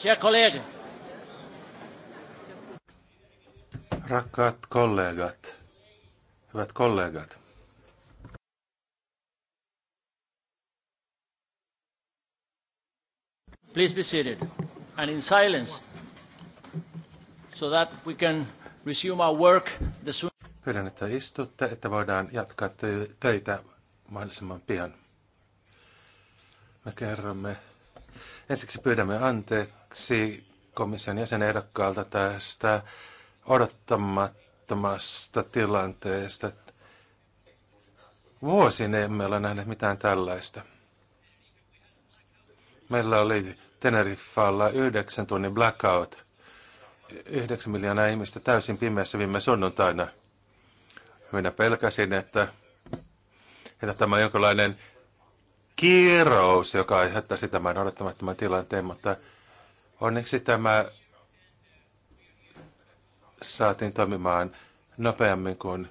Cher kollega. Rakkaat kollegat, hyvät kollegat. Please be seated and in silence so that we can resume our work. The soon. Pyydän, että istutte, että voidaan jatkaa töitä mahdollisimman pian. Me kerromme Ensiksi pyydämme anteeksi komission jäsenehdokkaalta tästä odottamattomasta tilanteesta. Vuosin emme ole nähneet mitään tällaista. Meillä oli Teneriffalla yhdeksän tunnin blackout. Yhdeksän miljoonaa ihmistä täysin pimeässä viime sunnuntaina. Minä pelkäsin, että, että tämä on jonkinlainen kirous, joka aiheuttaisi tämän odottamattoman tilanteen, mutta onneksi tämä saatiin toimimaan nopeammin kuin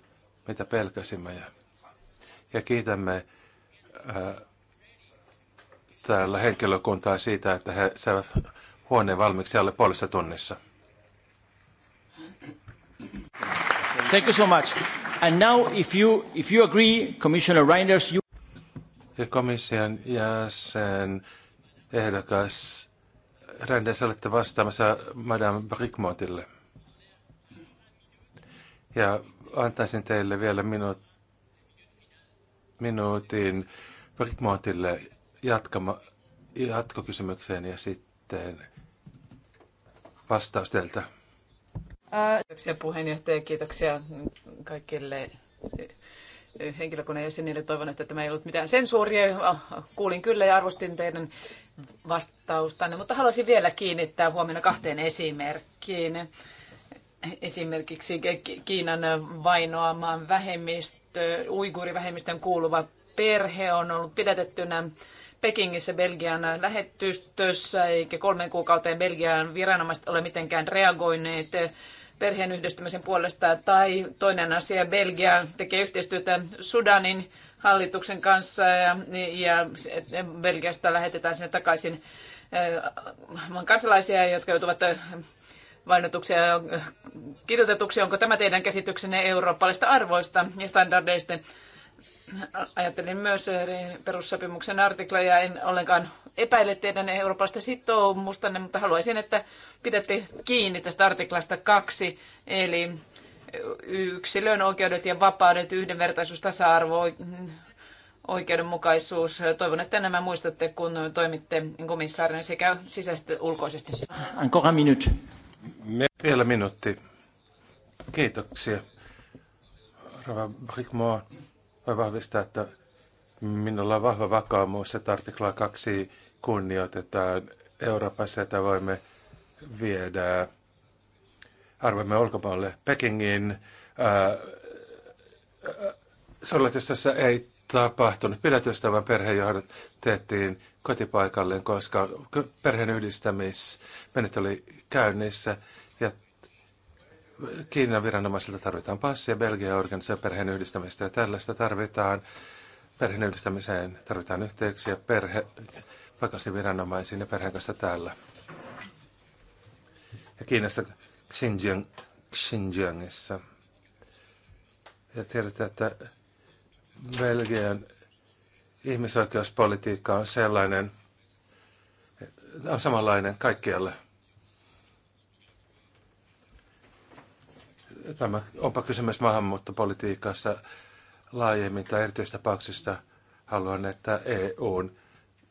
mitä pelkäsimme. Ja, ja kiitämme ää, äh, täällä henkilökuntaa siitä, että he saivat huoneen valmiiksi alle puolessa tunnissa. Thank you so much. And now, if you, if you agree, Commissioner Reinders, you ja komission jäsen ehdokas Rändes, olette vastaamassa Madame Brickmotille. Ja antaisin teille vielä minuut, minuutin Brickmotille jatkama, jatkokysymykseen ja sitten vastaus teiltä. Kiitoksia puheenjohtaja, kiitoksia kaikille henkilökunnan jäsenille. Toivon, että tämä ei ollut mitään sensuuria. Kuulin kyllä ja arvostin teidän vastaustanne, mutta haluaisin vielä kiinnittää huomenna kahteen esimerkkiin. Esimerkiksi Kiinan vainoamaan vähemmistö, uiguurivähemmistön kuuluva perhe on ollut pidätettynä Pekingissä Belgian lähetystössä, eikä kolmen kuukauteen Belgian viranomaiset ole mitenkään reagoineet perheen yhdistymisen puolesta. Tai toinen asia, Belgia tekee yhteistyötä Sudanin hallituksen kanssa ja, ja Belgiasta lähetetään sinne takaisin äh, maan kansalaisia, jotka joutuvat äh, vainotuksia ja äh, kirjoitetuksia. Onko tämä teidän käsityksenne eurooppalaisista arvoista ja standardeista? Ajattelin myös perussopimuksen artikloja, en ollenkaan epäile teidän eurooppalaista sitoumustanne, mutta haluaisin, että pidätte kiinni tästä artiklasta kaksi, eli yksilön oikeudet ja vapaudet, yhdenvertaisuus, tasa-arvo, oikeudenmukaisuus. Toivon, että nämä muistatte, kun toimitte komissaarina sekä sisäisesti että ulkoisesti. Ancora minut. Vielä minuutti. Kiitoksia. Rava Brickmoa, voi vahvistaa, että minulla on vahva vakaumus, että artikla 2 kunnioitetaan Euroopassa, että voimme viedä arvoimme ulkomaille. Pekingin sodatustössä ei tapahtunut pidätystä, vaan perhejohdot tehtiin kotipaikalleen, koska perheen yhdistämismenet oli käynnissä ja Kiinan viranomaisilta tarvitaan passia, Belgia organisoi perheen yhdistämistä ja tällaista tarvitaan. Perheen yhdistämiseen tarvitaan yhteyksiä, perhe, takaisin viranomaisiin ja perheen kanssa täällä. Ja Kiinassa Xinjiang, Xinjiangissa. Ja tiedetään, että Belgian ihmisoikeuspolitiikka on sellainen, on samanlainen kaikkialle. Tämä, onpa kysymys maahanmuuttopolitiikassa laajemmin tai erityistapauksista. Haluan, että EUn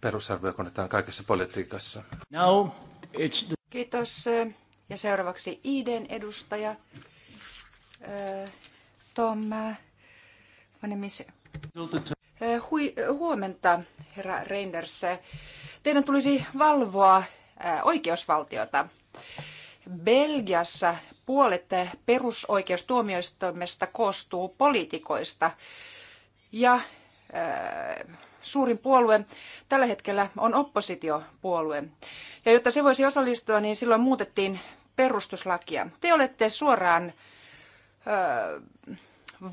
perusarvoja kannataan kaikessa politiikassa. Now it's the... Kiitos. Ja seuraavaksi Iiden edustaja eh, Tom Vanemis. Eh, eh, huomenta, herra Reinders. Teidän tulisi valvoa oikeusvaltiota. Belgiassa puolet perusoikeustuomioistuimesta koostuu poliitikoista ja suurin puolue tällä hetkellä on oppositiopuolue. Ja jotta se voisi osallistua, niin silloin muutettiin perustuslakia. Te olette suoraan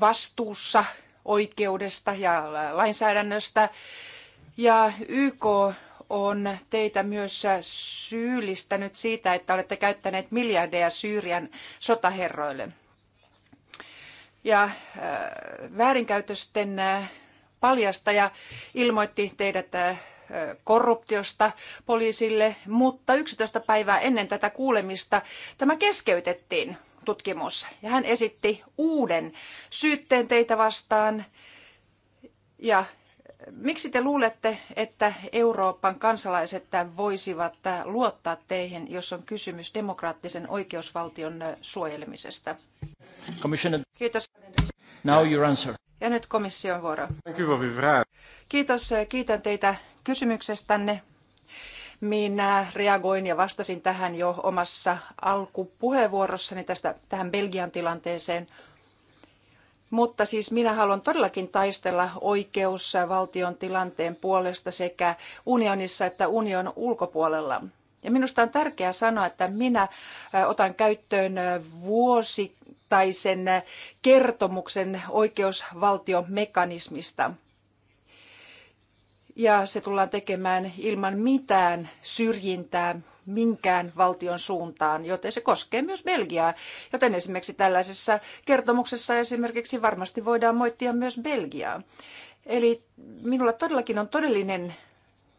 vastuussa oikeudesta ja lainsäädännöstä. Ja YK on teitä myös syyllistänyt siitä, että olette käyttäneet miljardeja Syyrian sotaherroille. Ja väärinkäytösten paljastaja ilmoitti teidät äh, korruptiosta poliisille, mutta 11 päivää ennen tätä kuulemista tämä keskeytettiin tutkimus ja hän esitti uuden syytteen teitä vastaan. Ja äh, miksi te luulette, että Euroopan kansalaiset voisivat äh, luottaa teihin, jos on kysymys demokraattisen oikeusvaltion suojelemisesta? Kiitos. Now your answer. Ja nyt komission vuoro. Kiitos, kiitän teitä kysymyksestänne. Minä reagoin ja vastasin tähän jo omassa alkupuheenvuorossani tästä, tähän Belgian tilanteeseen. Mutta siis minä haluan todellakin taistella valtion tilanteen puolesta sekä unionissa että union ulkopuolella. Ja minusta on tärkeää sanoa, että minä otan käyttöön vuosi vuosittaisen kertomuksen oikeusvaltiomekanismista. Ja se tullaan tekemään ilman mitään syrjintää minkään valtion suuntaan, joten se koskee myös Belgiaa. Joten esimerkiksi tällaisessa kertomuksessa esimerkiksi varmasti voidaan moittia myös Belgiaa. Eli minulla todellakin on todellinen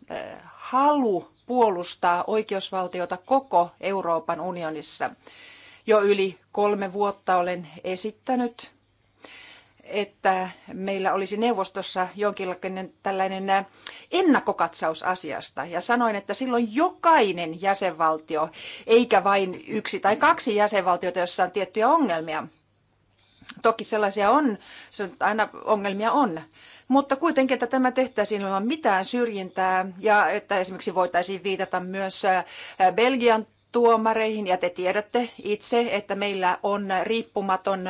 eh, halu puolustaa oikeusvaltiota koko Euroopan unionissa jo yli kolme vuotta olen esittänyt, että meillä olisi neuvostossa jonkinlainen tällainen äh, ennakkokatsaus asiasta. Ja sanoin, että silloin jokainen jäsenvaltio, eikä vain yksi tai kaksi jäsenvaltiota, jossa on tiettyjä ongelmia. Toki sellaisia on, aina ongelmia on, mutta kuitenkin, että tämä tehtäisiin ilman mitään syrjintää ja että esimerkiksi voitaisiin viitata myös äh, Belgian tuomareihin ja te tiedätte itse, että meillä on riippumaton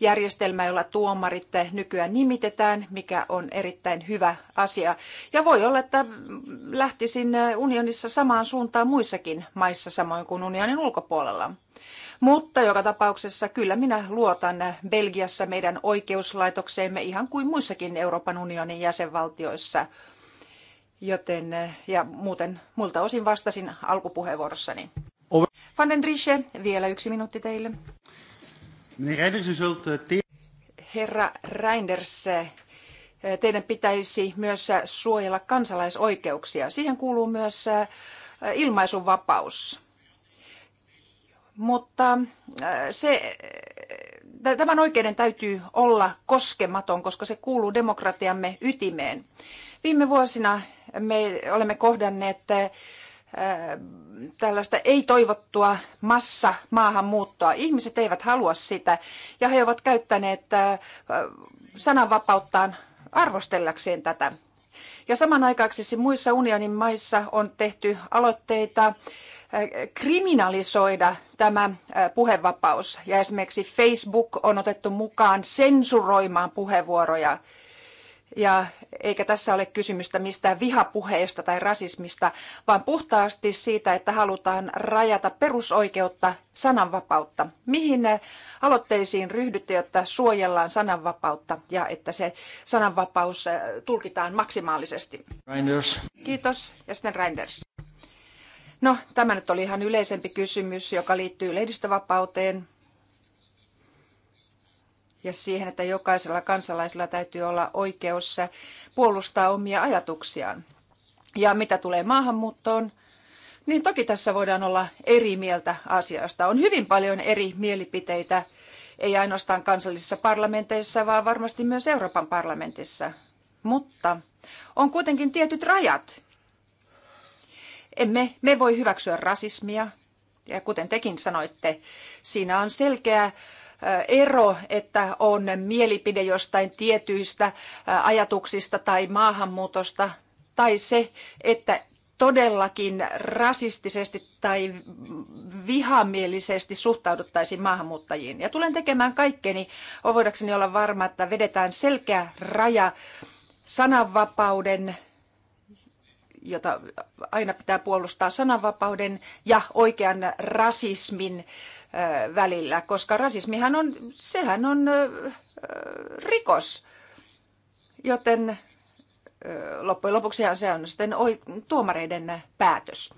järjestelmä, jolla tuomarit nykyään nimitetään, mikä on erittäin hyvä asia. Ja voi olla, että lähtisin unionissa samaan suuntaan muissakin maissa samoin kuin unionin ulkopuolella. Mutta joka tapauksessa kyllä minä luotan Belgiassa meidän oikeuslaitokseemme ihan kuin muissakin Euroopan unionin jäsenvaltioissa. Joten, ja muuten, muilta osin vastasin alkupuheenvuorossani. Over. Riche, vielä yksi minuutti teille. Eh, Herra Reinders, eh, teidän pitäisi myös eh, suojella kansalaisoikeuksia. Siihen kuuluu myös ilmaisunvapaus. Mutta se, tämän oikeuden täytyy olla koskematon, koska se kuuluu demokratiamme ytimeen. Viime vuosina me olemme kohdanneet tällaista ei-toivottua massa maahanmuuttoa. Ihmiset eivät halua sitä ja he ovat käyttäneet sananvapauttaan arvostellakseen tätä. Ja samanaikaisesti muissa unionin maissa on tehty aloitteita kriminalisoida tämä puhevapaus. Ja esimerkiksi Facebook on otettu mukaan sensuroimaan puheenvuoroja ja eikä tässä ole kysymystä mistään vihapuheesta tai rasismista, vaan puhtaasti siitä, että halutaan rajata perusoikeutta, sananvapautta. Mihin aloitteisiin ryhdytte, jotta suojellaan sananvapautta ja että se sananvapaus äh, tulkitaan maksimaalisesti? Reinders. Kiitos. Ja sitten Reinders. No, tämä nyt oli ihan yleisempi kysymys, joka liittyy lehdistövapauteen, ja siihen, että jokaisella kansalaisella täytyy olla oikeus puolustaa omia ajatuksiaan. Ja mitä tulee maahanmuuttoon, niin toki tässä voidaan olla eri mieltä asiasta. On hyvin paljon eri mielipiteitä, ei ainoastaan kansallisissa parlamenteissa, vaan varmasti myös Euroopan parlamentissa. Mutta on kuitenkin tietyt rajat. Emme me voi hyväksyä rasismia, ja kuten tekin sanoitte, siinä on selkeä ero, että on mielipide jostain tietyistä ajatuksista tai maahanmuutosta, tai se, että todellakin rasistisesti tai vihamielisesti suhtauduttaisiin maahanmuuttajiin. Ja tulen tekemään kaikkeni, voidakseni olla varma, että vedetään selkeä raja sananvapauden jota aina pitää puolustaa sananvapauden ja oikean rasismin välillä, koska rasismihan on, sehän on rikos. Joten loppujen lopuksihan se on sitten tuomareiden päätös.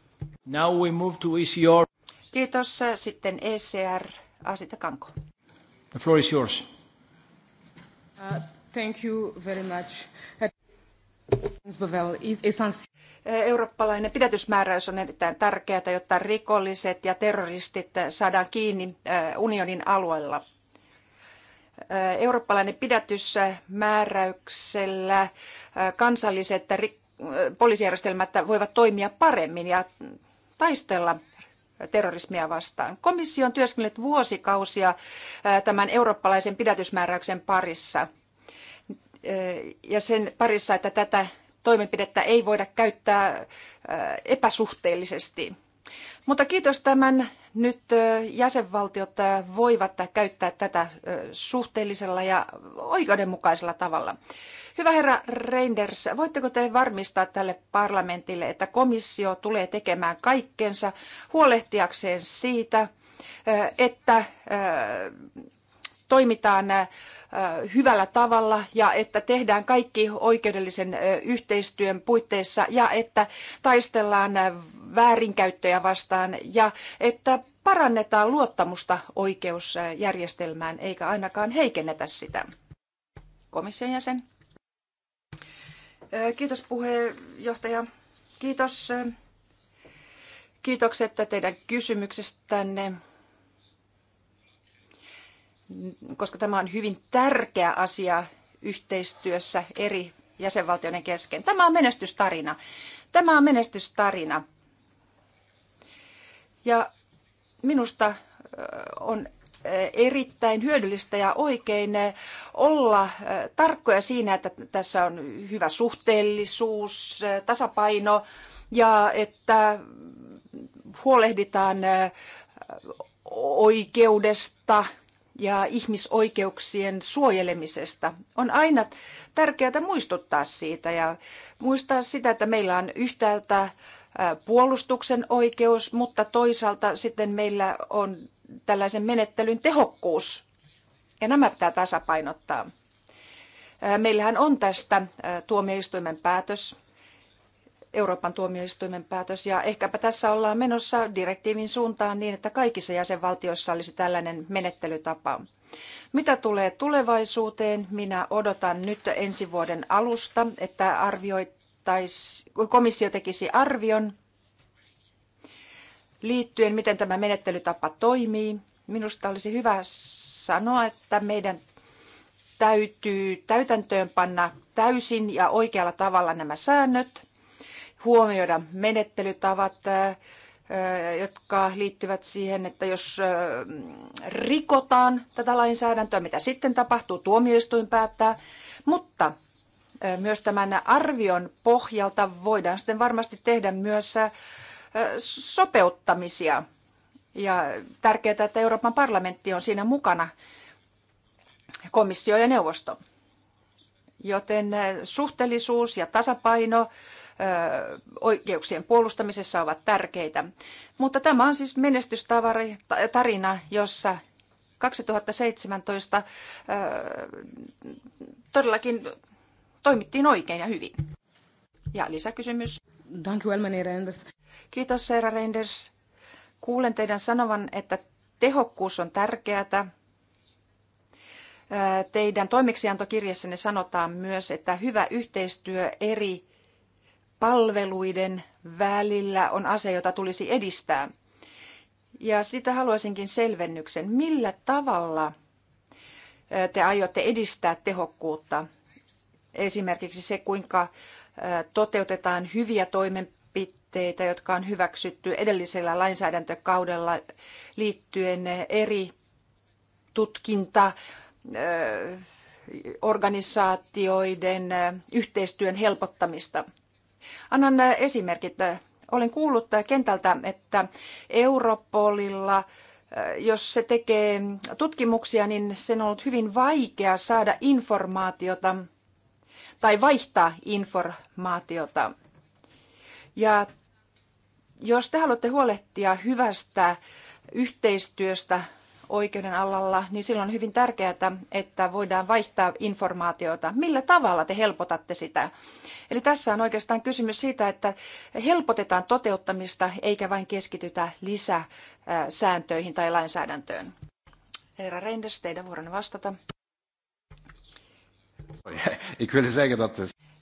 Now we move to ECR. Kiitos. Sitten ECR. Asita Kanko. The floor is yours. Uh, thank you very much. Eurooppalainen pidätysmääräys on erittäin tärkeää, jotta rikolliset ja terroristit saadaan kiinni eh, unionin alueella. Eh, eurooppalainen pidätysmääräyksellä eh, kansalliset poliisijärjestelmät voivat toimia paremmin ja taistella terrorismia vastaan. Komissio on työskennellyt vuosikausia tämän eurooppalaisen pidätysmääräyksen parissa – Eh, ja sen parissa, että tätä toimenpidettä ei voida käyttää eh, epäsuhteellisesti. Mutta kiitos tämän. Nyt eh, jäsenvaltiot voivat käyttää tätä suhteellisella ja oikeudenmukaisella tavalla. Hyvä herra Reinders, voitteko te varmistaa tälle parlamentille, että komissio tulee tekemään kaikkensa huolehtiakseen siitä, että toimitaan äh, hyvällä tavalla ja että tehdään kaikki oikeudellisen äh, yhteistyön puitteissa ja että taistellaan äh, väärinkäyttöjä vastaan ja että parannetaan luottamusta oikeusjärjestelmään eikä ainakaan heikennetä sitä. Komission jäsen. Kiitos puheenjohtaja. Kiitos. Kiitokset teidän kysymyksestänne koska tämä on hyvin tärkeä asia yhteistyössä eri jäsenvaltioiden kesken. Tämä on menestystarina. Tämä on menestystarina. Ja minusta on erittäin hyödyllistä ja oikein olla tarkkoja siinä, että tässä on hyvä suhteellisuus, tasapaino ja että huolehditaan oikeudesta, ja ihmisoikeuksien suojelemisesta. On aina tärkeää muistuttaa siitä ja muistaa sitä, että meillä on yhtäältä puolustuksen oikeus, mutta toisaalta sitten meillä on tällaisen menettelyn tehokkuus. Ja nämä pitää tasapainottaa. Meillähän on tästä tuomioistuimen päätös Euroopan tuomioistuimen päätös. Ja ehkäpä tässä ollaan menossa direktiivin suuntaan niin, että kaikissa jäsenvaltioissa olisi tällainen menettelytapa. Mitä tulee tulevaisuuteen, minä odotan nyt ensi vuoden alusta, että komissio tekisi arvion liittyen, miten tämä menettelytapa toimii. Minusta olisi hyvä sanoa, että meidän täytyy täytäntöönpanna täysin ja oikealla tavalla nämä säännöt – huomioida menettelytavat, jotka liittyvät siihen, että jos rikotaan tätä lainsäädäntöä, mitä sitten tapahtuu, tuomioistuin päättää, mutta myös tämän arvion pohjalta voidaan sitten varmasti tehdä myös sopeuttamisia. Ja tärkeää, että Euroopan parlamentti on siinä mukana, komissio ja neuvosto. Joten suhteellisuus ja tasapaino oikeuksien puolustamisessa ovat tärkeitä. Mutta tämä on siis menestystarina, jossa 2017 todellakin toimittiin oikein ja hyvin. Ja lisäkysymys. Dank u Anders. Kiitos, Seera Reinders. Kuulen teidän sanovan, että tehokkuus on tärkeää. Teidän toimeksiantokirjassanne sanotaan myös, että hyvä yhteistyö eri palveluiden välillä on asia, jota tulisi edistää. Ja sitä haluaisinkin selvennyksen, millä tavalla te aiotte edistää tehokkuutta? Esimerkiksi se, kuinka toteutetaan hyviä toimenpiteitä, jotka on hyväksytty edellisellä lainsäädäntökaudella liittyen eri tutkinta organisaatioiden yhteistyön helpottamista – Annan äh, esimerkit. Äh, olen kuullut äh, kentältä, että Europolilla jos se tekee mm, tutkimuksia, niin sen on ollut hyvin vaikea saada informaatiota tai vaihtaa informaatiota. Ja jos te haluatte huolehtia hyvästä yhteistyöstä oikeuden alalla, niin silloin on hyvin tärkeää, että voidaan vaihtaa informaatiota. Millä tavalla te helpotatte sitä? Eli tässä on oikeastaan kysymys siitä, että helpotetaan toteuttamista eikä vain keskitytä lisäsääntöihin tai lainsäädäntöön. Herra Reinders, teidän vuoronne vastata. Ik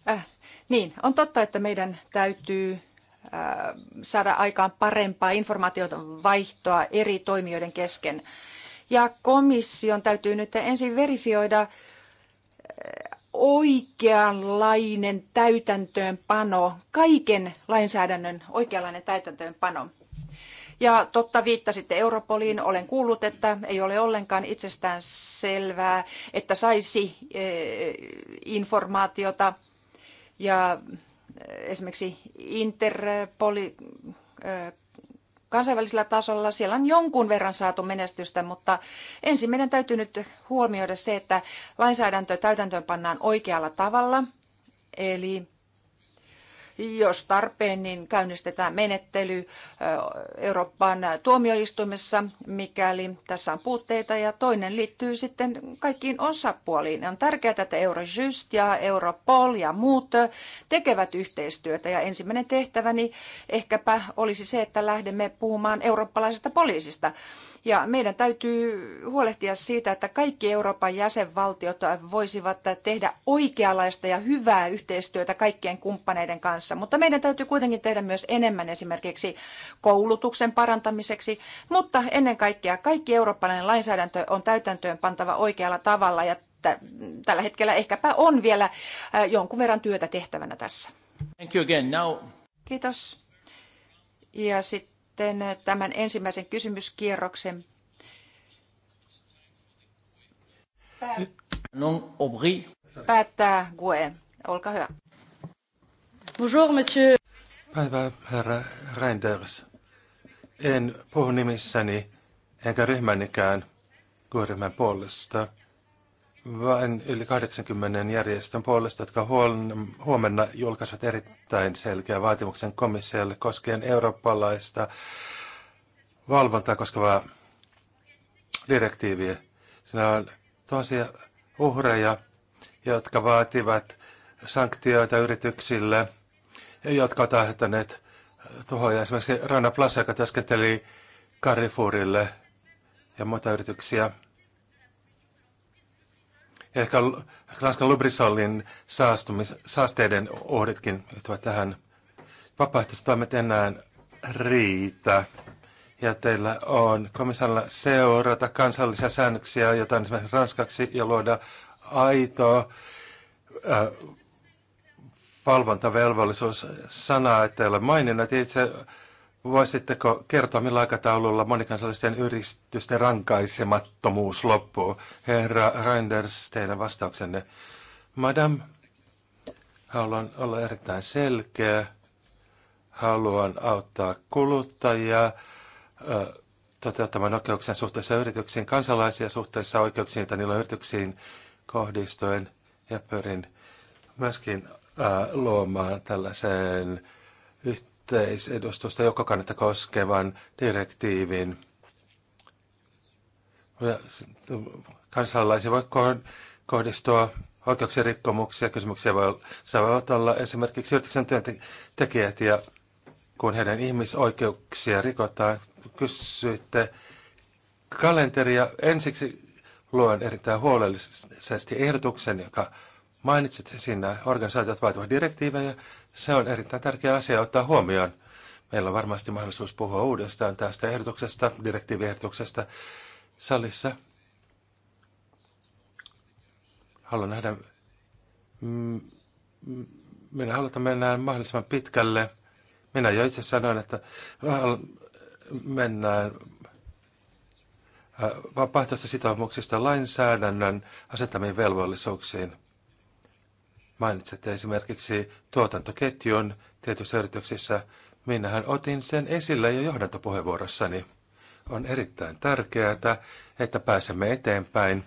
äh, niin, on totta, että meidän täytyy äh, saada aikaan parempaa informaation vaihtoa eri toimijoiden kesken ja komission täytyy nyt ensin verifioida eh, oikeanlainen täytäntöönpano, kaiken lainsäädännön oikeanlainen täytäntöönpano. Ja totta viittasitte Europoliin, olen kuullut, että ei ole ollenkaan itsestään selvää, että saisi eh, informaatiota ja eh, esimerkiksi Interpoli kansainvälisellä tasolla siellä on jonkun verran saatu menestystä, mutta ensin meidän täytyy nyt huomioida se, että lainsäädäntö täytäntöön pannaan oikealla tavalla. Eli jos tarpeen, niin käynnistetään menettely Euroopan tuomioistuimessa, mikäli tässä on puutteita. Ja toinen liittyy sitten kaikkiin osapuoliin. On tärkeää, että Eurojust ja Europol ja muut tekevät yhteistyötä. Ja ensimmäinen tehtäväni ehkäpä olisi se, että lähdemme puhumaan eurooppalaisesta poliisista ja meidän täytyy huolehtia siitä, että kaikki Euroopan jäsenvaltiot voisivat tehdä oikeanlaista ja hyvää yhteistyötä kaikkien kumppaneiden kanssa. Mutta meidän täytyy kuitenkin tehdä myös enemmän esimerkiksi koulutuksen parantamiseksi. Mutta ennen kaikkea kaikki eurooppalainen lainsäädäntö on täytäntöön pantava oikealla tavalla ja tällä hetkellä ehkäpä on vielä äh, jonkun verran työtä tehtävänä tässä. Thank you again. Now... Kiitos. Ja sitten sitten tämän ensimmäisen kysymyskierroksen. Päättää Gue. Olkaa hyvä. Bonjour, monsieur. Päivää, herra Reinders. En puhu nimissäni, enkä ryhmänikään, kuin ryhmän puolesta vain yli 80 järjestön puolesta, jotka huomenna julkaisivat erittäin selkeän vaatimuksen komissiolle koskien eurooppalaista valvontaa koskevaa direktiiviä. Siinä on tosia uhreja, jotka vaativat sanktioita yrityksille, jotka ovat aiheuttaneet tuhoja. Esimerkiksi Rana Plaza, joka työskenteli Carrefourille ja muita yrityksiä ehkä Ranskan Lubrisallin saastumis, saasteiden ohdetkin yhtyvät tähän. Vapaaehtoiset toimet enää riitä. Ja teillä on komissaarilla seurata kansallisia säännöksiä, jotain esimerkiksi ranskaksi, ja luoda aito äh, valvontavelvollisuus. Sanaa, että ei ole maininnut itse Voisitteko kertoa, millä aikataululla monikansallisten yritysten rankaisemattomuus loppuu? Herra Reinders, teidän vastauksenne. Madam, haluan olla erittäin selkeä. Haluan auttaa kuluttajia toteuttamaan oikeuksien suhteessa yrityksiin, kansalaisia suhteessa oikeuksiin, joita niillä on yrityksiin kohdistuen. Ja pyrin myöskin luomaan tällaiseen yhteyden yhteisedustusta joka kannattaa koskevan direktiivin. Kansalaisia voi kohdistua oikeuksien rikkomuksia. Kysymyksiä voi, saavat olla esimerkiksi yrityksen työntekijät ja kun heidän ihmisoikeuksia rikotaan, kysyitte kalenteria. Ensiksi luen erittäin huolellisesti ehdotuksen, joka mainitsit siinä. Organisaatiot vaativat direktiivejä se on erittäin tärkeä asia ottaa huomioon. Meillä on varmasti mahdollisuus puhua uudestaan tästä ehdotuksesta, direktiiviehdotuksesta salissa. Haluan nähdä, mm, mm, minä haluan, että mennään mahdollisimman pitkälle. Minä jo itse sanoin, että mennään äh, vapaaehtoista sitoumuksista lainsäädännön asettamiin velvollisuuksiin. Mainitsette esimerkiksi tuotantoketjun tietyissä yrityksissä. Minähän otin sen esille jo johdantopuheenvuorossani. On erittäin tärkeää, että pääsemme eteenpäin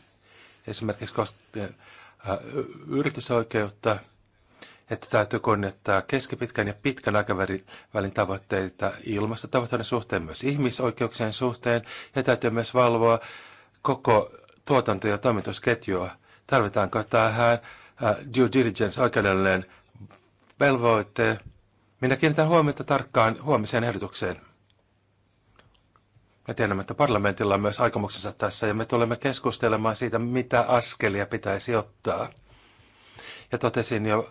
esimerkiksi koskien yritysoikeutta, että täytyy kunnioittaa keskipitkän ja pitkän aikavälin tavoitteita ilmastotavoitteiden suhteen, myös ihmisoikeuksien suhteen, ja täytyy myös valvoa koko tuotanto- ja toimitusketjua. Tarvitaanko tähän Äh, due diligence oikeudellinen velvoite. Minä kiinnitän huomiota tarkkaan huomiseen ehdotukseen. Me tiedämme, että parlamentilla on myös aikomuksensa tässä ja me tulemme keskustelemaan siitä, mitä askelia pitäisi ottaa. Ja totesin jo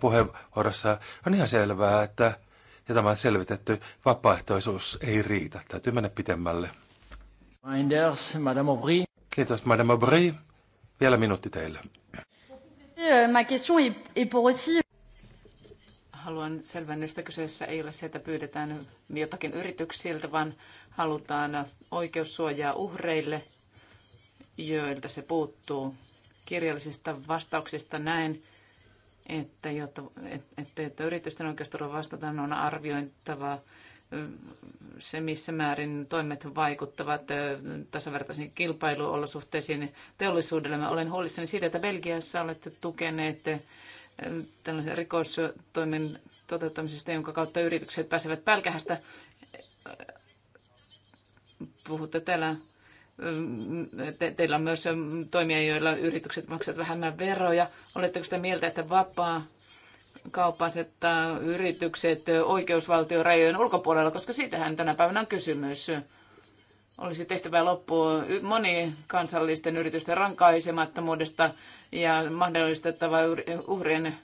puheenvuorossa, on ihan selvää, että ja tämä selvitetty vapaaehtoisuus ei riitä. Täytyy mennä pitemmälle. Kiitos, Madame Aubry. Vielä minuutti teille. Euh, ma question est pour aussi haluan selvennystä. Kyseessä ei ole se, että pyydetään jotakin yrityksiltä, vaan halutaan oikeussuojaa uhreille, joilta se puuttuu. Kirjallisista vastauksista näen, että, jotta, että, että yritysten oikeusturva vastataan on arviointava se, missä määrin toimet vaikuttavat tasavertaisiin kilpailuolosuhteisiin teollisuudelle. Mä olen huolissani siitä, että Belgiassa olette tukeneet tällaisen rikostoimen toteuttamisesta, jonka kautta yritykset pääsevät pälkähästä. Puhutte täällä te, teillä on myös toimia, joilla yritykset maksavat vähemmän veroja. Oletteko sitä mieltä, että vapaa kauppa äh, yritykset äh, oikeusvaltion rajojen ulkopuolella, koska siitähän tänä päivänä on kysymys. Olisi tehtävä moni kansallisten yritysten rankaisemattomuudesta ja mahdollistettava uhrien, äh,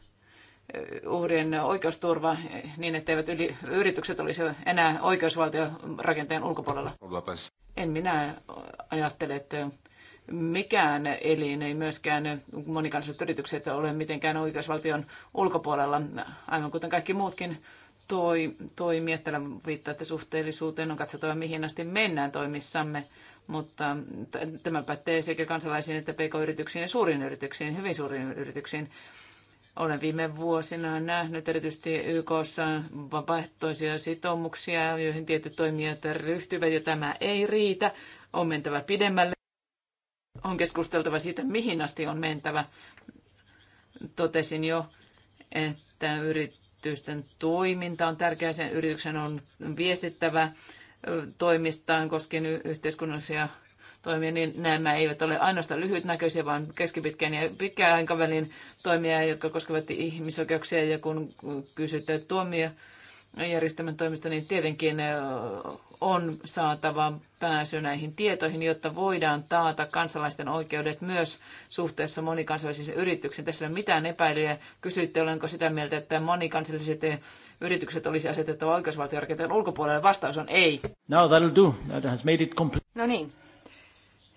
uhrien oikeusturva niin, etteivät yli, yritykset olisi enää oikeusvaltion rakenteen ulkopuolella. En minä ajattele, että mikään elin, ei myöskään monikansalliset yritykset ole mitenkään oikeusvaltion ulkopuolella, aivan kuten kaikki muutkin toi, toimia. viittaa, että suhteellisuuteen, on katsottava mihin asti mennään toimissamme, mutta tämä pätee sekä kansalaisiin että pk-yrityksiin ja suuriin yrityksiin, hyvin suuriin yrityksiin. Olen viime vuosina nähnyt erityisesti YKssa vapaaehtoisia sitoumuksia, joihin tietyt toimijat ryhtyvät, ja tämä ei riitä. On mentävä pidemmälle on keskusteltava siitä, mihin asti on mentävä. Totesin jo, että yritysten toiminta on tärkeää. Sen yrityksen on viestittävä toimistaan koskien yhteiskunnallisia toimia, niin nämä eivät ole ainoastaan lyhytnäköisiä, vaan keskipitkän ja pitkän aikavälin toimia, jotka koskevat ihmisoikeuksia. Ja kun kysytään tuomio, järjestelmän toimista, niin tietenkin on saatava pääsy näihin tietoihin, jotta voidaan taata kansalaisten oikeudet myös suhteessa monikansallisiin yrityksiin. Tässä ei ole mitään epäilyjä. Kysyitte, olenko sitä mieltä, että monikansalliset yritykset olisi asetettava oikeusvaltiorakenteen ulkopuolelle. Vastaus on ei. No, that'll do. That has made it complete. No niin.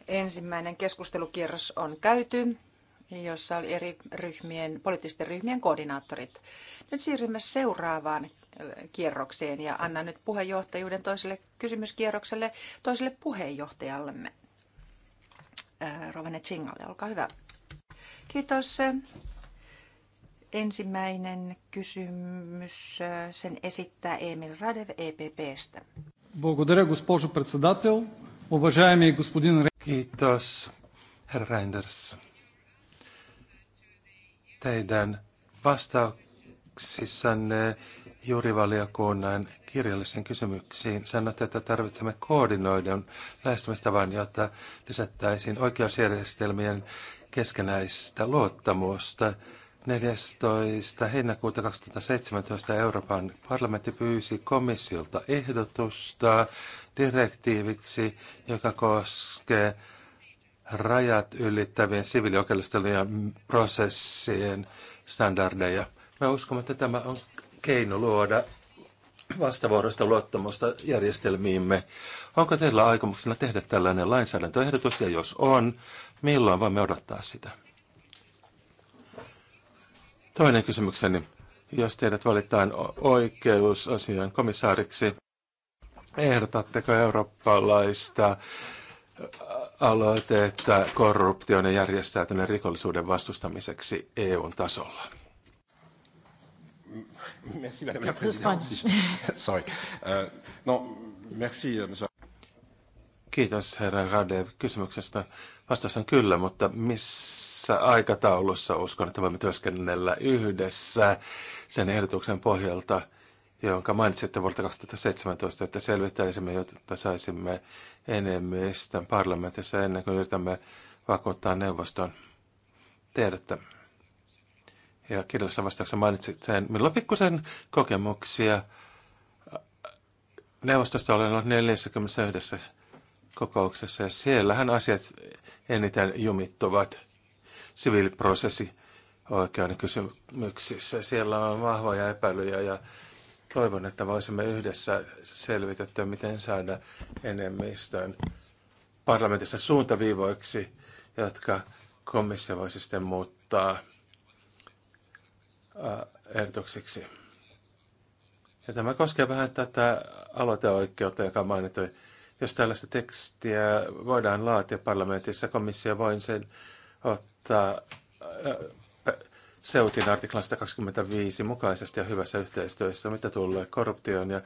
Ensimmäinen keskustelukierros on käyty jossa oli eri ryhmien, poliittisten ryhmien koordinaattorit. Nyt siirrymme seuraavaan kierrokseen ja annan nyt puheenjohtajuuden toiselle kysymyskierrokselle toiselle puheenjohtajallemme. Äh, Rovane Chingalle, olkaa hyvä. Kiitos. Ensimmäinen kysymys äh, sen esittää Emil Radev EPPstä. Благодаря, госпожо председател. Уважаеми господин Kiitos, herra Reinders. Teidän vastauksissanne juurivaliokunnan kirjallisiin kysymyksiin. Sanotte, että tarvitsemme koordinoidun lähestymistavan, jotta lisättäisiin oikeusjärjestelmien keskenäistä luottamusta. 14. heinäkuuta 2017 Euroopan parlamentti pyysi komissiolta ehdotusta direktiiviksi, joka koskee rajat ylittävien siviilioikeudellisten prosessien standardeja. Me uskomme, että tämä on keino luoda vastavuorosta luottamusta järjestelmiimme. Onko teillä aikomuksena tehdä tällainen lainsäädäntöehdotus, ja jos on, milloin voimme odottaa sitä? Toinen kysymykseni. Jos teidät valitaan oikeusasian komissaariksi, ehdotatteko eurooppalaista aloitetta korruption ja järjestäytyneen rikollisuuden vastustamiseksi EUn tasolla? Merci, Madame la Présidente. Sorry. Euh, non, merci, euh, Kiitos herra Radev kysymyksestä. Vastaus on kyllä, mutta missä aikataulussa uskon, että voimme työskennellä yhdessä sen ehdotuksen pohjalta, jonka mainitsitte vuodelta 2017, että selvittäisimme, jotta saisimme enemmistön parlamentissa ennen kuin yritämme vakuuttaa neuvoston. tiedettä ja kirjallisessa vastauksessa mainitsit sen. Minulla on pikkusen kokemuksia. Neuvostosta olen ollut 41 kokouksessa ja siellähän asiat eniten jumittuvat siviiliprosessi oikeuden kysymyksissä. Siellä on vahvoja epäilyjä ja toivon, että voisimme yhdessä selvitettyä, miten saada enemmistön parlamentissa suuntaviivoiksi, jotka komissio voisi sitten muuttaa – ehdotuksiksi. Ja tämä koskee vähän tätä aloiteoikeutta, joka mainitui. Jos tällaista tekstiä voidaan laatia parlamentissa, komissio voi sen ottaa Seutin artiklan 125 mukaisesti ja hyvässä yhteistyössä, mitä tulee korruptioon ja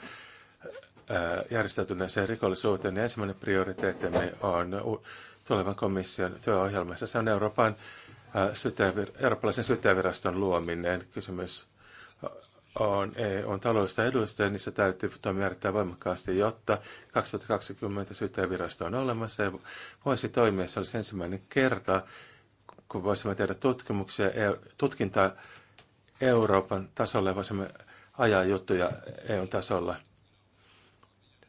järjestäytyneeseen rikollisuuteen. Ja ensimmäinen prioriteettimme on tulevan komission työohjelmassa. Se on Euroopan syyttäjävir- eurooppalaisen syyttäjäviraston luominen. Kysymys on EUn taloudellista edusta ja niissä täytyy toimia erittäin voimakkaasti, jotta 2020 syyttäjävirasto on olemassa ja voisi toimia. Se olisi ensimmäinen kerta, kun voisimme tehdä tutkimuksia, e-, tutkintaa Euroopan tasolla ja voisimme ajaa juttuja EUn tasolla.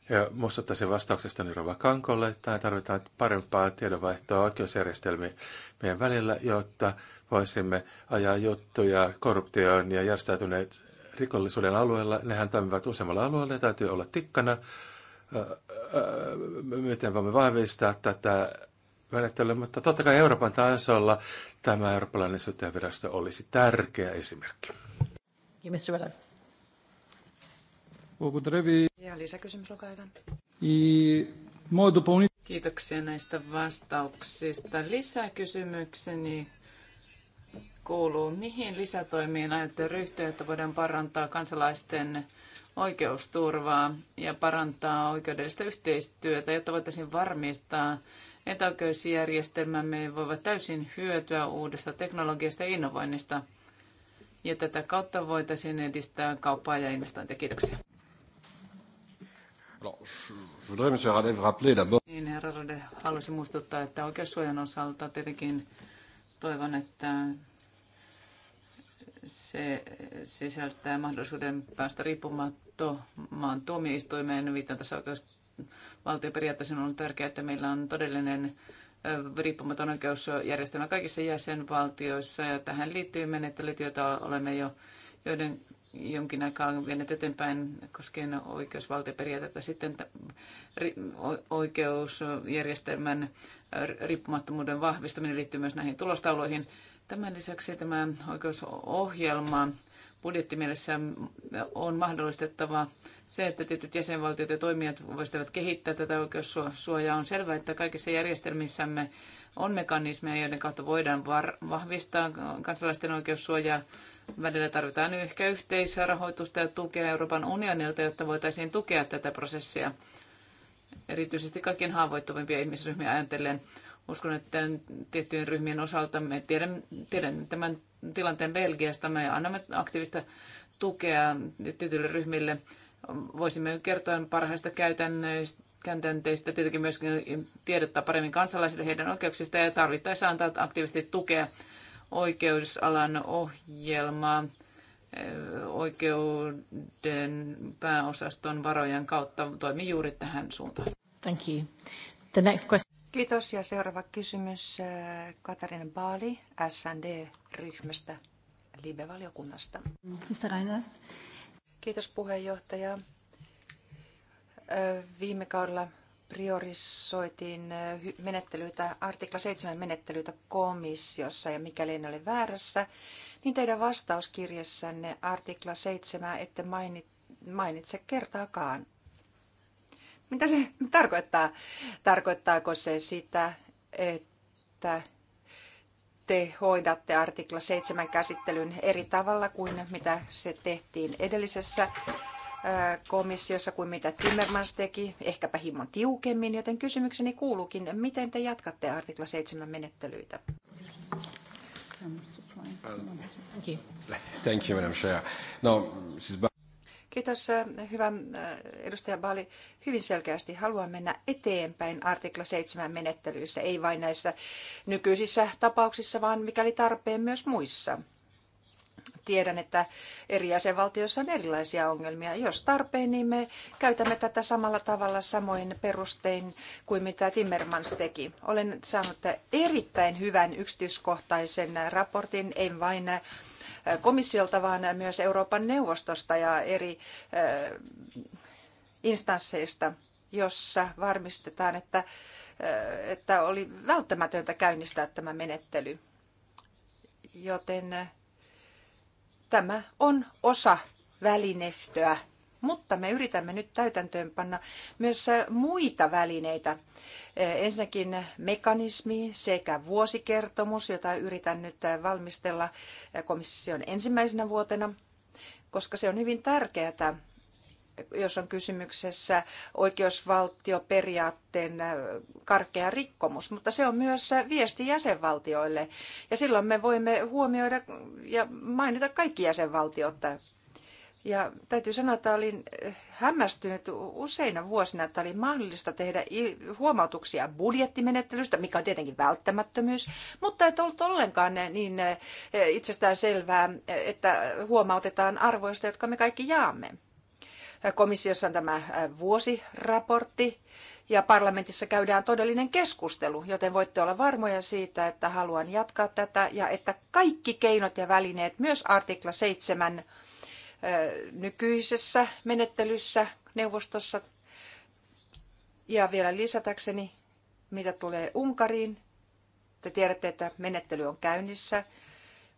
Ja muistuttaisin vastauksestani Rova Kankolle, että tarvitaan parempaa tiedonvaihtoa meidän välillä, jotta voisimme ajaa juttuja korruptioon ja järjestäytyneet rikollisuuden alueella. Nehän toimivat useammalla alueella ja täytyy olla tikkana. Miten voimme vahvistaa tätä menettelyä, mutta totta kai Euroopan tasolla tämä eurooppalainen syyttäjävirasto olisi tärkeä esimerkki. Mr. Благодаря ви. Ja lisäkysymys, olkaa hyvä. И Kiitoksia näistä vastauksista. Lisäkysymykseni kuuluu, mihin lisätoimiin aiotte ryhtyä, että voidaan parantaa kansalaisten oikeusturvaa ja parantaa oikeudellista yhteistyötä, jotta voitaisiin varmistaa, että oikeusjärjestelmämme voivat täysin hyötyä uudesta teknologiasta ja innovoinnista. Ja tätä kautta voitaisiin edistää kauppaa ja investointeja. Kiitoksia. Niin, herra Rode, haluaisin muistuttaa, että oikeussuojan osalta tietenkin toivon, että se sisältää mahdollisuuden päästä riippumattomaan tuomioistuimeen. Viittaan tässä oikeusvaltioperiaatteessa on tärkeää, että meillä on todellinen riippumaton oikeusjärjestelmä kaikissa jäsenvaltioissa ja tähän liittyy menettelyt, joita olemme jo joiden jonkin aikaa vienet eteenpäin koskien oikeusvaltioperiaatetta. Sitten oikeusjärjestelmän riippumattomuuden vahvistaminen liittyy myös näihin tulostauloihin. Tämän lisäksi tämä oikeusohjelma budjettimielessä on mahdollistettava se, että tietyt jäsenvaltiot ja toimijat voisivat kehittää tätä oikeussuojaa. On selvää, että kaikissa järjestelmissämme on mekanismeja, joiden kautta voidaan vahvistaa kansalaisten oikeussuojaa Välillä tarvitaan ehkä rahoitusta ja tukea Euroopan unionilta, jotta voitaisiin tukea tätä prosessia, erityisesti kaikkien haavoittuvimpia ihmisryhmiä ajatellen. Uskon, että tiettyjen ryhmien osalta me tiedän, tiedän tämän tilanteen Belgiasta. Me annamme aktiivista tukea tietyille ryhmille. Voisimme kertoa parhaista käytännöistä käytänteistä, tietenkin myöskin tiedottaa paremmin kansalaisille heidän oikeuksistaan ja tarvittaessa antaa aktiivisesti tukea oikeusalan ohjelma oikeuden pääosaston varojen kautta toimii juuri tähän suuntaan. Thank you. The next question. Kiitos ja seuraava kysymys äh, Katarina Baali SND-ryhmästä Libe-valiokunnasta. Kiitos puheenjohtaja. Äh, viime kaudella priorisoitiin menettelyitä, artikla 7 menettelyitä komissiossa ja mikäli en ole väärässä, niin teidän vastauskirjassanne artikla 7 ette mainitse kertaakaan. Mitä se tarkoittaa? Tarkoittaako se sitä, että te hoidatte artikla 7 käsittelyn eri tavalla kuin mitä se tehtiin edellisessä komissiossa kuin mitä Timmermans teki, ehkäpä hieman tiukemmin, joten kysymykseni kuuluukin, miten te jatkatte artikla 7 menettelyitä? Thank you, Madam Chair. No, siis... Kiitos, hyvä edustaja Bali. Hyvin selkeästi haluan mennä eteenpäin artikla 7 menettelyissä, ei vain näissä nykyisissä tapauksissa, vaan mikäli tarpeen myös muissa tiedän, että eri jäsenvaltioissa on erilaisia ongelmia. Jos tarpeen, niin me käytämme tätä samalla tavalla samoin perustein kuin mitä Timmermans teki. Olen saanut erittäin hyvän yksityiskohtaisen raportin, en vain komissiolta, vaan myös Euroopan neuvostosta ja eri eh, instansseista, jossa varmistetaan, että, eh, että oli välttämätöntä käynnistää tämä menettely. Joten eh, Tämä on osa välinestöä, mutta me yritämme nyt täytäntöönpanna myös muita välineitä. Ensinnäkin mekanismi sekä vuosikertomus, jota yritän nyt valmistella komission ensimmäisenä vuotena, koska se on hyvin tärkeää, jos on kysymyksessä oikeusvaltioperiaatteen äh, karkea rikkomus, mutta se on myös äh, viesti jäsenvaltioille. Ja silloin me voimme huomioida ja mainita kaikki jäsenvaltiot. Ja täytyy sanoa, että olin äh, hämmästynyt useina vuosina, että oli mahdollista tehdä huomautuksia budjettimenettelystä, mikä on tietenkin välttämättömyys, mutta ei ollut ollenkaan niin itsestään selvää, että huomautetaan arvoista, jotka me kaikki jaamme. Komissiossa on tämä vuosiraportti ja parlamentissa käydään todellinen keskustelu, joten voitte olla varmoja siitä, että haluan jatkaa tätä ja että kaikki keinot ja välineet, myös artikla 7 nykyisessä menettelyssä neuvostossa ja vielä lisätäkseni, mitä tulee Unkariin, te tiedätte, että menettely on käynnissä.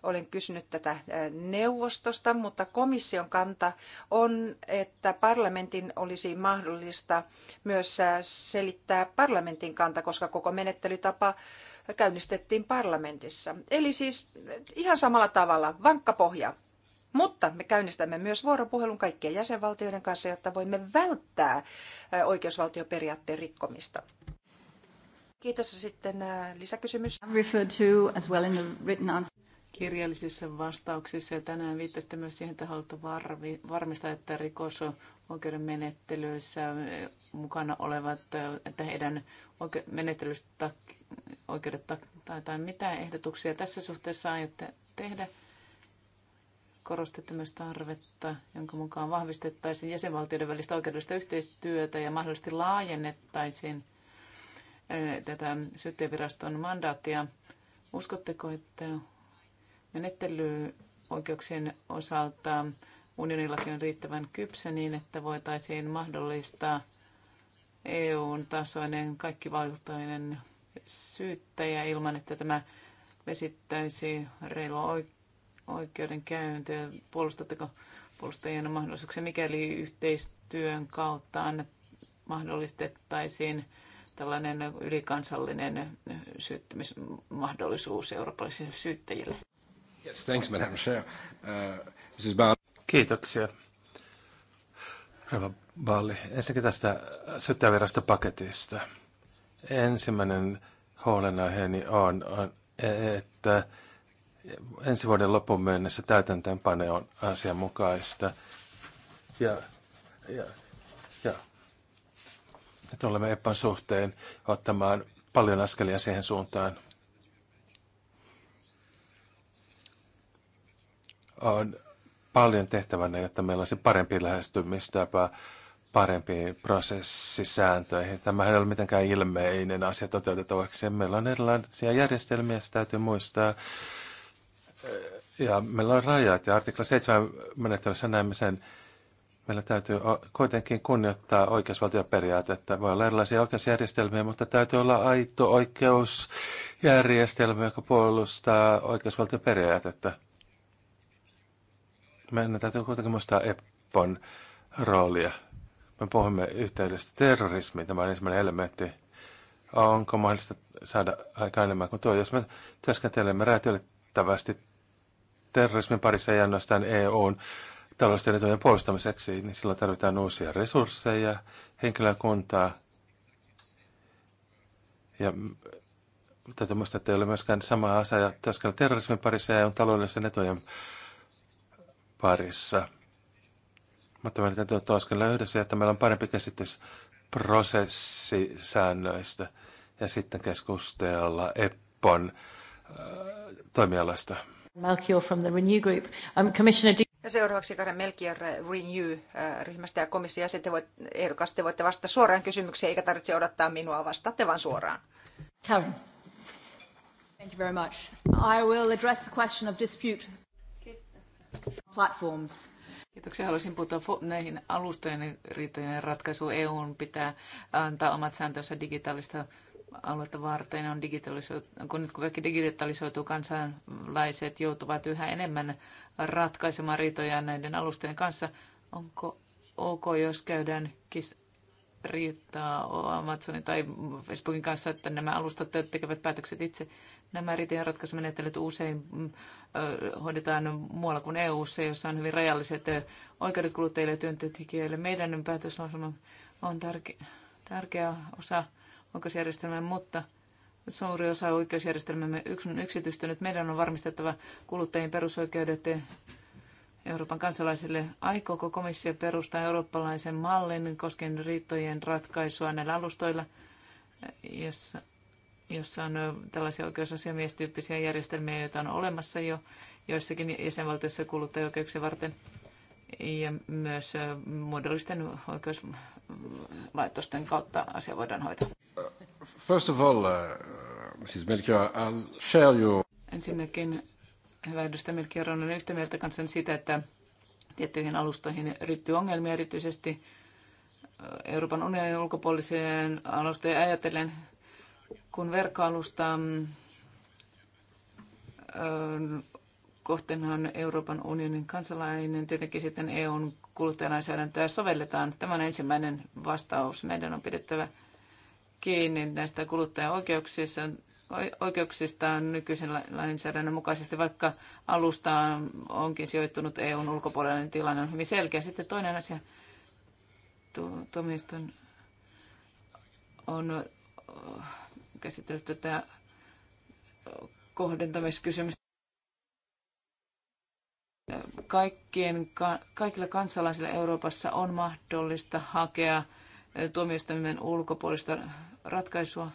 Olen kysynyt tätä neuvostosta, mutta komission kanta on, että parlamentin olisi mahdollista myös selittää parlamentin kanta, koska koko menettelytapa käynnistettiin parlamentissa. Eli siis ihan samalla tavalla, vankka pohja. Mutta me käynnistämme myös vuoropuhelun kaikkien jäsenvaltioiden kanssa, jotta voimme välttää oikeusvaltioperiaatteen rikkomista. Kiitos. Sitten lisäkysymys. Referred to as well in the written answer kirjallisissa vastauksissa ja tänään viittasitte myös siihen, että haluatte varmistaa, että oikeuden menettelyissä mukana olevat, että heidän menettelystä oikeudet tai, tai mitä ehdotuksia tässä suhteessa aiotte tehdä. Korostitte myös tarvetta, jonka mukaan vahvistettaisiin jäsenvaltioiden välistä oikeudellista yhteistyötä ja mahdollisesti laajennettaisiin eh, tätä syyttäjäviraston mandaattia. Uskotteko, että menettelyoikeuksien osalta unionillakin on riittävän kypsä niin, että voitaisiin mahdollistaa EUn tasoinen kaikkivaltainen syyttäjä ilman, että tämä vesittäisi reilua oikeudenkäyntiä. Puolustatteko puolustajien mahdollisuuksia, mikäli yhteistyön kautta mahdollistettaisiin tällainen ylikansallinen syyttämismahdollisuus eurooppalaisille syyttäjille? Yes, thanks, Madam Chair. Uh, Mrs. Kiitoksia. Rova ensinnäkin tästä syttävirasta paketista. Ensimmäinen huolenaiheeni on, on, että ensi vuoden lopun mennessä täytäntöönpane on asianmukaista. Ja, ja, ja että olemme EPAn suhteen ottamaan paljon askelia siihen suuntaan – on paljon tehtävänä, jotta meillä olisi parempi lähestymistapa prosessi prosessisääntöihin. Tämä ei ole mitenkään ilmeinen asia toteutettavaksi. Meillä on erilaisia järjestelmiä, se täytyy muistaa. Ja meillä on rajat ja artikla 7 menettelyssä näemme sen. Meillä täytyy kuitenkin kunnioittaa oikeusvaltioperiaatetta. Voi olla erilaisia oikeusjärjestelmiä, mutta täytyy olla aito oikeusjärjestelmä, joka puolustaa oikeusvaltioperiaatetta. Meidän täytyy kuitenkin muistaa Eppon roolia. Me puhumme yhteydestä terrorismiin. Tämä on ensimmäinen elementti. Onko mahdollista saada aika enemmän kuin tuo? Jos me työskentelemme räätyylittävästi terrorismin parissa ja ainoastaan EUn taloudellisten etujen puolustamiseksi, niin silloin tarvitaan uusia resursseja, henkilökuntaa. Ja täytyy muistaa, että ei ole myöskään sama asia työskennellä terrorismin parissa ja EUn taloudellisten etujen parissa. Mutta meidän täytyy ottaa askelia yhdessä, että meillä on parempi käsitys prosessisäännöistä ja sitten keskustella EPPON äh, toimialasta. Melchior from the Renew Group. Um, Commissioner, do... Ja seuraavaksi Karen Melkier äh, Renew-ryhmästä äh, ja komissio, ja sitten voit, ehdokas, te voitte vastata suoraan kysymykseen, eikä tarvitse odottaa minua, vastaatte vaan suoraan. Karen. Thank you very much. I will address the question of dispute Platforms. Kiitoksia. Haluaisin puuttua näihin alustojen riittäjien ratkaisuun. EU pitää antaa omat sääntönsä digitaalista aluetta varten. On kun nyt kun kaikki digitalisoituu, kansalaiset joutuvat yhä enemmän ratkaisemaan riitoja näiden alustojen kanssa. Onko ok, jos käydään kis riitaa Amazonin tai Facebookin kanssa, että nämä alustat tekevät päätökset itse. Nämä ratkaisumenettelyt usein mm, hoidetaan muualla kuin EU-ssa, jossa on hyvin rajalliset oikeudet kuluttajille ja työntekijöille. Meidän päätöslauselma on tärke- tärkeä osa oikeusjärjestelmää, mutta suuri osa oikeusjärjestelmämme on yksityistynyt. Meidän on varmistettava kuluttajien perusoikeudet Euroopan kansalaisille. Aikooko komissio perustaa eurooppalaisen mallin koskien riittojen ratkaisua näillä alustoilla, jossa jossa on tällaisia oikeusasiamiestyyppisiä järjestelmiä, joita on olemassa jo joissakin jäsenvaltioissa kuluttajaoikeuksien varten ja myös muodollisten oikeuslaitosten kautta asia voidaan hoitaa. First of all, uh, Mrs. Melchior, I'll share you. Ensinnäkin, hyvä edustaja Melchior, on yhtä mieltä kanssani sitä, että tiettyihin alustoihin riittyy ongelmia erityisesti Euroopan unionin ulkopuoliseen alustojen ajatellen kun verkkoalusta mm, kohteenhan Euroopan unionin kansalainen, tietenkin sitten EUn kuluttajalainsäädäntöä sovelletaan. Tämä on ensimmäinen vastaus. Meidän on pidettävä kiinni näistä kuluttajaoikeuksista oikeuksistaan nykyisen lainsäädännön mukaisesti, vaikka alusta onkin sijoittunut EUn ulkopuolelle, niin tilanne on hyvin selkeä. Sitten toinen asia, tuomioistuin on käsitellä tätä kohdentamiskysymystä. Kaikkien, kaikilla kansalaisilla Euroopassa on mahdollista hakea tuomioistuimen ulkopuolista ratkaisua.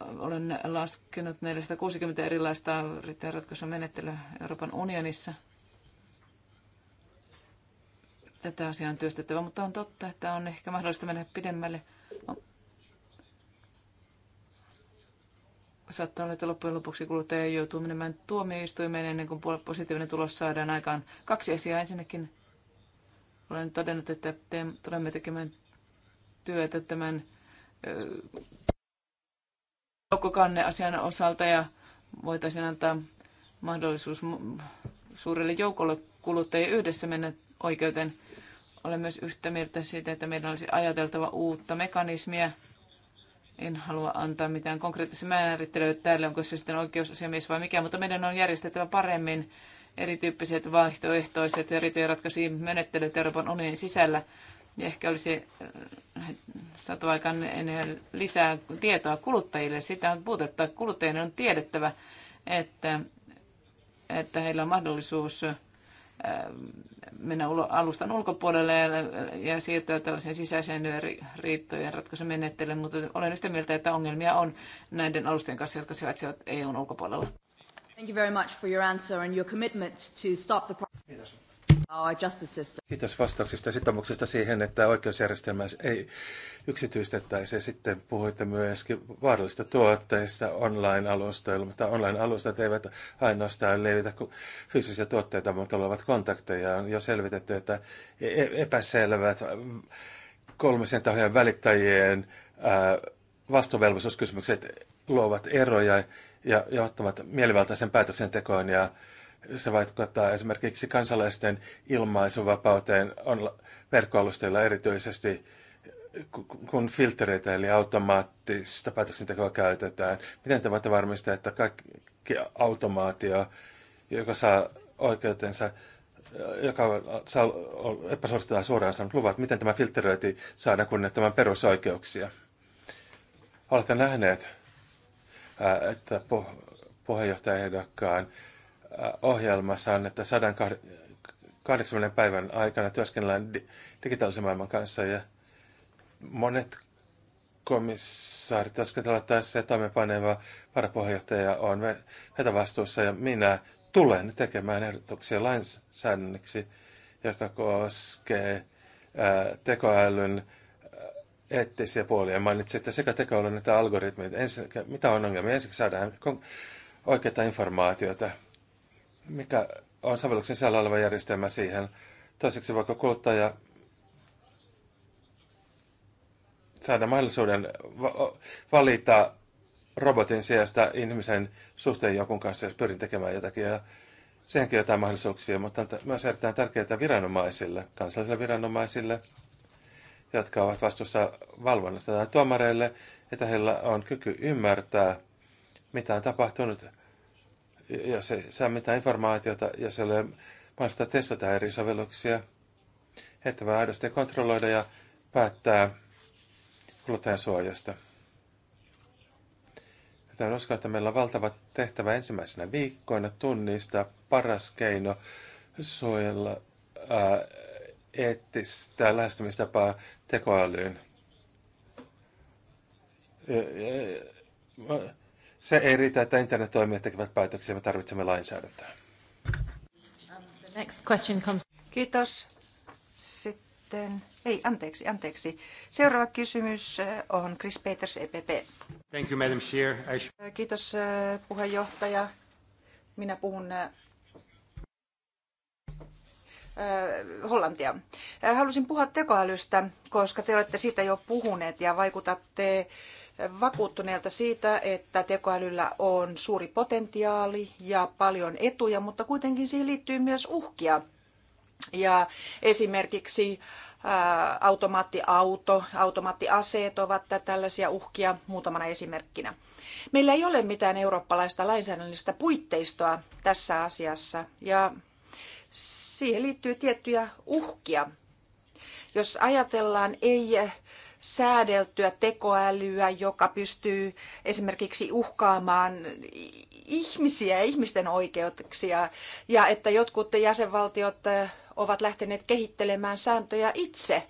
Olen laskenut 460 erilaista ratkaisumenettelyä Euroopan unionissa – tätä asiaa on työstettävä, mutta on totta, että on ehkä mahdollista mennä pidemmälle. On saattaa olla, että loppujen lopuksi kuluttaja joutuu menemään tuomioistuimeen ennen kuin positiivinen tulos saadaan aikaan. Kaksi asiaa. Ensinnäkin olen todennut, että te, tulemme tekemään työtä tämän joukkokanneasian osalta ja voitaisiin antaa mahdollisuus suurelle joukolle kuluttajia yhdessä mennä oikeuteen. Olen myös yhtä mieltä siitä, että meidän olisi ajateltava uutta mekanismia – en halua antaa mitään konkreettisia määrittelyä tälle, onko se sitten oikeusasiamies vai mikä, mutta meidän on järjestettävä paremmin erityyppiset vaihtoehtoiset ja ratkaisuja menettelyt Euroopan unionin sisällä. Ja ehkä olisi äh, saatu aikaan lisää tietoa kuluttajille. Sitä on puutetta. Kuluttajien on tiedettävä, että, että heillä on mahdollisuus mennä alustan ulkopuolelle ja siirtyä tällaisen sisäiseen riittojen ratkaisumenettelyyn, mutta olen yhtä mieltä, että ongelmia on näiden alustojen kanssa, jotka sijaitsevat EUn ulkopuolella. Thank you very much for your answer and your commitment to stop the... Kiitos. Kiitos vastauksista ja sitoumuksesta siihen, että oikeusjärjestelmää ei yksityistettäisi. Ja sitten puhuitte myöskin vaarallisista tuotteista online-alustoilla, mutta online-alustat eivät ainoastaan levitä fyysisiä tuotteita, mutta olevat kontakteja. On jo selvitetty, että e- e- epäselvät kolmisen tahojen välittäjien vastuvelvollisuuskysymykset luovat eroja ja johtavat mielivaltaisen päätöksentekoon ja se vaikuttaa esimerkiksi kansalaisten ilmaisuvapauteen on verkkoalustoilla erityisesti, kun filtreitä eli automaattista päätöksentekoa käytetään. Miten te voitte varmistaa, että kaikki automaatio, joka saa oikeutensa, joka saa, epäsuorittaa suoraan sanot luvat, miten tämä filtteröinti saadaan kunnettamaan perusoikeuksia? Olette nähneet, että puheenjohtajaehdokkaan ehdokkaan ohjelmassa että 180 päivän aikana työskennellään digitaalisen maailman kanssa ja monet komissaarit työskentelevät tässä ja toimenpaneva varapuheenjohtaja on heitä vastuussa ja minä tulen tekemään ehdotuksia lainsäädännöksi, joka koskee tekoälyn eettisiä puolia. että sekä tekoälyn että algoritmit. ensin, mitä on ongelmia? ensin saadaan oikeaa informaatiota mikä on sovelluksen sisällä oleva järjestelmä siihen. Toiseksi voiko kuluttaja saada mahdollisuuden valita robotin sijasta ihmisen suhteen jonkun kanssa, jos pyrin tekemään jotakin. Ja siihenkin jotain mahdollisuuksia, mutta on myös erittäin tärkeää viranomaisille, kansallisille viranomaisille, jotka ovat vastuussa valvonnasta tai tuomareille, että heillä on kyky ymmärtää, mitä on tapahtunut ja se saa mitään informaatiota, ja ei ole mahdollista testata eri sovelluksia, että voi aidosti kontrolloida ja päättää kuluttajan suojasta. Tämä uskon, että meillä on valtava tehtävä ensimmäisenä viikkoina tunnistaa paras keino suojella ää, eettistä lähestymistapaa tekoälyyn. Se ei riitä, että internettoimijat tekevät päätöksiä, me tarvitsemme lainsäädäntöä. Kiitos. Sitten, ei anteeksi, anteeksi. Seuraava kysymys eh, on Chris Peters, EPP. Thank you, Madam Chair. I... Eh, kiitos eh, puheenjohtaja. Minä puhun Hollantia. Halusin puhua tekoälystä, koska te olette siitä jo puhuneet ja vaikutatte vakuuttuneelta siitä, että tekoälyllä on suuri potentiaali ja paljon etuja, mutta kuitenkin siihen liittyy myös uhkia. Ja esimerkiksi automaattiauto, automaattiaseet ovat tällaisia uhkia muutamana esimerkkinä. Meillä ei ole mitään eurooppalaista lainsäädännöllistä puitteistoa tässä asiassa ja siihen liittyy tiettyjä uhkia. Jos ajatellaan ei säädeltyä tekoälyä, joka pystyy esimerkiksi uhkaamaan ihmisiä ja ihmisten oikeuksia, ja että jotkut jäsenvaltiot eh, ovat lähteneet kehittelemään sääntöjä itse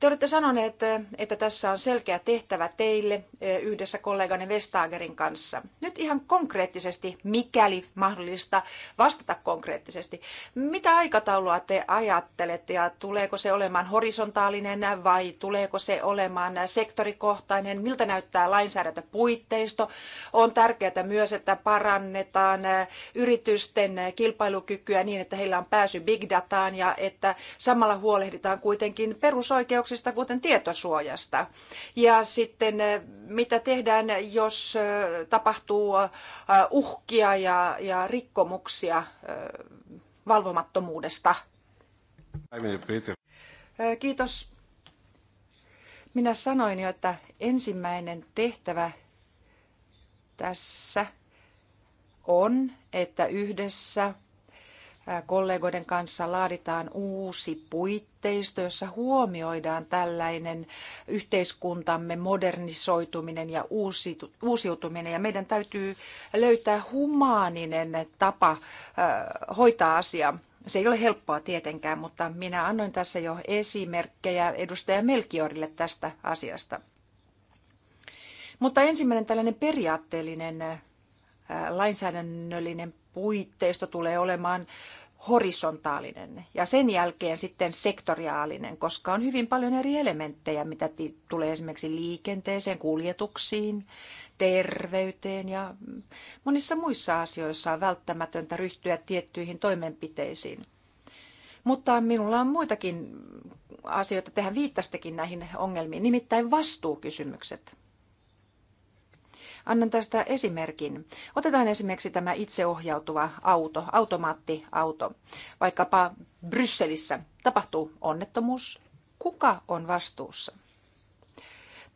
te olette sanoneet, että tässä on selkeä tehtävä teille eh, yhdessä kolleganne Vestagerin kanssa. Nyt ihan konkreettisesti, mikäli mahdollista, vastata konkreettisesti. Mitä aikataulua te ajattelette ja tuleeko se olemaan horisontaalinen vai tuleeko se olemaan sektorikohtainen? Miltä näyttää lainsäädäntöpuitteisto? On tärkeää myös, että parannetaan eh, yritysten kilpailukykyä niin, että heillä on pääsy big dataan ja että samalla huolehditaan kuitenkin perusoikeuksista oikeuksista, kuten tietosuojasta. Ja sitten eh, mitä tehdään, jos eh, tapahtuu eh, uhkia ja, ja rikkomuksia valvomattomuudesta? Kiitos. Minä sanoin jo, että ensimmäinen tehtävä tässä on, että yhdessä kollegoiden kanssa laaditaan uusi puitteisto, jossa huomioidaan tällainen yhteiskuntamme modernisoituminen ja uusiutuminen. Ja meidän täytyy löytää humaaninen tapa hoitaa asia. Se ei ole helppoa tietenkään, mutta minä annoin tässä jo esimerkkejä edustaja Melkiorille tästä asiasta. Mutta ensimmäinen tällainen periaatteellinen lainsäädännöllinen puitteisto tulee olemaan horisontaalinen ja sen jälkeen sitten sektoriaalinen, koska on hyvin paljon eri elementtejä, mitä tulee esimerkiksi liikenteeseen, kuljetuksiin, terveyteen ja monissa muissa asioissa on välttämätöntä ryhtyä tiettyihin toimenpiteisiin. Mutta minulla on muitakin asioita, tehän viittastekin näihin ongelmiin, nimittäin vastuukysymykset. Annan tästä esimerkin. Otetaan esimerkiksi tämä itseohjautuva auto, automaattiauto. Vaikkapa Brysselissä tapahtuu onnettomuus. Kuka on vastuussa?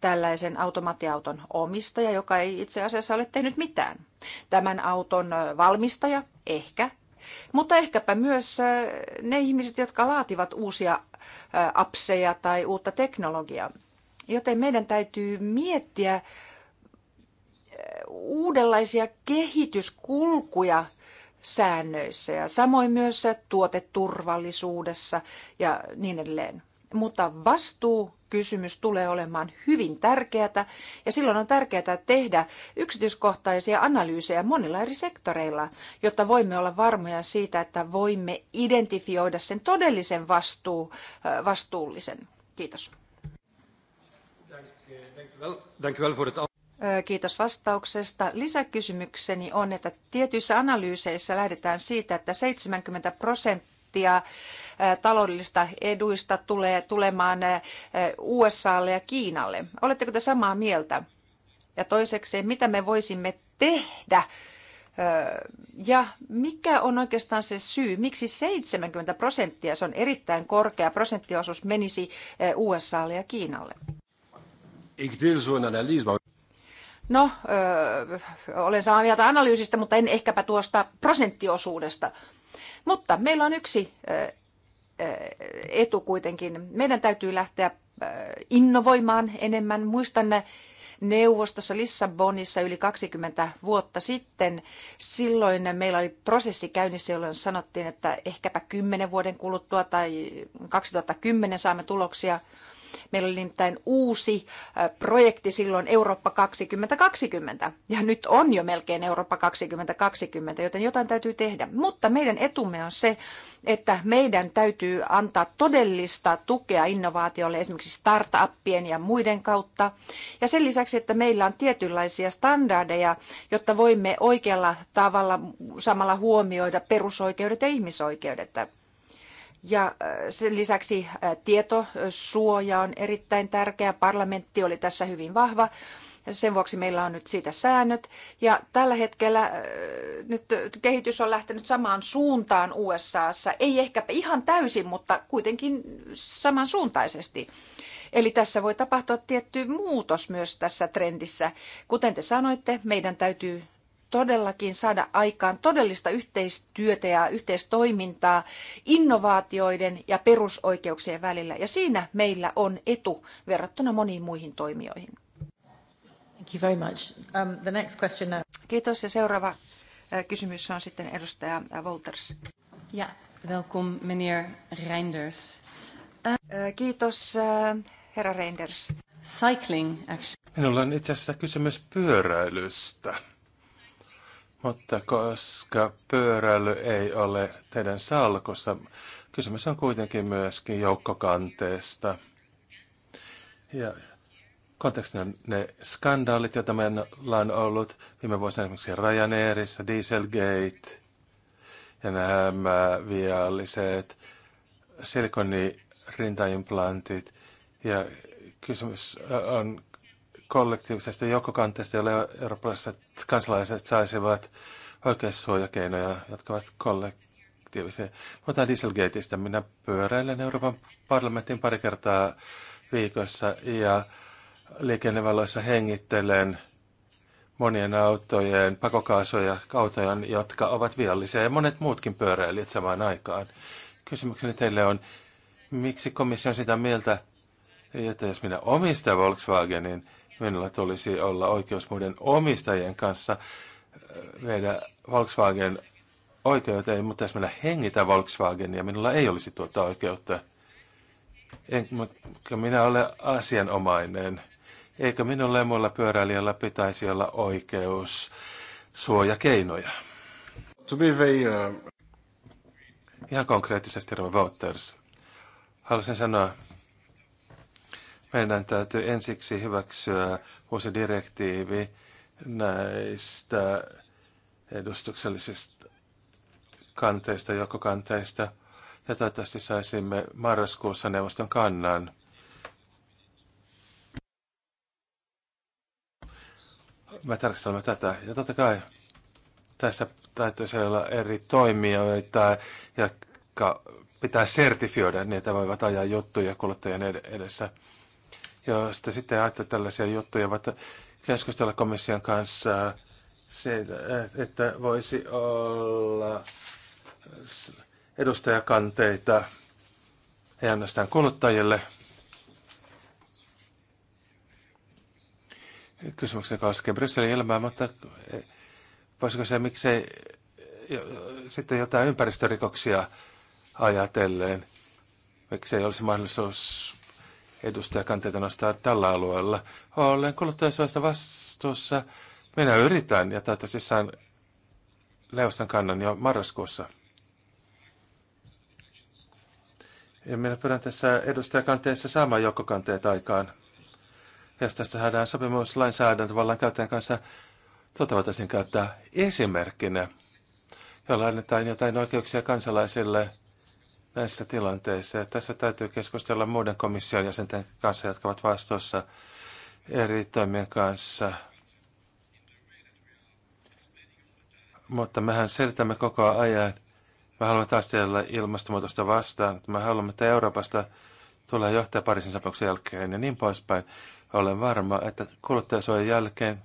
tällaisen automaattiauton omistaja, joka ei itse asiassa ole tehnyt mitään. Tämän auton valmistaja ehkä, mutta ehkäpä myös äh, ne ihmiset, jotka laativat uusia äh, apseja tai uutta teknologiaa. Joten meidän täytyy miettiä uudenlaisia kehityskulkuja säännöissä ja samoin myös tuoteturvallisuudessa ja niin edelleen. Mutta vastuukysymys tulee olemaan hyvin tärkeätä ja silloin on tärkeää tehdä yksityiskohtaisia analyysejä monilla eri sektoreilla, jotta voimme olla varmoja siitä, että voimme identifioida sen todellisen vastuu, vastuullisen. Kiitos. Dank u wel voor het Kiitos vastauksesta. Lisäkysymykseni on, että tietyissä analyyseissä lähdetään siitä, että 70 prosenttia taloudellisista eduista tulee tulemaan USAlle ja Kiinalle. Oletteko te samaa mieltä? Ja toiseksi, mitä me voisimme tehdä? Ja mikä on oikeastaan se syy, miksi 70 prosenttia, se on erittäin korkea prosenttiosuus, menisi USAlle ja Kiinalle? Ik deel zo'n analyse, No, öö, olen samaa mieltä analyysistä, mutta en ehkäpä tuosta prosenttiosuudesta. Mutta meillä on yksi öö, etu kuitenkin. Meidän täytyy lähteä innovoimaan enemmän. Muistan neuvostossa Lissabonissa yli 20 vuotta sitten. Silloin meillä oli prosessi käynnissä, jolloin sanottiin, että ehkäpä 10 vuoden kuluttua tai 2010 saamme tuloksia. Meillä oli nimittäin uusi projekti silloin Eurooppa 2020 ja nyt on jo melkein Eurooppa 2020, joten jotain täytyy tehdä. Mutta meidän etumme on se, että meidän täytyy antaa todellista tukea innovaatiolle esimerkiksi startuppien ja muiden kautta. Ja sen lisäksi, että meillä on tietynlaisia standardeja, jotta voimme oikealla tavalla samalla huomioida perusoikeudet ja ihmisoikeudet. Ja äh, sen lisäksi äh, tietosuoja on erittäin tärkeä. Parlamentti oli tässä hyvin vahva. Sen vuoksi meillä on nyt siitä säännöt. Ja tällä hetkellä äh, nyt kehitys on lähtenyt samaan suuntaan USAssa. Ei ehkä ihan täysin, mutta kuitenkin samansuuntaisesti. Eli tässä voi tapahtua tietty muutos myös tässä trendissä. Kuten te sanoitte, meidän täytyy todellakin saada aikaan todellista yhteistyötä ja yhteistoimintaa innovaatioiden ja perusoikeuksien välillä. Ja siinä meillä on etu verrattuna moniin muihin toimijoihin. Thank you very much. Um, the next question now. Kiitos ja seuraava äh, kysymys on sitten edustaja äh, Wolters. Ja, welkom meneer Reinders. Uh, äh, Kiitos herra Reinders. Cycling, actually. Minulla on itse asiassa kysymys pyöräilystä mutta koska pyöräily ei ole teidän salkossa, kysymys on kuitenkin myöskin joukkokanteesta. Ja kontekstina ne skandaalit, joita meillä on ollut viime vuosina esimerkiksi Ryanairissa, Dieselgate ja nämä vialliset silikonirintaimplantit. Ja kysymys on kollektiivisesta joukkokanteesta, jolle eurooppalaiset kansalaiset saisivat oikeussuojakeinoja, jotka ovat kollektiivisia. Puhutaan Dieselgateista. Minä pyöräilen Euroopan parlamentin pari kertaa viikossa ja liikennevaloissa hengittelen monien autojen pakokaasuja, autoja, jotka ovat viallisia ja monet muutkin pyöräilijät samaan aikaan. Kysymykseni teille on, miksi komissio on sitä mieltä, että jos minä omistan Volkswagenin, Minulla tulisi olla oikeus muiden omistajien kanssa viedä äh, Volkswagen oikeuteen, mutta jos minä hengitä ja minulla ei olisi tuota oikeutta. Enkä minä ole asianomainen. Eikö minun muilla pyöräilijällä pitäisi olla oikeus suojakeinoja? To be very, uh... Ihan konkreettisesti, Rova Voters. Haluaisin sanoa, meidän täytyy ensiksi hyväksyä uusi direktiivi näistä edustuksellisista kanteista, joukkokanteista. Ja toivottavasti saisimme marraskuussa neuvoston kannan. Me tarkastelemme tätä. Ja totta kai tässä täytyisi olla eri toimijoita, jotka pitää sertifioida, niin että voivat ajaa juttuja kuluttajien edessä. Josta sitten ajattelee tällaisia juttuja, vaikka keskustella komission kanssa että voisi olla edustajakanteita, ei ainoastaan kuluttajille. Kysymyksen koskee Brysselin ilmaa, mutta eh, voisiko se miksei sitten jotain ympäristörikoksia ajatellen, miksei olisi mahdollisuus kanteita nostaa tällä alueella. Olen kuluttajasuojasta vastuussa. Minä yritän ja toivottavasti saan leustan kannan jo marraskuussa. Ja minä pyydän tässä edustajakanteessa saamaan joukkokanteet aikaan. Ja tästä saadaan sopimuslainsäädäntö vallan käyttäjän kanssa tuota voitaisiin käyttää esimerkkinä, jolla annetaan jotain oikeuksia kansalaisille – näissä tilanteissa. Ja tässä täytyy keskustella muiden komission jäsenten kanssa, jotka ovat vastuussa eri toimien kanssa. Mutta mehän selitämme koko ajan, me haluamme taistella ilmastonmuutosta vastaan, me haluamme, että Euroopasta tulee johtaja Pariisin sopimuksen jälkeen ja niin poispäin. Olen varma, että kuluttajasuojan jälkeen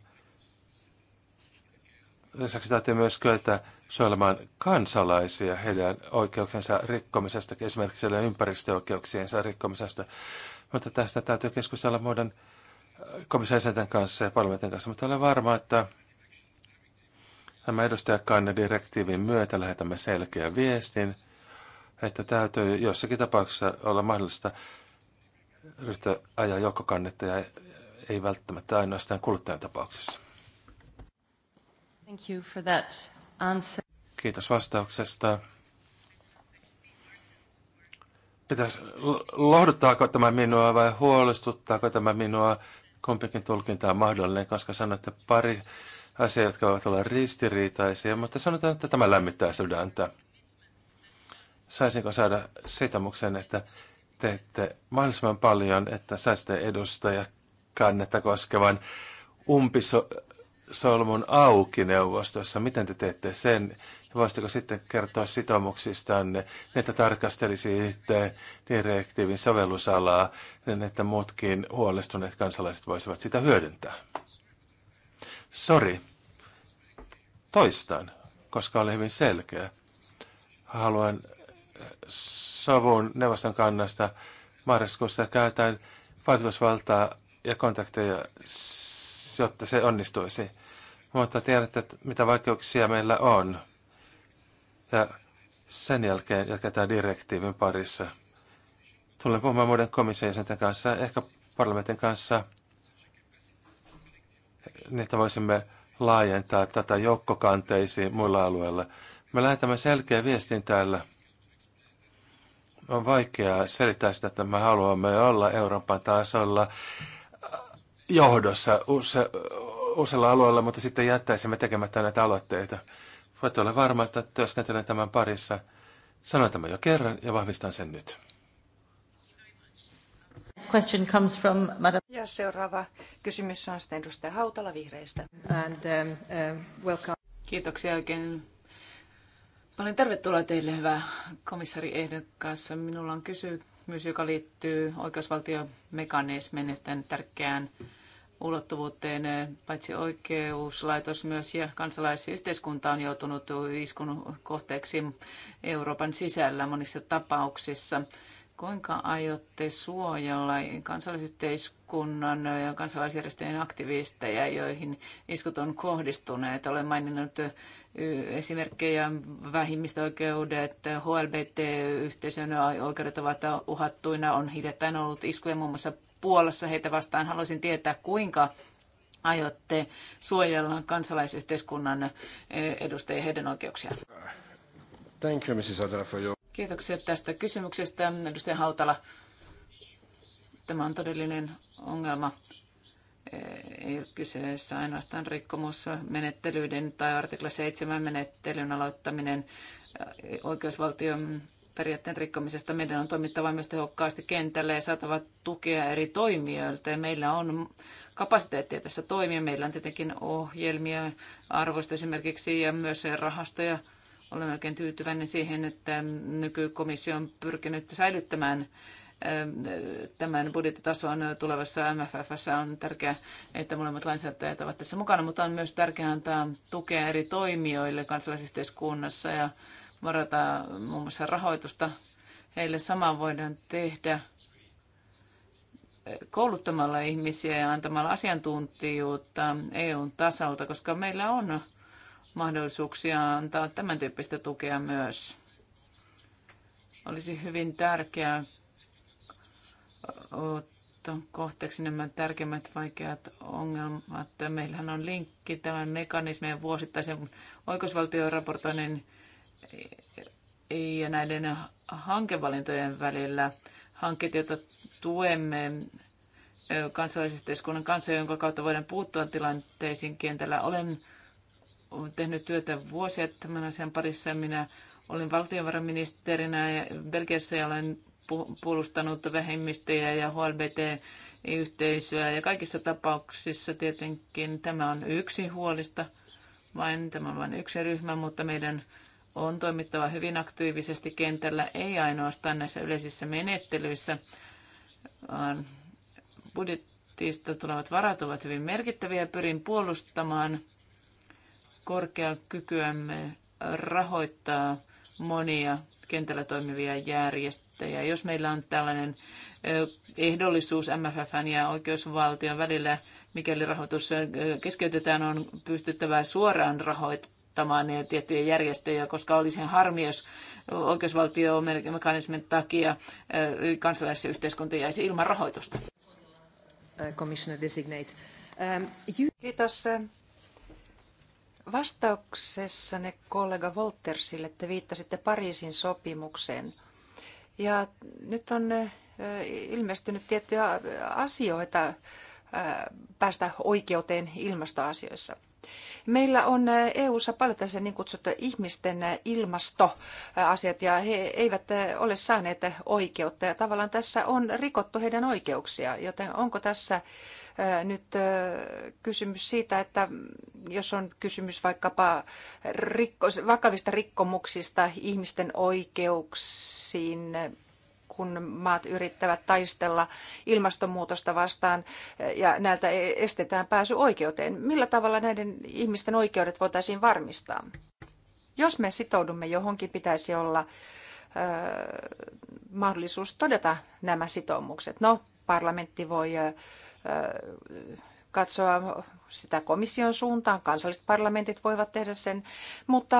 lisäksi täytyy myös kyetä suojelemaan kansalaisia heidän oikeuksensa rikkomisesta, esimerkiksi heidän ympäristöoikeuksiensa rikkomisesta. Mutta tästä täytyy keskustella muiden äh, komissaisen kanssa ja parlamentin kanssa, mutta olen varma, että Tämä edustajakanne direktiivin myötä lähetämme selkeän viestin, että täytyy jossakin tapauksessa olla mahdollista ryhtyä ajaa joukkokannetta ja ei välttämättä ainoastaan kuluttajan tapauksessa. Thank you for that. Kiitos vastauksesta. Pitäis, lohduttaako tämä minua vai huolestuttaako tämä minua? Kumpikin tulkinta on mahdollinen, koska sanotte pari asiaa, jotka ovat olla ristiriitaisia, mutta sanotaan, että tämä lämmittää sydäntä. Saisinko saada sitamuksen, että teette mahdollisimman paljon, että saisitte edustajakannetta koskevan umpiso, solmun auki neuvostossa. Miten te teette sen? Ja voisitteko sitten kertoa sitoumuksistanne, että tarkastelisitte direktiivin sovellusalaa, niin että muutkin huolestuneet kansalaiset voisivat sitä hyödyntää? Sori, toistan, koska oli hyvin selkeä. Haluan äh, savun neuvoston kannasta marraskuussa käytän vaikutusvaltaa ja kontakteja, jotta se onnistuisi. Mutta tiedätte, mitä vaikeuksia meillä on. Ja sen jälkeen jatketaan direktiivin parissa. Tulen puhumaan muiden komission jäsenten kanssa, ehkä parlamentin kanssa, niin että voisimme laajentaa tätä joukkokanteisiin muilla alueilla. Me lähetämme selkeä viestin täällä. On vaikeaa selittää sitä, että me haluamme olla Euroopan tasolla johdossa use, useilla alueilla, mutta sitten jättäisimme tekemättä näitä aloitteita. Voitte olla varma, että työskentelen tämän parissa. Sanoin tämän jo kerran ja vahvistan sen nyt. Question comes from Madam. Ja seuraava kysymys on sitten edustaja Hautala vihreistä. And, um, uh, welcome. Kiitoksia oikein paljon. Tervetuloa teille, hyvä komissari ehdokas. Minulla on kysymys, joka liittyy oikeusvaltiomekanismin tärkeään ulottuvuuteen. Paitsi oikeuslaitos myös ja kansalaisyhteiskunta on joutunut iskun kohteeksi Euroopan sisällä monissa tapauksissa. Kuinka aiotte suojella kansalaisyhteiskunnan ja kansalaisjärjestöjen aktivisteja, joihin iskut on kohdistuneet? Olen maininnut esimerkkejä, vähimmistöoikeudet, HLBT-yhteisön oikeudet ovat uhattuina, on hiljattain ollut iskuja muun muassa Puolassa heitä vastaan. Haluaisin tietää, kuinka aiotte suojella kansalaisyhteiskunnan edustajia heidän oikeuksiaan. Thank you, Mrs. Adela, for your... Kiitoksia tästä kysymyksestä, edustaja Hautala. Tämä on todellinen ongelma ei ole kyseessä ainoastaan rikkomusmenettelyiden tai artikla 7 menettelyn aloittaminen äh, oikeusvaltion periaatteen rikkomisesta. Meidän on toimittava myös tehokkaasti kentälle ja saatava tukea eri toimijoilta. Ja meillä on kapasiteettia tässä toimia. Meillä on tietenkin ohjelmia arvoista esimerkiksi ja myös rahastoja. Olen oikein tyytyväinen siihen, että nykykomissio on pyrkinyt säilyttämään tämän budjettitason tulevassa MFFssä on tärkeää, että molemmat lainsäätäjät ovat tässä mukana, mutta on myös tärkeää antaa tukea eri toimijoille kansalaisyhteiskunnassa ja varata muun muassa rahoitusta. Heille samaan voidaan tehdä kouluttamalla ihmisiä ja antamalla asiantuntijuutta EUn tasalta, koska meillä on mahdollisuuksia antaa tämän tyyppistä tukea myös. Olisi hyvin tärkeää kohteeksi nämä tärkeimmät vaikeat ongelmat. Meillähän on linkki tämän mekanismien vuosittaisen oikeusvaltioraportoinnin ja näiden hankevalintojen välillä. Hankkeet, joita tuemme kansalaisyhteiskunnan kanssa, jonka kautta voidaan puuttua tilanteisiin kentällä. Olen tehnyt työtä vuosia tämän asian parissa. Minä olin valtiovarainministerinä Belgiassa ja olen puolustanut vähemmistöjä ja HLBT-yhteisöä. Ja kaikissa tapauksissa tietenkin tämä on yksi huolista, vain, tämä on vain yksi ryhmä, mutta meidän on toimittava hyvin aktiivisesti kentällä, ei ainoastaan näissä yleisissä menettelyissä, vaan budjettista tulevat varat ovat hyvin merkittäviä. Pyrin puolustamaan korkeakykyämme rahoittaa monia kentällä toimivia järjestöjä. Jos meillä on tällainen ehdollisuus MFFn ja oikeusvaltion välillä, mikäli rahoitus keskeytetään, on pystyttävä suoraan rahoittamaan tiettyjä järjestöjä, koska olisi harmi, jos oikeusvaltiomekanismin takia yhteiskunta jäisi ilman rahoitusta. Äh, commissioner designate. Ähm, Kiitos Vastauksessanne kollega Woltersille te viittasitte Pariisin sopimukseen. Ja nyt on ilmestynyt tiettyjä asioita päästä oikeuteen ilmastoasioissa. Meillä on EU-ssa paljon tässä niin kutsuttu ihmisten ilmastoasiat ja he eivät ole saaneet oikeutta ja tavallaan tässä on rikottu heidän oikeuksia, joten onko tässä nyt kysymys siitä, että jos on kysymys vaikkapa rikko, vakavista rikkomuksista ihmisten oikeuksiin, kun maat yrittävät taistella ilmastonmuutosta vastaan ja näiltä e-, estetään pääsy oikeuteen. Millä tavalla näiden ihmisten oikeudet voitaisiin varmistaa? Jos me sitoudumme johonkin, pitäisi olla mahdollisuus todeta nämä sitoumukset. No, parlamentti voi katsoa sitä komission suuntaan. Kansalliset parlamentit voivat tehdä sen, mutta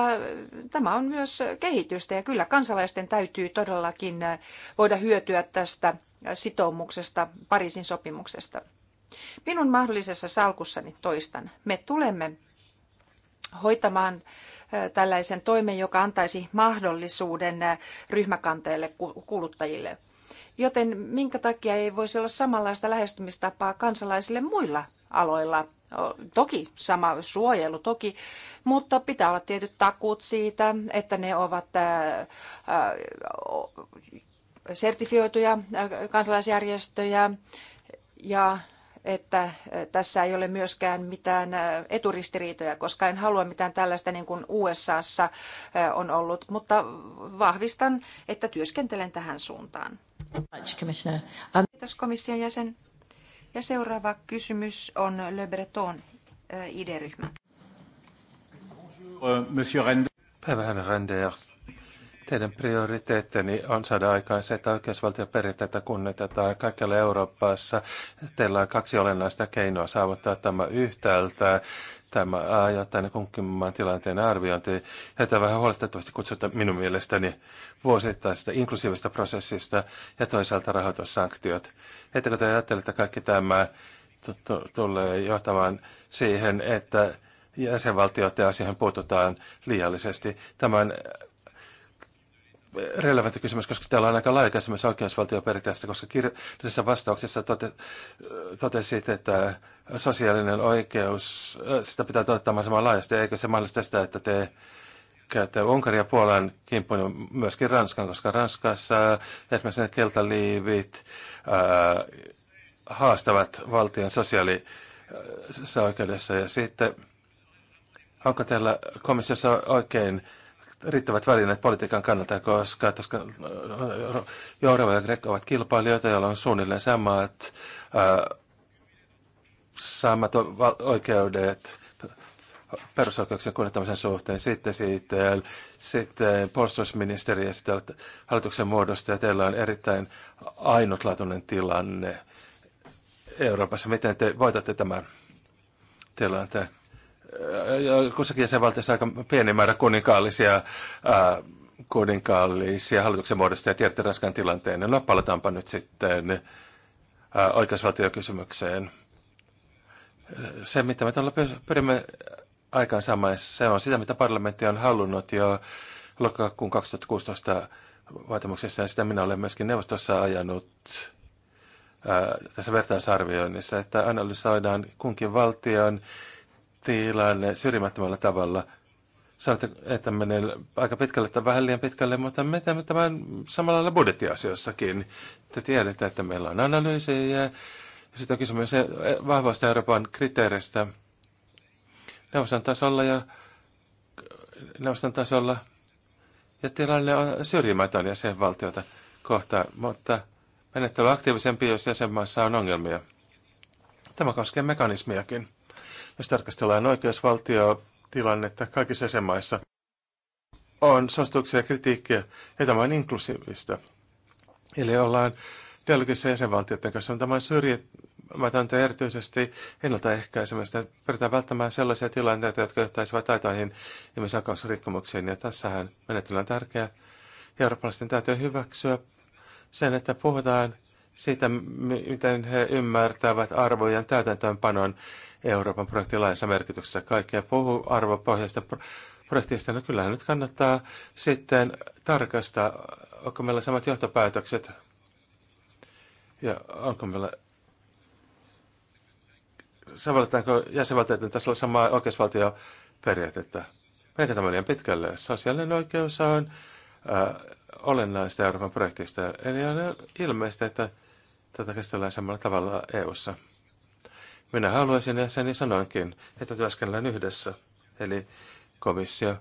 tämä on myös kehitystä ja kyllä kansalaisten täytyy todellakin voida hyötyä tästä sitoumuksesta, Pariisin sopimuksesta. Minun mahdollisessa salkussani toistan, me tulemme hoitamaan tällaisen toimen, joka antaisi mahdollisuuden ryhmäkanteelle kuluttajille. Joten minkä takia ei voisi olla samanlaista lähestymistapaa kansalaisille muilla aloilla? Toki sama suojelu, toki, mutta pitää olla tietyt takuut siitä, että ne ovat sertifioituja kansalaisjärjestöjä ja että tässä ei ole myöskään mitään eturistiriitoja, koska en halua mitään tällaista niin kuin USAssa on ollut, mutta vahvistan, että työskentelen tähän suuntaan. Um, Kiitos komission jäsen. Ja seuraava kysymys on Le Breton eh, ID-ryhmä. Euh, Päivä Rende. Päivähän Teidän prioriteetteni on saada aikaan se, että oikeusvaltioperiaatteita kunnioitetaan kaikkialla Euroopassa. Teillä on kaksi olennaista keinoa saavuttaa tämä yhtäältä Tämä tänne kunkin maan tilanteen arviointi. Tätä vähän huolestettavasti kutsutaan minun mielestäni vuosittaisesta inklusiivisesta prosessista ja toisaalta rahoitussanktiot. Ettekö te ajattele, että kaikki tämä tulee johtamaan siihen, että jäsenvaltiot ja siihen puututaan liiallisesti. Tämän relevantti kysymys, koska täällä on aika laaja oikeusvaltioperiaatteesta, koska kirjallisessa vastauksessa tote, totesit, että sosiaalinen oikeus, äh, sitä pitää toteuttaa samaan laajasti, eikö se mahdollista sitä, että te käytte Unkarin ja Puolan kimppuun niin myöskin Ranskan, koska Ranskassa äh, esimerkiksi ne keltaliivit ää, äh, haastavat valtion sosiaalisessa oikeudessa ja sitten onko teillä komissiossa oikein riittävät välineet politiikan kannalta, koska, koska Jourova ja Greco ovat kilpailijoita, joilla on suunnilleen samat ää, saamat oikeudet perusoikeuksien kunnioittamisen suhteen, sitten, sitten, sitten puolustusministeri ja sitten hallituksen muodosta, ja teillä on erittäin ainutlaatuinen tilanne Euroopassa. Miten te voitatte tämän tilanteen? Kussakin jäsenvaltiossa aika pieni määrä kuninkaallisia, ää, kuninkaallisia hallituksen muodosta, ja tiedätte Ranskan tilanteen. No palataanpa nyt sitten ää, oikeusvaltiokysymykseen se, mitä me tällä pyrimme aikaansaamaan, se on sitä, mitä parlamentti on halunnut jo lokakuun 2016 vaatimuksessa, ja sitä minä olen myöskin neuvostossa ajanut ää, äh, tässä vertaisarvioinnissa, että analysoidaan kunkin valtion tilanne syrjimättömällä tavalla. Sanoitte, että menee aika pitkälle tai vähän liian pitkälle, mutta me teemme tämän samalla lailla budjettiasiossakin. Te tiedätte, että meillä on analyysejä, ja sitten on kysymys eh, vahvasta Euroopan kriteereistä neuvoston tasolla ja neuvoston tasolla. Ja tilanne on syrjimätön jäsenvaltiota kohtaan, mutta menettely on aktiivisempi, jos jäsenmaassa on ongelmia. Tämä koskee mekanismiakin. Jos tarkastellaan oikeusvaltiotilannetta kaikissa jäsenmaissa, on suosituksia ja kritiikkiä, ja tämä on inklusiivista. Eli ollaan dialogissa jäsenvaltioiden kanssa on tämän syrjimätöntä erityisesti ennaltaehkäisemistä. Pyritään välttämään sellaisia tilanteita, jotka johtaisivat aitoihin ihmisoikeusrikkomuksiin. Ja tässähän menettely on tärkeä. Eurooppalaisten täytyy hyväksyä sen, että puhutaan siitä, miten he ymmärtävät arvojen täytäntöönpanon Euroopan projektilaissa merkityksessä. Kaikkea puhuu arvopohjaisesta projektista. No kyllähän nyt kannattaa sitten tarkastaa, onko meillä samat johtopäätökset ja onko meillä sovelletaanko jäsenvaltioiden niin tasolla samaa oikeusvaltioperiaatetta? Meneekö tämä liian pitkälle? Sosiaalinen oikeus on äh, olennaista Euroopan projektista, eli on ilmeistä, että tätä käsitellään samalla tavalla EU-ssa. Minä haluaisin, ja sen sanoinkin, että työskennellään yhdessä. Eli komissio,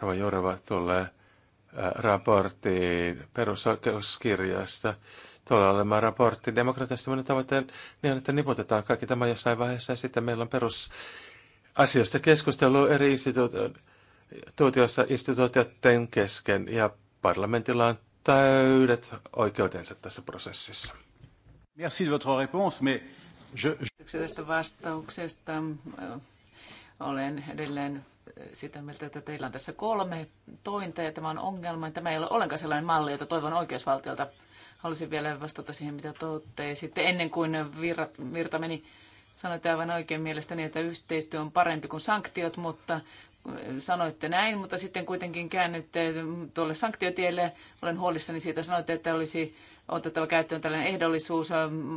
Rova Jourova tulee äh, raporttiin perusoikeuskirjasta, Tuolla olemaan raportti demokratiasta minun tavoitteen niin, että niputetaan kaikki tämä jossain vaiheessa ja sitten meillä on perusasioista keskustelu eri instituutioissa instituutioiden kesken ja parlamentilla on täydet oikeutensa tässä prosessissa. Merci de votre réponse, mais je... tästä vastauksesta. Olen edelleen sitä mieltä, että teillä on tässä kolme tointa ja tämä on ongelma. Tämä ei ole ollenkaan sellainen malli, jota toivon oikeusvaltiolta. Halusin vielä vastata siihen, mitä Sitten Ennen kuin virrat, virta meni, sanoitte aivan oikein mielestäni, että yhteistyö on parempi kuin sanktiot, mutta äh, sanoitte näin, mutta sitten kuitenkin käännytte tuolle sanktiotielle. Olen huolissani siitä, sanoitte, että olisi otettava käyttöön tällainen ehdollisuus ähm,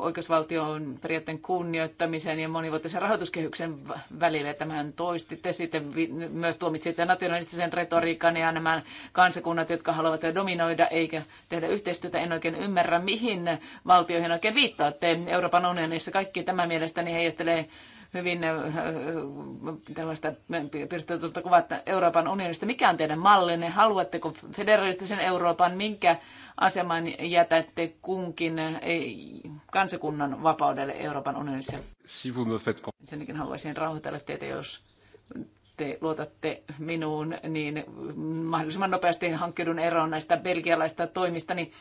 oikeusvaltion periaatteen kunnioittamisen ja monivuotisen rahoituskehyksen välille. Tämähän te sitten myös tuomitsitte nationalistisen retoriikan ja nämä kansakunnat, jotka haluavat dominoida eikä tehdä yhteistyötä. En oikein ymmärrä, mihin valtioihin oikein viittaatte. Euroopan unionissa kaikki tämä mielestäni heijastelee hyvin äh, tällaista pirstoutunutta kuvaa Euroopan unionista. Mikä on teidän mallinne? Haluatteko federalistisen Euroopan? Minkä aseman jätätte kunkin äh, kansakunnan vapaudelle Euroopan unionissa? Si vous me faites... haluaisin rauhoitella teitä, jos te luotatte minuun, niin mahdollisimman nopeasti hankkeudun eroon näistä belgialaista toimista, niin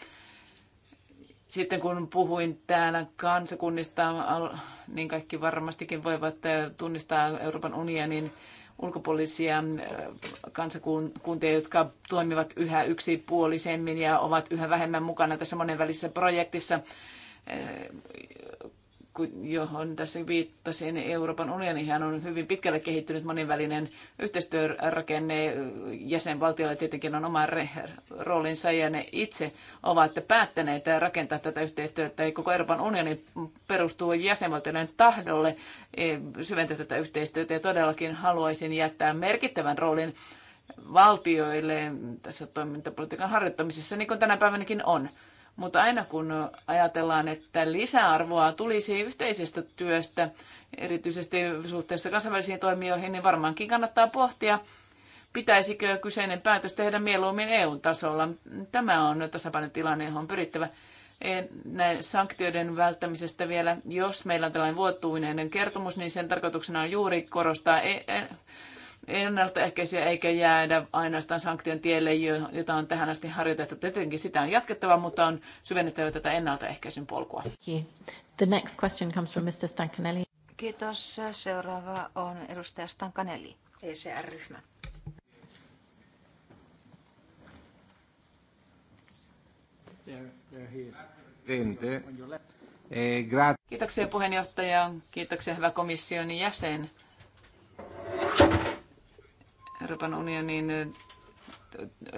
sitten kun puhuin täällä kansakunnista, niin kaikki varmastikin voivat äh, tunnistaa Euroopan unionin ulkopuolisia äh, kansakuntia, jotka toimivat yhä yksipuolisemmin ja ovat yhä vähemmän mukana tässä monenvälisessä projektissa äh, johon tässä viittasin, Euroopan unionihan on hyvin pitkälle kehittynyt monivälinen yhteistyörakenne. Jäsenvaltioilla tietenkin on oma roolinsa ja ne itse ovat päättäneet rakentaa tätä yhteistyötä. Ja koko Euroopan unioni perustuu jäsenvaltioiden tahdolle e, syventää tätä yhteistyötä ja todellakin haluaisin jättää merkittävän roolin valtioille tässä toimintapolitiikan harjoittamisessa, niin kuin tänä päivänäkin on. Mutta aina kun ajatellaan, että lisäarvoa tulisi yhteisestä työstä, erityisesti suhteessa kansainvälisiin toimijoihin, niin varmaankin kannattaa pohtia, pitäisikö kyseinen päätös tehdä mieluummin EU-tasolla. Tämä on tasapainotilanne, johon on pyrittävä e, näin sanktioiden välttämisestä vielä. Jos meillä on tällainen vuotuinen kertomus, niin sen tarkoituksena on juuri korostaa e, e, ennaltaehkäisiä eikä jäädä ainoastaan sanktion tielle, jota on tähän asti harjoitettu. Tietenkin sitä on jatkettava, mutta on syvennettävä tätä ennaltaehkäisyn polkua. The next question comes from Mr. Stankanelli. Kiitos. Seuraava on edustaja Stankanelli, ECR-ryhmä. There, he is. Eh, kiitoksia puheenjohtaja, kiitoksia hyvä komission jäsen. Euroopan unionin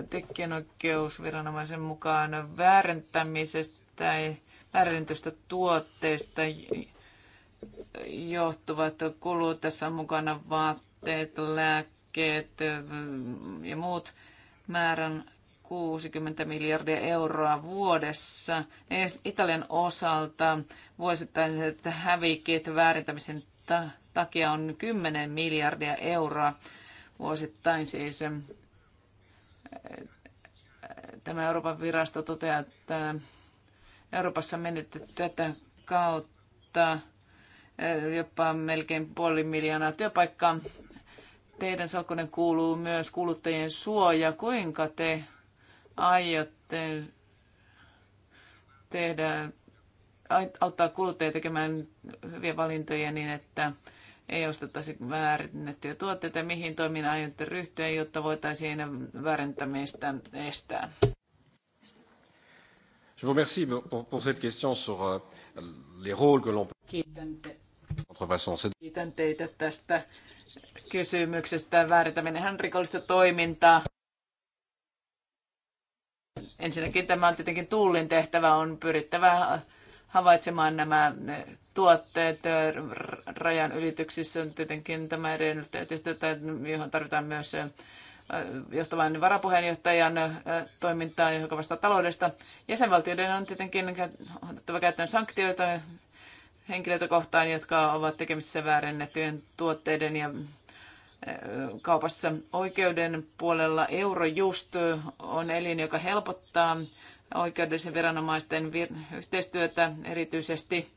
tekijänoikeusviranomaisen mukaan väärentämisestä tai väärennetystä tuotteista johtuvat kulut. Tässä on mukana vaatteet, lääkkeet ja muut määrän 60 miljardia euroa vuodessa. Italian osalta vuosittaiset hävikit väärentämisen takia on 10 miljardia euroa vuosittain siis. Eh, tämä Euroopan virasto toteaa, että Euroopassa on tätä kautta eh, jopa melkein puoli miljoonaa työpaikkaa. Teidän salkkunen kuuluu myös kuluttajien suoja. Kuinka te aiotte tehdä, auttaa kuluttajia tekemään hyviä valintoja niin, että ei ostettaisi väärinnettyjä tuotteita, mihin toimiin aiotte ryhtyä, jotta voitaisiin väärentämistä estää? Je vous remercie pour, pour cette question sur euh, les rôles que l'on peut... Kiitän teitä tästä kysymyksestä. Väärentäminenhän rikollista toimintaa. Ensinnäkin tämä on tietenkin tullin tehtävä, on pyrittävä havaitsemaan nämä tuotteet rajan ylityksissä. Tietenkin tämä edellyttää yhteistyötä, johon tarvitaan myös johtavan varapuheenjohtajan toimintaa, joka vastaa taloudesta. Jäsenvaltioiden on tietenkin otettava käyttöön sanktioita henkilöitä kohtaan, jotka ovat tekemisissä väärennettyjen tuotteiden ja kaupassa oikeuden puolella Eurojust on elin, joka helpottaa oikeudellisen viranomaisten yhteistyötä erityisesti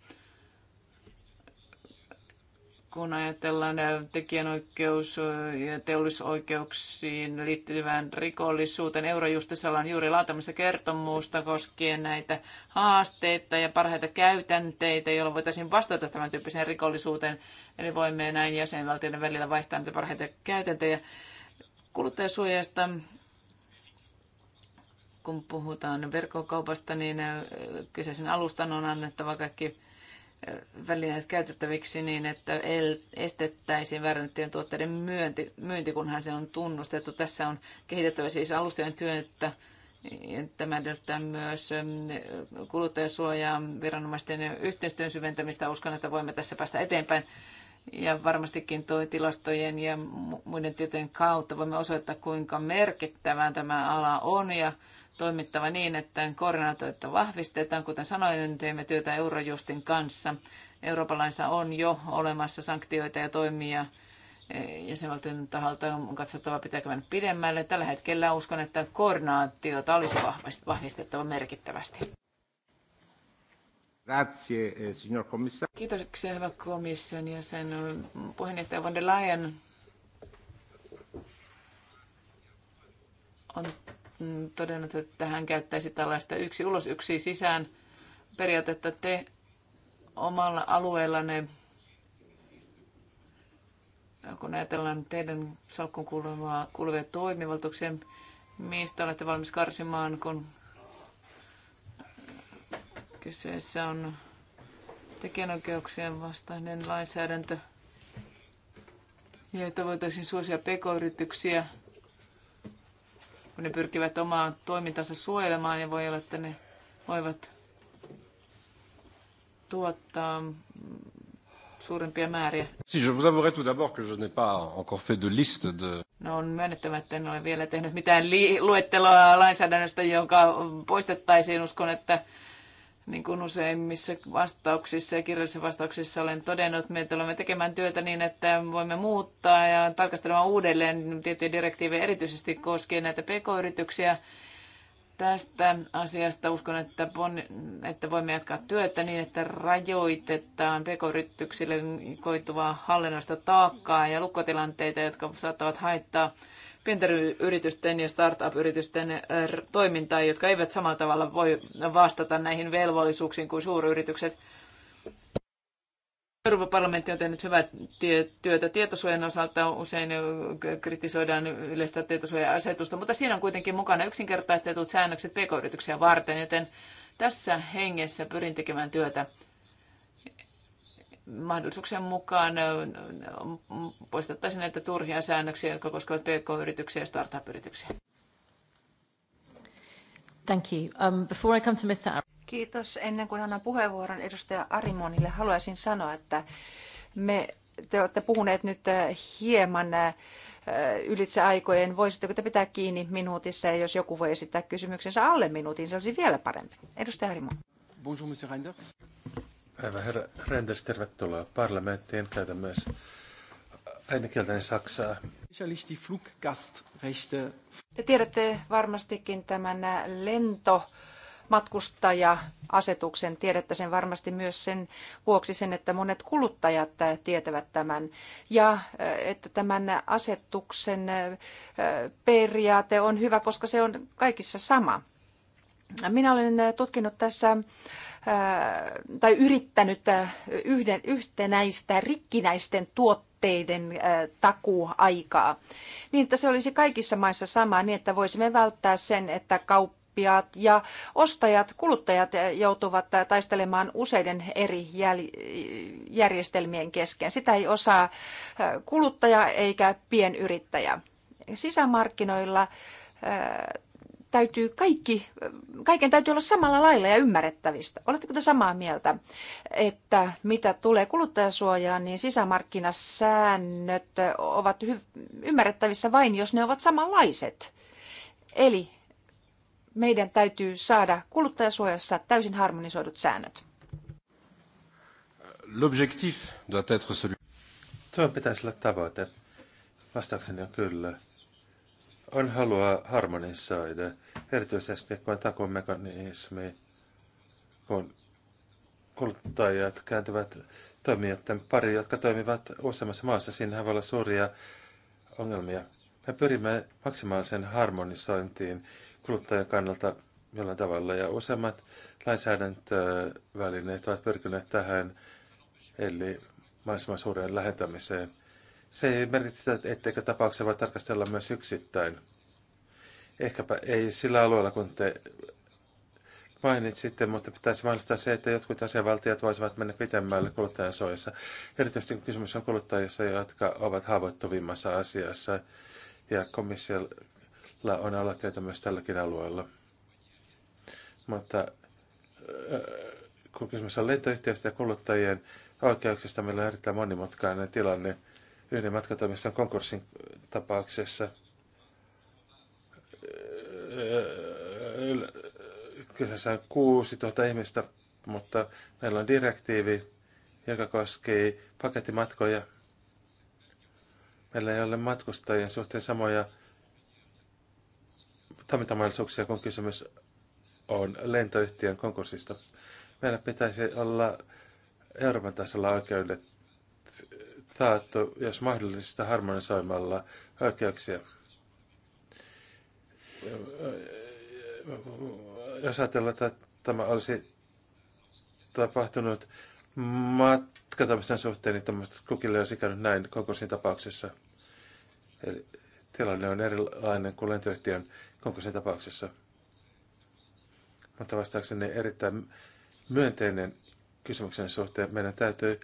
kun ajatellaan äh, tekijänoikeus- äh, ja teollisoikeuksiin liittyvään rikollisuuteen. Eurojustissa on juuri laatamassa kertomusta koskien näitä haasteita ja parhaita käytänteitä, joilla voitaisiin vastata tämän tyyppiseen rikollisuuteen. Eli voimme näin jäsenvaltioiden välillä vaihtaa näitä parhaita käytäntöjä. Kuluttajasuojasta kun puhutaan verkkokaupasta, niin äh, kyseisen alustan on annettava kaikki äh, välineet käytettäviksi niin, että estettäisiin väärennettyjen tuotteiden myönti, myynti, kunhan se on tunnustettu. Tässä on kehitettävä siis alustojen työtä. Tämä edellyttää myös ähm, kuluttajasuojaa, viranomaisten yhteistyön syventämistä. Uskon, että voimme tässä päästä eteenpäin. Ja varmastikin toi tilastojen ja muiden tietojen kautta voimme osoittaa, kuinka merkittävää tämä ala on ja toimittava niin, että koordinaatioita vahvistetaan. Kuten sanoin, teemme työtä Eurojustin kanssa. Eurooppalaisilla on jo olemassa sanktioita ja toimia e, jäsenvaltion taholta on katsottava, pitääkö mennä pidemmälle. Tällä hetkellä uskon, että koordinaatiota olisi vahvistettava merkittävästi. Grazie, eh, signor commissario. Kiitoksia, hyvä komission jäsen. Puheenjohtaja von der Leyen on todennut, että hän käyttäisi tällaista yksi ulos, yksi sisään periaatetta. Te omalla alueellanne, kun ajatellaan teidän salkkuun kuuluvia, kuuluvia toimivaltuuksia, mistä olette valmis karsimaan, kun kyseessä on tekijänoikeuksien vastainen lainsäädäntö, ja että voitaisiin suosia pk-yrityksiä, kun ne pyrkivät omaa toimintansa suojelemaan ja voi olla, että ne voivat tuottaa suurempia määriä. Si, je vous avouerai tout d'abord que je n'ai pas encore fait de liste de... No on myönnettävä, että en ole vielä tehnyt mitään li- luetteloa lainsäädännöstä, jonka poistettaisiin. Uskon, että niin kuin useimmissa vastauksissa ja kirjallisissa vastauksissa olen todennut, me tulemme tekemään työtä niin, että voimme muuttaa ja tarkastelemaan uudelleen tiettyjä direktiivejä erityisesti koskien näitä pk-yrityksiä. Tästä asiasta uskon, että, bon, että voimme jatkaa työtä niin, että rajoitetaan pk-yrityksille koituvaa hallinnoista taakkaa ja lukkotilanteita, jotka saattavat haittaa pienten yritysten ja startup-yritysten äh, toimintaa, jotka eivät samalla tavalla voi vastata näihin velvollisuuksiin kuin suuryritykset. Euroopan parlamentti on tehnyt hyvää työtä tietosuojan osalta. Usein äh, kritisoidaan yleistä tietosuoja-asetusta, mutta siinä on kuitenkin mukana yksinkertaistetut säännökset pk-yrityksiä varten, joten tässä hengessä pyrin tekemään työtä mahdollisuuksien mukaan poistettaisiin näitä turhia säännöksiä, jotka koskevat pk-yrityksiä ja startup-yrityksiä. Thank you. Um, before I come to Mr. Kiitos. Ennen kuin annan puheenvuoron edustaja Arimonille, haluaisin sanoa, että me, te olette puhuneet nyt äh, hieman äh, ylitse aikojen. Voisitteko te pitää kiinni minuutissa ja jos joku voi esittää kysymyksensä alle minuutin, se olisi vielä parempi. Edustaja Arimon. Bonjour, Monsieur Reinders. Päivä herra Renders, tervetuloa parlamenttiin. Käytän myös äidinkieltäni saksaa. Fluggastrechte. Te tiedätte varmastikin tämän lento matkustaja-asetuksen. Tiedätte sen varmasti myös sen vuoksi sen, että monet kuluttajat tietävät tämän. Ja eh, että tämän asetuksen eh, periaate on hyvä, koska se on kaikissa sama. Minä olen eh, tutkinut tässä tai yrittänyt yhden, yhtenäistä rikkinäisten tuotteiden takuaikaa, niin että se olisi kaikissa maissa sama, niin että voisimme välttää sen, että kauppa ja ostajat, kuluttajat joutuvat taistelemaan useiden eri järjestelmien kesken. Sitä ei osaa kuluttaja eikä pienyrittäjä. Sisämarkkinoilla täytyy kaikki, kaiken täytyy olla samalla lailla ja ymmärrettävistä. Oletteko te samaa mieltä, että mitä tulee kuluttajasuojaan, niin sisämarkkinasäännöt ovat ymmärrettävissä vain, jos ne ovat samanlaiset? Eli meidän täytyy saada kuluttajasuojassa täysin harmonisoidut säännöt. L'objectif doit être celui... Tuo pitäisi olla tavoite. Vastaukseni on kyllä on halua harmonisoida, erityisesti kun takomekanismi, kun kuluttajat kääntyvät toimijoiden pari, jotka toimivat useammassa maassa, siinä voi olla suuria ongelmia. Me pyrimme maksimaalisen harmonisointiin kuluttajan kannalta jollain tavalla, ja useammat lainsäädäntövälineet ovat pyrkineet tähän, eli mahdollisimman suureen lähetämiseen – se ei merkitse, etteikö tapauksia voi tarkastella myös yksittäin. Ehkäpä ei sillä alueella, kun te mainitsitte, mutta pitäisi mainostaa se, että jotkut asianvaltijat voisivat mennä pitemmälle kuluttajan suojassa. Erityisesti kun kysymys on kuluttajissa, jotka ovat haavoittuvimmassa asiassa. Ja komissiolla on aloitteita myös tälläkin alueella. Mutta äh, kun kysymys on lentoyhtiöistä ja kuluttajien oikeuksista, meillä on erittäin monimutkainen tilanne – yhden matkatoimiston konkurssin tapauksessa kyseessä on 6000 ihmistä, mutta meillä on direktiivi, joka koskee pakettimatkoja. Meillä ei ole matkustajien suhteen samoja toimintamahdollisuuksia, kun kysymys on lentoyhtiön konkurssista. Meillä pitäisi olla Euroopan tasolla oikeudet taattu, jos mahdollista, harmonisoimalla oikeuksia. Jos ajatellaan, että tämä olisi tapahtunut matkatamisen suhteen, niin kukille olisi käynyt näin siinä tapauksessa. Eli tilanne on erilainen kuin lentoyhtiön siinä tapauksessa. Mutta vastaakseni erittäin myönteinen kysymyksen suhteen meidän täytyy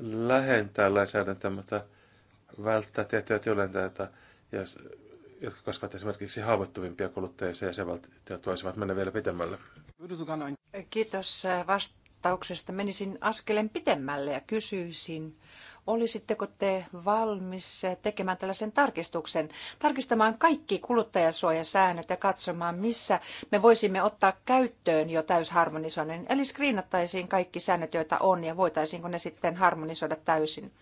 lähentää lainsäädäntöä, mutta välttää tiettyjä tilanteita, jotka koskevat esimerkiksi haavoittuvimpia kuluttajia ja välttää toisivat mennä vielä pitemmälle. Kiitos äh, vast- vastauksesta menisin askelen pitemmälle ja kysyisin, olisitteko te valmis tekemään tällaisen tarkistuksen, tarkistamaan kaikki kuluttajasuojasäännöt ja katsomaan, missä me voisimme ottaa käyttöön jo täysharmonisoinnin, eli skriinattaisiin kaikki säännöt, joita on, ja voitaisiinko ne sitten harmonisoida täysin.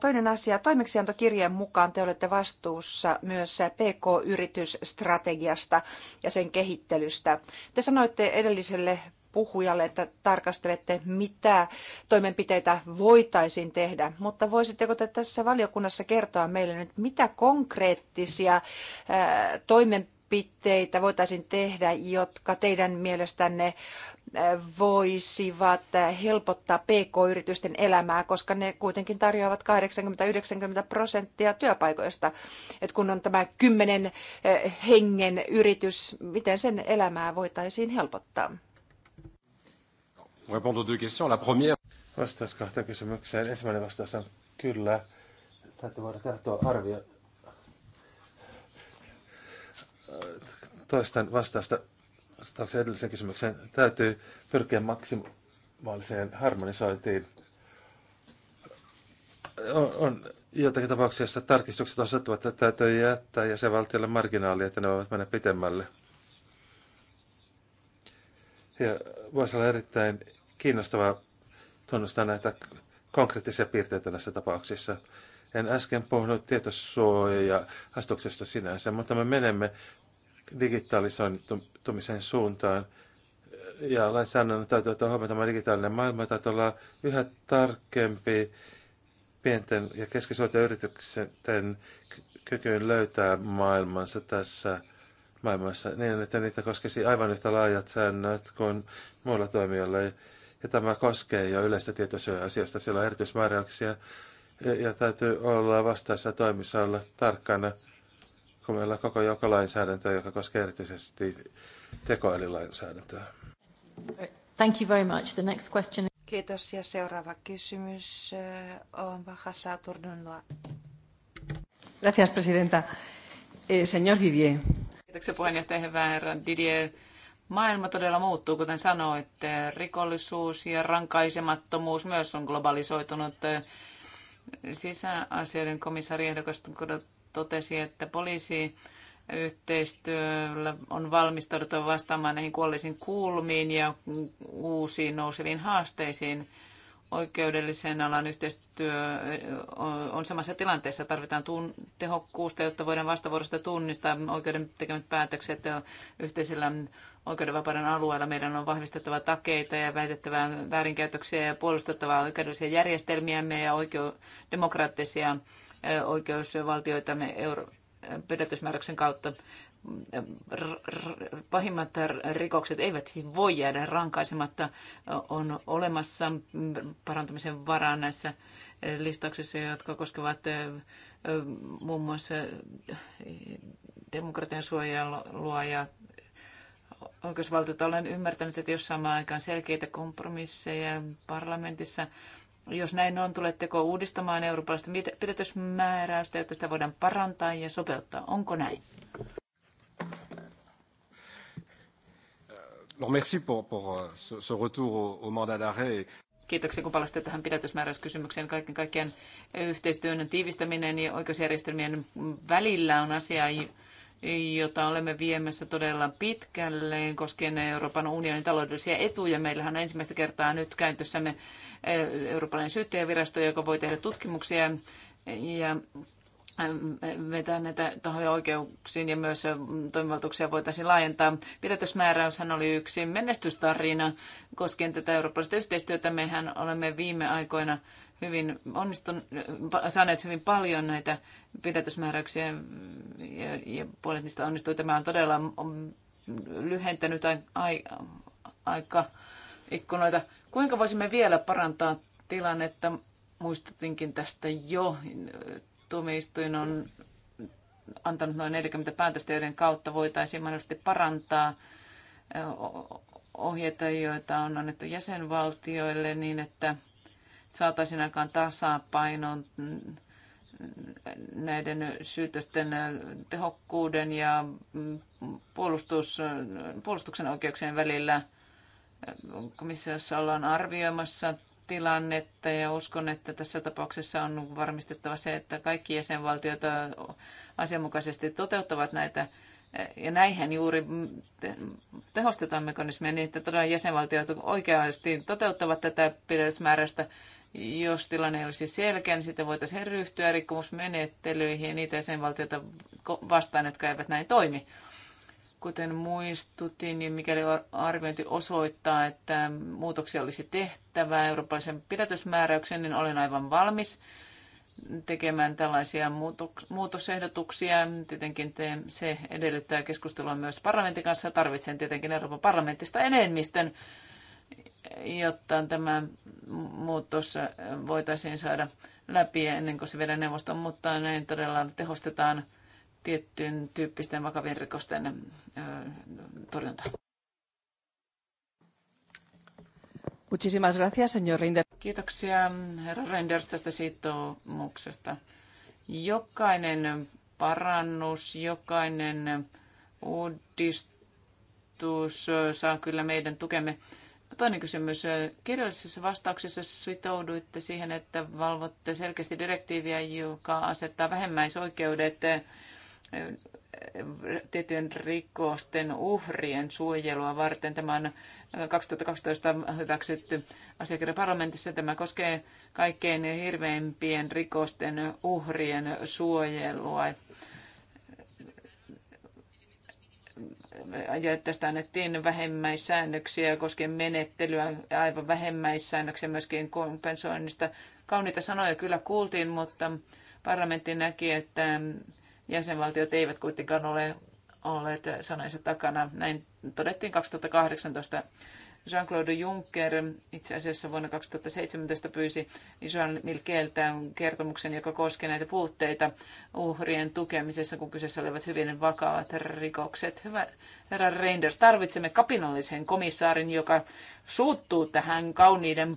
Toinen asia, toimeksiantokirjeen mukaan te olette vastuussa myös PK-yritysstrategiasta ja sen kehittelystä. Te sanoitte edelliselle puhujalle, että tarkastelette, mitä toimenpiteitä voitaisiin tehdä. Mutta voisitteko te tässä valiokunnassa kertoa meille nyt, mitä konkreettisia toimenpiteitä voitaisiin tehdä, jotka teidän mielestänne voisivat helpottaa PK-yritysten elämää, koska ne kuitenkin tarjoavat 80-90 prosenttia työpaikoista. Et kun on tämä kymmenen hengen yritys, miten sen elämää voitaisiin helpottaa? répondre aux deux questions. La première... Vastaus kahteen kysymykseen. Ensimmäinen vastaus on kyllä. Täytyy voida kertoa arvio. Toistan vastausta vastauksen edelliseen kysymykseen. Täytyy pyrkiä maksimaaliseen harmonisointiin. On, on joitakin tapauksia, joissa tarkistukset osoittavat, että täytyy jättää jäsenvaltiolle marginaalia, että ne voivat mennä pitemmälle – ja voisi olla erittäin kiinnostavaa tunnustaa näitä konkreettisia piirteitä näissä tapauksissa. En äsken puhunut tietosuoja-astuksesta sinänsä, mutta me menemme digitalisoitumisen suuntaan. Ja lainsäädännön täytyy ottaa huomioon tämä digitaalinen maailma, täytyy olla yhä tarkempi pienten ja keskisuurten yritysten kykyyn löytää maailmansa tässä maailmassa niin, että niitä koskisi aivan yhtä laajat säännöt kuin muilla toimijoilla. Ja tämä koskee jo yleistä tietosuoja asiasta. Siellä on erityismääräyksiä ja täytyy olla vastaessa toimissa olla tarkkana, kun meillä on koko joukko lainsäädäntöä, joka koskee erityisesti tekoälylainsäädäntöä. Thank you very much. The next question Kiitos. Ja seuraava kysymys eh, on Vahasa Turdunua. Gracias, presidenta. Eh, señor Didier, Kiitoksia puheenjohtaja, hyvä Didier. Maailma todella muuttuu, kuten sanoit. Rikollisuus ja rankaisemattomuus myös on globalisoitunut. Sisäasioiden komissaari ehdokas totesi, että poliisi yhteistyöllä on valmistauduttava vastaamaan näihin kuollisiin kulmiin ja uusiin nouseviin haasteisiin oikeudellisen alan yhteistyö on samassa tilanteessa. Tarvitaan tun- tehokkuusta, jotta voidaan vastavuorosta tunnistaa oikeuden tekemät päätökset yhteisellä oikeudenvapauden alueella. Meidän on vahvistettava takeita ja väitettävä väärinkäytöksiä ja puolustettava oikeudellisia järjestelmiämme ja oikeu- demokraattisia oikeusvaltioitamme euro- pidätysmääräyksen kautta pahimmat rikokset eivät voi jäädä rankaisematta. On olemassa parantamisen varaa näissä listauksissa, jotka koskevat muun muassa demokratian suojelua ja oikeusvaltiota. Olen ymmärtänyt, että jos samaan aikaan selkeitä kompromisseja parlamentissa, jos näin on, tuletteko uudistamaan eurooppalaista pidätysmääräystä, jotta sitä voidaan parantaa ja sopeuttaa? Onko näin? No, merci pour, pour euh, ce, ce retour au, au mandat d'arrêt. Kiitoksia, kun palasitte tähän pidätysmääräyskysymykseen. Kaiken kaikkiaan yhteistyön tiivistäminen ja oikeusjärjestelmien välillä on asia, jota olemme viemässä todella pitkälle koskien Euroopan unionin taloudellisia etuja. Meillähän on ensimmäistä kertaa nyt käytössämme eh, Euroopan syyttäjävirasto, joka voi tehdä tutkimuksia ja Ähm, vetää näitä tahoja oikeuksiin ja myös äh, toimivaltuuksia voitaisiin laajentaa. Pidätysmääräyshän oli yksi menestystarina koskien tätä eurooppalaista yhteistyötä. Mehän olemme viime aikoina hyvin onnistun, äh, saaneet hyvin paljon näitä pidätysmääräyksiä ja, ja puolet niistä onnistui. Tämä on todella on mm, lyhentänyt a, a, aika ikkunoita. Kuinka voisimme vielä parantaa tilannetta? Muistutinkin tästä jo tuomioistuin on antanut noin 40 päätöstä, joiden kautta voitaisiin mahdollisesti parantaa ohjeita, joita on annettu jäsenvaltioille niin, että saataisiin aikaan tasapainon mm, näiden syytösten tehokkuuden ja mm, puolustus, puolustuksen oikeuksien välillä. Komissiossa ollaan arvioimassa tilannetta ja uskon, että tässä tapauksessa on varmistettava se, että kaikki jäsenvaltiot asianmukaisesti toteuttavat näitä ja näihin juuri tehostetaan mekanismia niin, että todella jäsenvaltiot oikeasti toteuttavat tätä pidätysmääräystä. Jos tilanne olisi selkeä, niin sitten voitaisiin ryhtyä rikkomusmenettelyihin ja niitä jäsenvaltioita vastaan, jotka eivät näin toimi. Kuten muistutin, niin mikäli arviointi osoittaa, että muutoksia olisi tehtävä eurooppalaisen pidätysmääräyksen, niin olen aivan valmis tekemään tällaisia muutosehdotuksia. Tietenkin se edellyttää keskustelua myös parlamentin kanssa. Tarvitsen tietenkin Euroopan parlamentista enemmistön, jotta tämä muutos voitaisiin saada läpi ennen kuin se viedään neuvoston, mutta näin todella tehostetaan – tiettyyn tyyppisten vakavien rikosten torjunta. Muchísimas gracias, señor Reinders. Kiitoksia, herra Reinders, tästä sitoumuksesta. Jokainen parannus, jokainen uudistus saa kyllä meidän tukemme. Toinen kysymys. Kirjallisessa vastauksessa sitouduitte siihen, että valvotte selkeästi direktiiviä, joka asettaa vähemmäisoikeudet tiettyjen rikosten uhrien suojelua varten. Tämä on 2012 hyväksytty asiakirja parlamentissa. Tämä koskee kaikkein hirveimpien rikosten uhrien suojelua. Ja tästä annettiin vähemmäissäännöksiä koskien menettelyä, aivan vähemmäissäännöksiä myöskin kompensoinnista. Kauniita sanoja kyllä kuultiin, mutta parlamentti näki, että jäsenvaltiot eivät kuitenkaan ole olleet sanansa takana. Näin todettiin 2018 Jean-Claude Juncker itse asiassa vuonna 2017 pyysi Jean Milkeltä kertomuksen, joka koskee näitä puutteita uhrien tukemisessa, kun kyseessä olivat hyvin vakavat rikokset. Hyvä herra Reinders, tarvitsemme kapinallisen komissaarin, joka suuttuu tähän kauniiden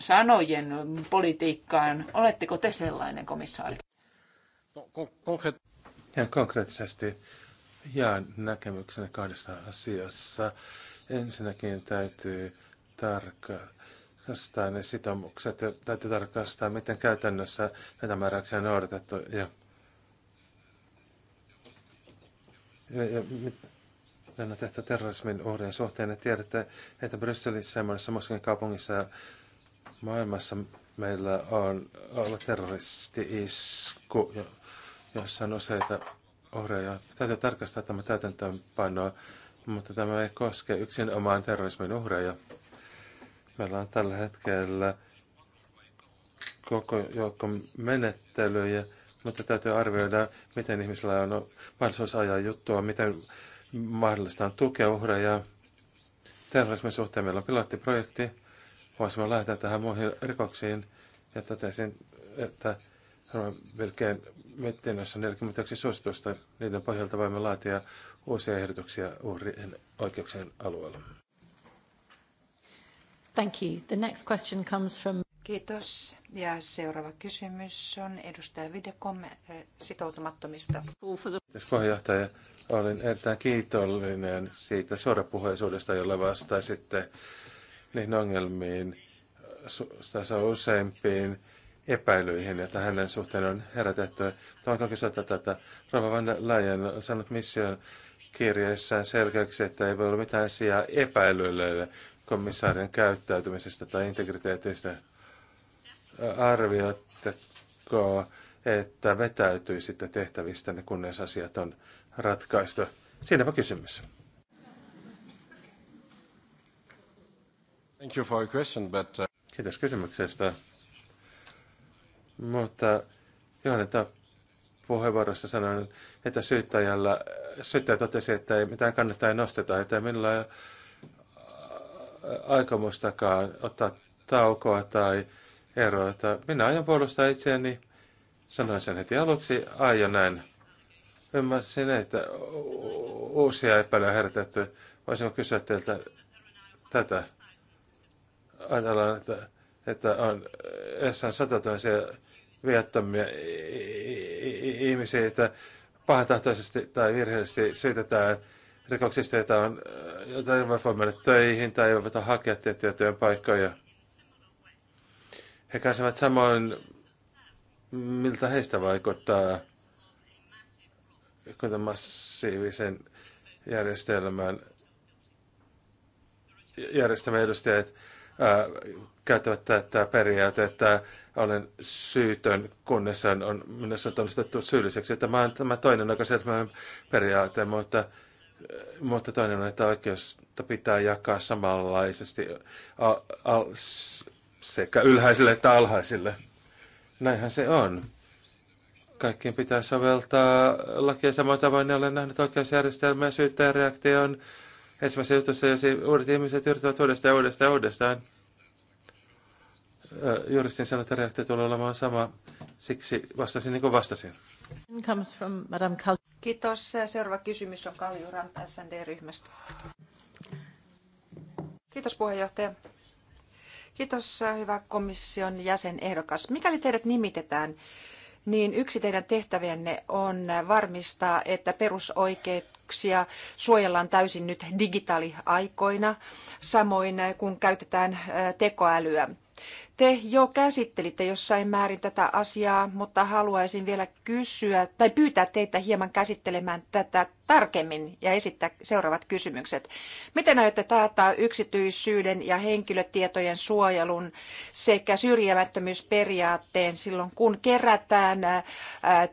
sanojen politiikkaan. Oletteko te sellainen komissaari? No, Ihan konkreettisesti jaan näkemyksenä kahdessa asiassa. Ensinnäkin täytyy tarkastaa ne sitoumukset ja täytyy tarkastaa, miten käytännössä näitä määräyksiä on noudatettu. Ja, ja, ja mitä on tehty terrorismin uhrien suhteen. Ja tiedätte, että Brysselissä ja monessa muussakin kaupungissa ja maailmassa meillä on ollut terroristi-isku, jossa on useita uhreja. Täytyy tarkastaa tämä täytäntöönpanoa, mutta tämä ei koske yksin omaan terrorismin uhreja. Meillä on tällä hetkellä koko joukko menettelyjä, mutta täytyy arvioida, miten ihmisillä on mahdollisuus ajaa juttua, miten mahdollista on tukea uhreja. Terrorismin suhteen meillä on pilottiprojekti. Voisimme lähteä tähän muihin rikoksiin ja totesin, että melkein mietinnässä 41 suositusta. Niiden pohjalta voimme laatia uusia ehdotuksia uhrien oikeuksien alueella. Thank you. The next question comes from... Kiitos. Ja seuraava kysymys on edustaja Videkom eh, sitoutumattomista. Kiitos puheenjohtaja. Olin erittäin kiitollinen siitä suorapuheisuudesta, jolla vastasitte niihin ongelmiin, tässä useimpiin epäilyihin, että hänen suhteen on herätetty. Toivon kysytä tätä. Rava van Leyen on sanonut mission kirjeessään selkeäksi, että ei voi olla mitään sijaa epäilyille komissaarien käyttäytymisestä tai integriteetistä. Arvioitteko, että vetäytyy sitten tehtävistä, kunnes asiat on ratkaistu? Siinäpä kysymys. Thank you for your question, but... Uh, Kiitos kysymyksestä mutta Johaneta puheenvuorossa sanoin, että syyttäjällä, syyttäjä totesi, että ei mitään kannattaa ei nosteta, että ei millään aikomustakaan ottaa taukoa tai eroa. Että minä aion puolustaa itseäni, sanoin sen heti aluksi, aion näin. Ymmärsin, että uusia epäilyjä herätetty. Voisinko kysyä teiltä tätä? Ajatellaan, että, että on on satatuisia viattomia ihmisiä, että pahantahtoisesti tai virheellisesti syytetään rikoksista, joita on, joita ei voi mennä töihin tai eivät voi hakea tiettyjä työpaikkoja. He kärsivät samoin, miltä heistä vaikuttaa kuten massiivisen järjestelmän järjestelmän edustajat ää, käyttävät tätä periaatetta olen syytön, kunnes on on tunnistettu syylliseksi. mä olen tämä toinen oikeusjärjestelmän periaate, mutta, äh, mutta toinen on, että oikeusta pitää jakaa samanlaisesti al, al, sekä ylhäisille että alhaisille. Näinhän se on. Kaikkien pitää soveltaa lakia samoin tavoin. niin olen nähnyt oikeusjärjestelmää syyttäjän reaktion ensimmäisessä jutussa, jos uudet ihmiset yrittävät uudestaan uudestaan uudestaan juristin sellainen reaktio tulee olemaan sama. Siksi vastasin niin kuin vastasin. Comes from Madame Kal- Kiitos. Seuraava kysymys on Kalju Ranta SND-ryhmästä. Kiitos puheenjohtaja. Kiitos hyvä komission jäsen ehdokas. Mikäli teidät nimitetään, niin yksi teidän tehtävienne on varmistaa, että perusoikeuksia suojellaan täysin nyt digitaaliaikoina, samoin kun käytetään tekoälyä. Te jo käsittelitte jossain määrin tätä asiaa, mutta haluaisin vielä kysyä tai pyytää teitä hieman käsittelemään tätä tarkemmin ja esittää seuraavat kysymykset. Miten aiotte taata yksityisyyden ja henkilötietojen suojelun sekä syrjimättömyysperiaatteen silloin, kun kerätään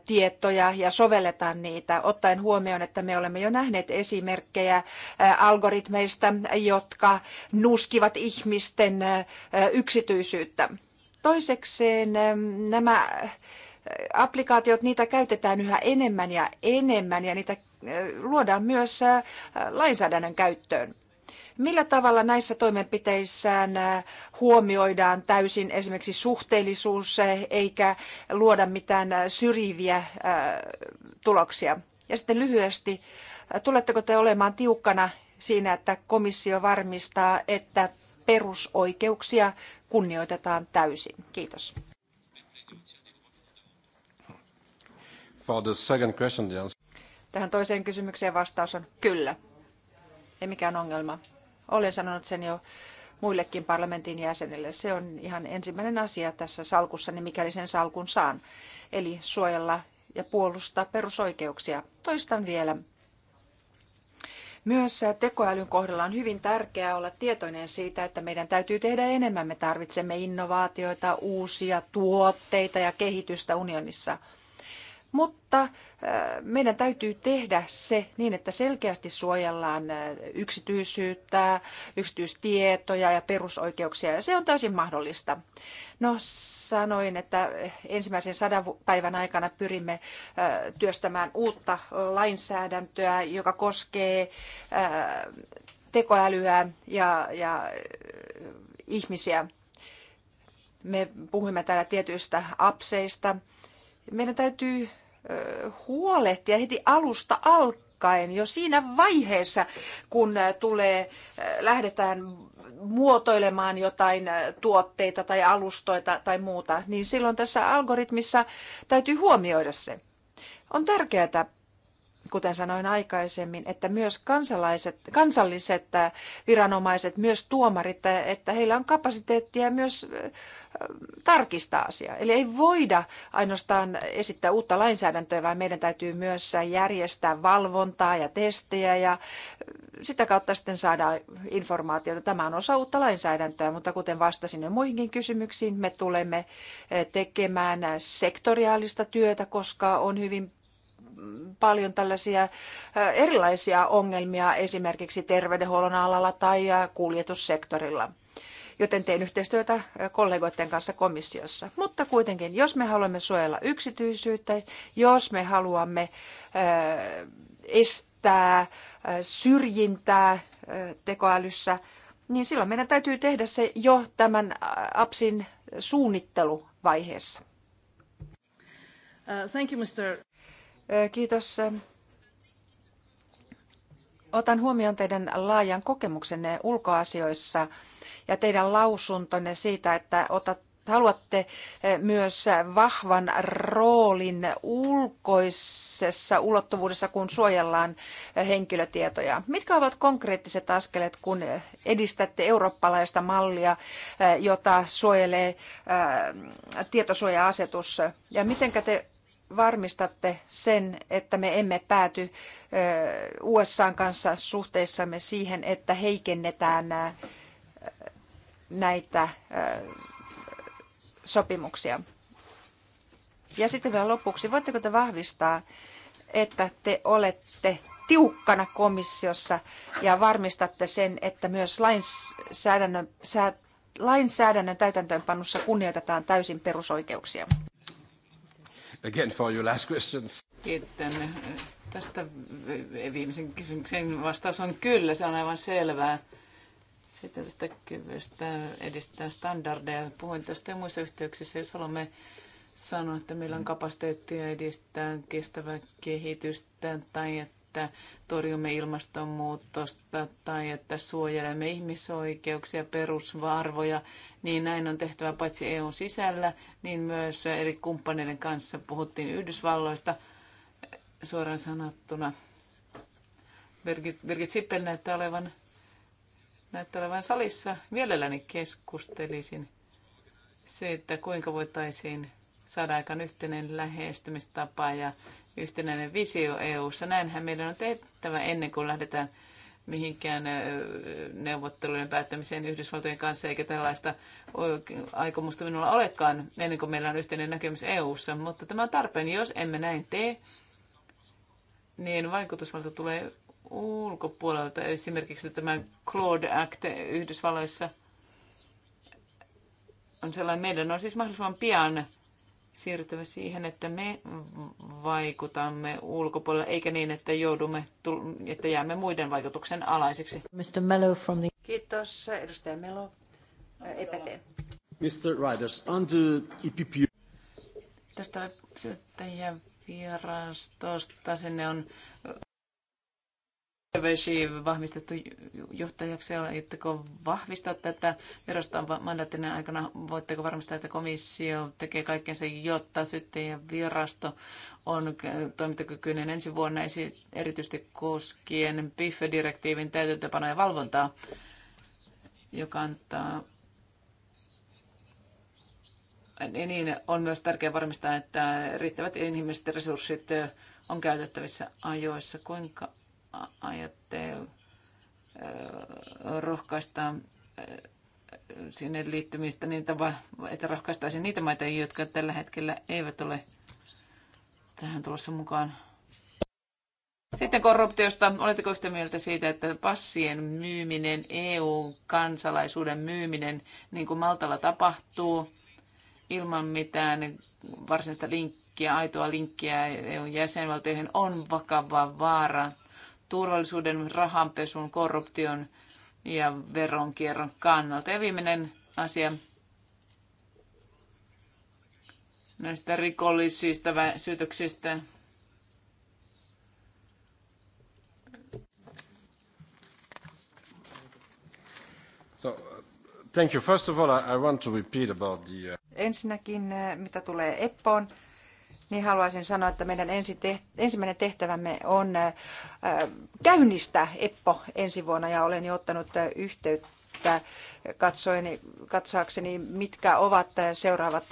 tietoja ja sovelletaan niitä, ottaen huomioon, että me olemme jo nähneet esimerkkejä algoritmeista, jotka nuskivat ihmisten yksityisyyttä. Toisekseen nämä applikaatiot, niitä käytetään yhä enemmän ja enemmän ja niitä luodaan myös äh, lainsäädännön käyttöön. Millä tavalla näissä toimenpiteissään äh, huomioidaan täysin esimerkiksi suhteellisuus äh, eikä luoda mitään syrjiviä tuloksia? Ja sitten lyhyesti, tuletteko te olemaan tiukkana siinä, että komissio varmistaa, että perusoikeuksia kunnioitetaan täysin? Kiitos. For the second question, Tähän toiseen kysymykseen vastaus on kyllä. Ei mikään ongelma. Olen sanonut sen jo muillekin parlamentin jäsenille. Se on ihan ensimmäinen asia tässä niin mikäli sen salkun saan. Eli suojella ja puolustaa perusoikeuksia. Toistan vielä. Myös tekoälyn kohdalla on hyvin tärkeää olla tietoinen siitä, että meidän täytyy tehdä enemmän. Me tarvitsemme innovaatioita, uusia tuotteita ja kehitystä unionissa – mutta äh, meidän täytyy tehdä se niin, että selkeästi suojellaan äh, yksityisyyttä, yksityistietoja ja perusoikeuksia, ja se on täysin mahdollista. No, sanoin, että ensimmäisen sadan päivän aikana pyrimme äh, työstämään uutta lainsäädäntöä, joka koskee tekoälyä ja, ja ihmisiä. Me puhumme täällä tietyistä apseista, meidän täytyy huolehtia heti alusta alkaen, jo siinä vaiheessa, kun tulee, lähdetään muotoilemaan jotain tuotteita tai alustoita tai muuta, niin silloin tässä algoritmissa täytyy huomioida se. On tärkeää kuten sanoin aikaisemmin, että myös kansalaiset, kansalliset äh, viranomaiset, myös tuomarit, äh, että heillä on kapasiteettia myös äh, tarkistaa asiaa. Eli ei voida ainoastaan esittää uutta lainsäädäntöä, vaan meidän täytyy myös järjestää valvontaa ja testejä ja sitä kautta sitten saada informaatiota. Tämä on osa uutta lainsäädäntöä, mutta kuten vastasin jo muihinkin kysymyksiin, me tulemme tekemään sektoriaalista työtä, koska on hyvin paljon tällaisia äh, erilaisia ongelmia esimerkiksi terveydenhuollon alalla tai äh, kuljetussektorilla joten teen yhteistyötä äh, kollegoiden kanssa komissiossa. Mutta kuitenkin, jos me haluamme suojella yksityisyyttä, jos me haluamme estää syrjintää tekoälyssä, niin silloin meidän täytyy tehdä se jo tämän APSin suunnitteluvaiheessa. Uh, thank you, Mr. Kiitos. Otan huomioon teidän laajan kokemuksenne ulkoasioissa ja teidän lausuntonne siitä, että otat, haluatte myös vahvan roolin ulkoisessa ulottuvuudessa, kun suojellaan henkilötietoja. Mitkä ovat konkreettiset askeleet, kun edistätte eurooppalaista mallia, jota suojelee tietosuoja-asetus? Ja miten te varmistatte sen, että me emme pääty USAn kanssa suhteissamme siihen, että heikennetään näitä sopimuksia? Ja sitten vielä lopuksi, voitteko te vahvistaa, että te olette tiukkana komissiossa ja varmistatte sen, että myös lainsäädännön, sää, lainsäädännön täytäntöönpannussa kunnioitetaan täysin perusoikeuksia? again for your last questions. Kiitän. Eh, tästä eh, viimeisen kysymyksen vastaus on kyllä, se on aivan selvää. Sitten tästä kyvystä edistää standardeja. Puhuin tästä muissa yhteyksissä, jos haluamme sanoa, että meillä on kapasiteettia edistää kestävää kehitystä tai että että torjumme ilmastonmuutosta tai että suojelemme ihmisoikeuksia, perusvarvoja, niin näin on tehtävä paitsi EUn sisällä, niin myös eri kumppaneiden kanssa. Puhuttiin Yhdysvalloista suoraan sanottuna. Birgit, Birgit Sippel näyttää olevan, näyttää olevan salissa. Mielelläni keskustelisin se, että kuinka voitaisiin saada aikaan yhteinen lähestymistapa ja yhtenäinen visio EU-ssa. Näinhän meidän on tehtävä ennen kuin lähdetään mihinkään neuvottelujen päättämiseen Yhdysvaltojen kanssa, eikä tällaista aikomusta minulla olekaan ennen kuin meillä on yhteinen näkemys EU-ssa. Mutta tämä on tarpeen. Jos emme näin tee, niin vaikutusvalta tulee ulkopuolelta. Esimerkiksi tämä Claude Act Yhdysvalloissa on sellainen, meidän on siis mahdollisimman pian siirtyä siihen, että me vaikutamme ulkopuolella, eikä niin, että joudumme, että jäämme muiden vaikutuksen alaisiksi. Mr. Mello from the... Kiitos, edustaja Melo, EPP. Mr. Riders, on the EPP... Tästä syyttäjän virastosta sinne on Veshi vahvistettu johtajaksi. Aiotteko vahvistaa tätä viraston mandaattina aikana? Voitteko varmistaa, että komissio tekee kaikkensa, jotta syyttäjän virasto on toimintakykyinen ensi vuonna, erityisesti koskien PIF-direktiivin täytäntöpanoa ja valvontaa, joka antaa niin on myös tärkeää varmistaa, että riittävät inhimilliset resurssit on käytettävissä ajoissa. Kuinka aiotte äh, rohkaista äh, sinne liittymistä, niin että rohkaistaisiin niitä maita, jotka tällä hetkellä eivät ole tähän tulossa mukaan. Sitten korruptiosta. Oletteko yhtä mieltä siitä, että passien myyminen, EU-kansalaisuuden myyminen, niin kuin Maltalla tapahtuu, ilman mitään varsinaista linkkiä, aitoa linkkiä eu jäsenvaltioihin, on vakava vaara turvallisuuden, rahanpesun, korruption ja veronkierron kannalta. Ja viimeinen asia näistä rikollisista syytöksistä. So, thank you. First of all, I want to repeat about the... Uh, Ensinnäkin, eh, mitä tulee EPPOon, niin haluaisin sanoa, että meidän ensimmäinen tehtävämme on äh, käynnistää EPPO ensi vuonna ja olen jo ottanut äh, yhteyttä Katsoin, katsoakseni, mitkä ovat äh, seuraavat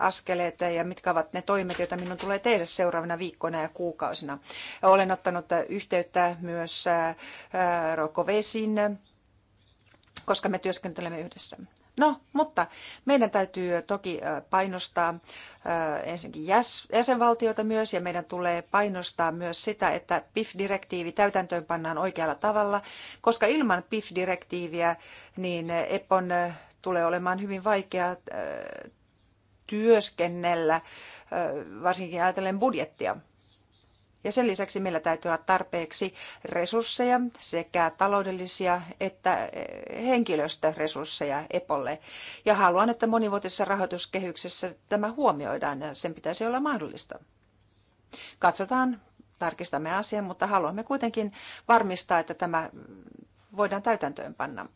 askeleet ja mitkä ovat ne toimet, joita minun tulee tehdä seuraavina viikkoina ja kuukausina. Olen ottanut yhteyttä myös Rokovesin, koska me työskentelemme yhdessä. No, mutta meidän täytyy toki painostaa ensinnäkin jäsenvaltioita myös ja meidän tulee painostaa myös sitä, että PIF-direktiivi täytäntöön pannaan oikealla tavalla, koska ilman PIF-direktiiviä niin EPON tulee olemaan hyvin vaikea työskennellä, varsinkin ajatellen budjettia. Ja sen lisäksi meillä täytyy olla tarpeeksi resursseja, sekä taloudellisia että eh, henkilöstöresursseja EPOlle. Ja haluan, että monivuotisessa rahoituskehyksessä tämä huomioidaan ja sen pitäisi olla mahdollista. Katsotaan, tarkistamme asian, mutta haluamme kuitenkin varmistaa, että tämä voidaan täytäntöönpanna.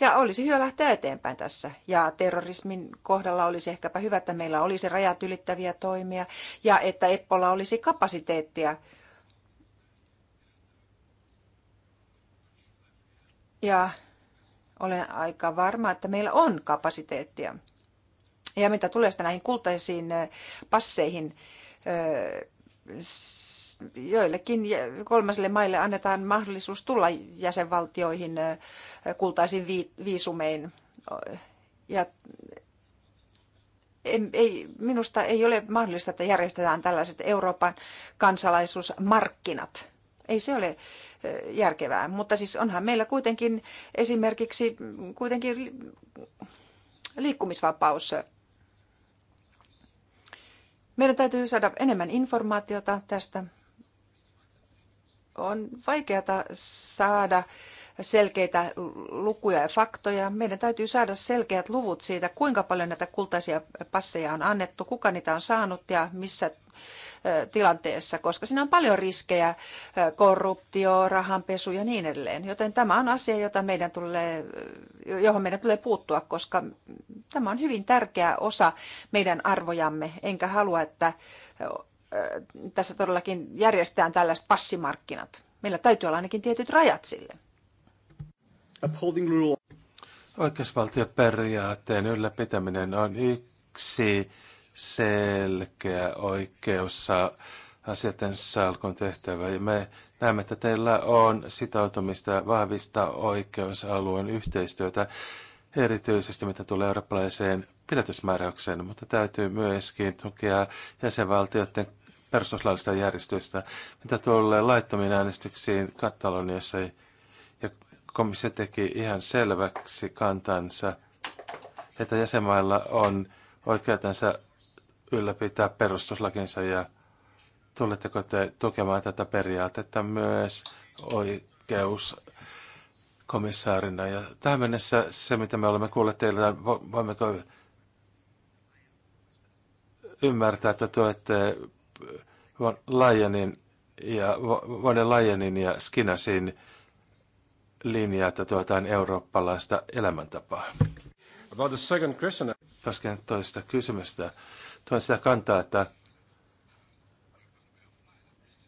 Ja olisi hyvä lähteä eteenpäin tässä. Ja terrorismin kohdalla olisi ehkäpä hyvä, että meillä olisi rajat ylittäviä toimia ja että Eppolla olisi kapasiteettia. Ja olen aika varma, että meillä on kapasiteettia. Ja mitä tulee sitten näihin kultaisiin eh, passeihin, eh, joillekin kolmasille maille annetaan mahdollisuus tulla jäsenvaltioihin kultaisin viisumein. Ja ei, minusta ei ole mahdollista, että järjestetään tällaiset Euroopan kansalaisuusmarkkinat. Ei se ole järkevää, mutta siis onhan meillä kuitenkin esimerkiksi kuitenkin liikkumisvapaus meidän täytyy saada enemmän informaatiota tästä on vaikeata saada selkeitä lukuja ja faktoja. Meidän täytyy saada selkeät luvut siitä, kuinka paljon näitä kultaisia passeja on annettu, kuka niitä on saanut ja missä tilanteessa, koska siinä on paljon riskejä, korruptio, rahanpesu ja niin edelleen. Joten tämä on asia, jota meidän tulee, johon meidän tulee puuttua, koska tämä on hyvin tärkeä osa meidän arvojamme, enkä halua, että tässä todellakin järjestetään tällaiset passimarkkinat. Meillä täytyy olla ainakin tietyt rajat sille. Upholding rule. Oikeusvaltioperiaatteen ylläpitäminen on yksi selkeä oikeus asioiden salkun tehtävä. Ja me näemme, että teillä on sitoutumista vahvistaa oikeusalueen yhteistyötä erityisesti mitä tulee eurooppalaiseen pidätysmääräykseen, mutta täytyy myöskin tukea jäsenvaltioiden perustuslaillista järjestöistä, mitä tulee laittomiin äänestyksiin Kataloniassa. Ja komissio teki ihan selväksi kantansa, että jäsenmailla on oikeutensa ylläpitää perustuslakinsa ja tuletteko te tukemaan tätä periaatetta myös oikeus komissaarina. Ja tähän mennessä se, mitä me olemme kuulleet teillä, voimmeko ymmärtää, että tuette Lajenin ja Vuoden Lajenin ja Skinasin linjaa, että tuetaan eurooppalaista elämäntapaa. About the second question. Koskien toista kysymystä, Tuon sitä kantaa, että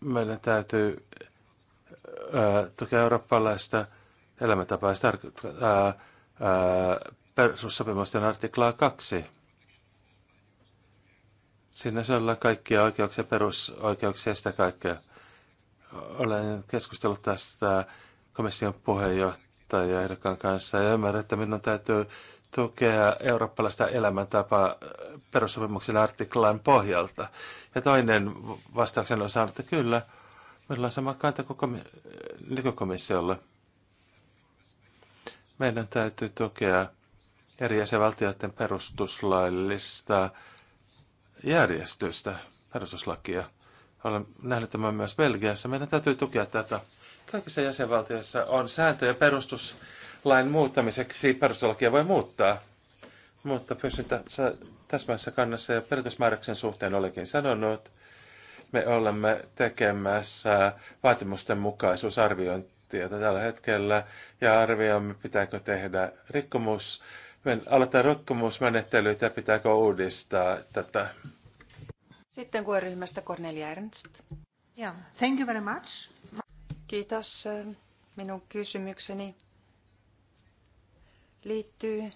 meidän täytyy tukea eurooppalaista elämäntapaa. Se perussopimusten artiklaa 2. Siinä se ollaan kaikkia oikeuksia, perusoikeuksia ja sitä kaikkea. Olen keskustellut tästä komission puheenjohtaja ehdokkaan kanssa ja ymmärrän, että minun täytyy tukea eurooppalaista elämäntapaa perussopimuksen artiklan pohjalta. Ja toinen vastauksen on saanut, että kyllä, meillä on sama kanta koko nykykomissiolla. Niin meidän täytyy tukea eri jäsenvaltioiden perustuslaillista järjestystä, perustuslakia. Olen nähnyt tämän myös Belgiassa. Meidän täytyy tukea tätä. Kaikissa jäsenvaltioissa on sääntöjä perustuslain muuttamiseksi. Perustuslakia voi muuttaa, mutta pysyn tässä täsmässä kannassa ja perustusmääräksen suhteen olikin sanonut, me olemme tekemässä vaatimusten mukaisuusarviointia Tietä tällä hetkellä ja arvioimme, pitääkö tehdä rikkomus, aloittaa rikkomusmenettelyitä ja pitääkö uudistaa tätä. Sitten koeryhmästä Cornelia Ernst. Yeah, thank you very much. Kiitos. Minun kysymykseni liittyy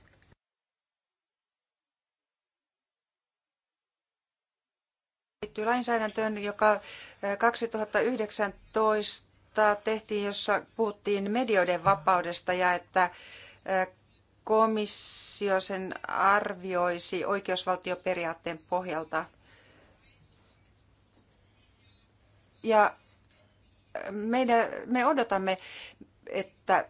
liittyy lainsäädäntöön, joka 2019 eh, kohtaa tehtiin, jossa puhuttiin medioiden vapaudesta ja että komissio sen arvioisi oikeusvaltioperiaatteen pohjalta. Ja meidän, me odotamme, että,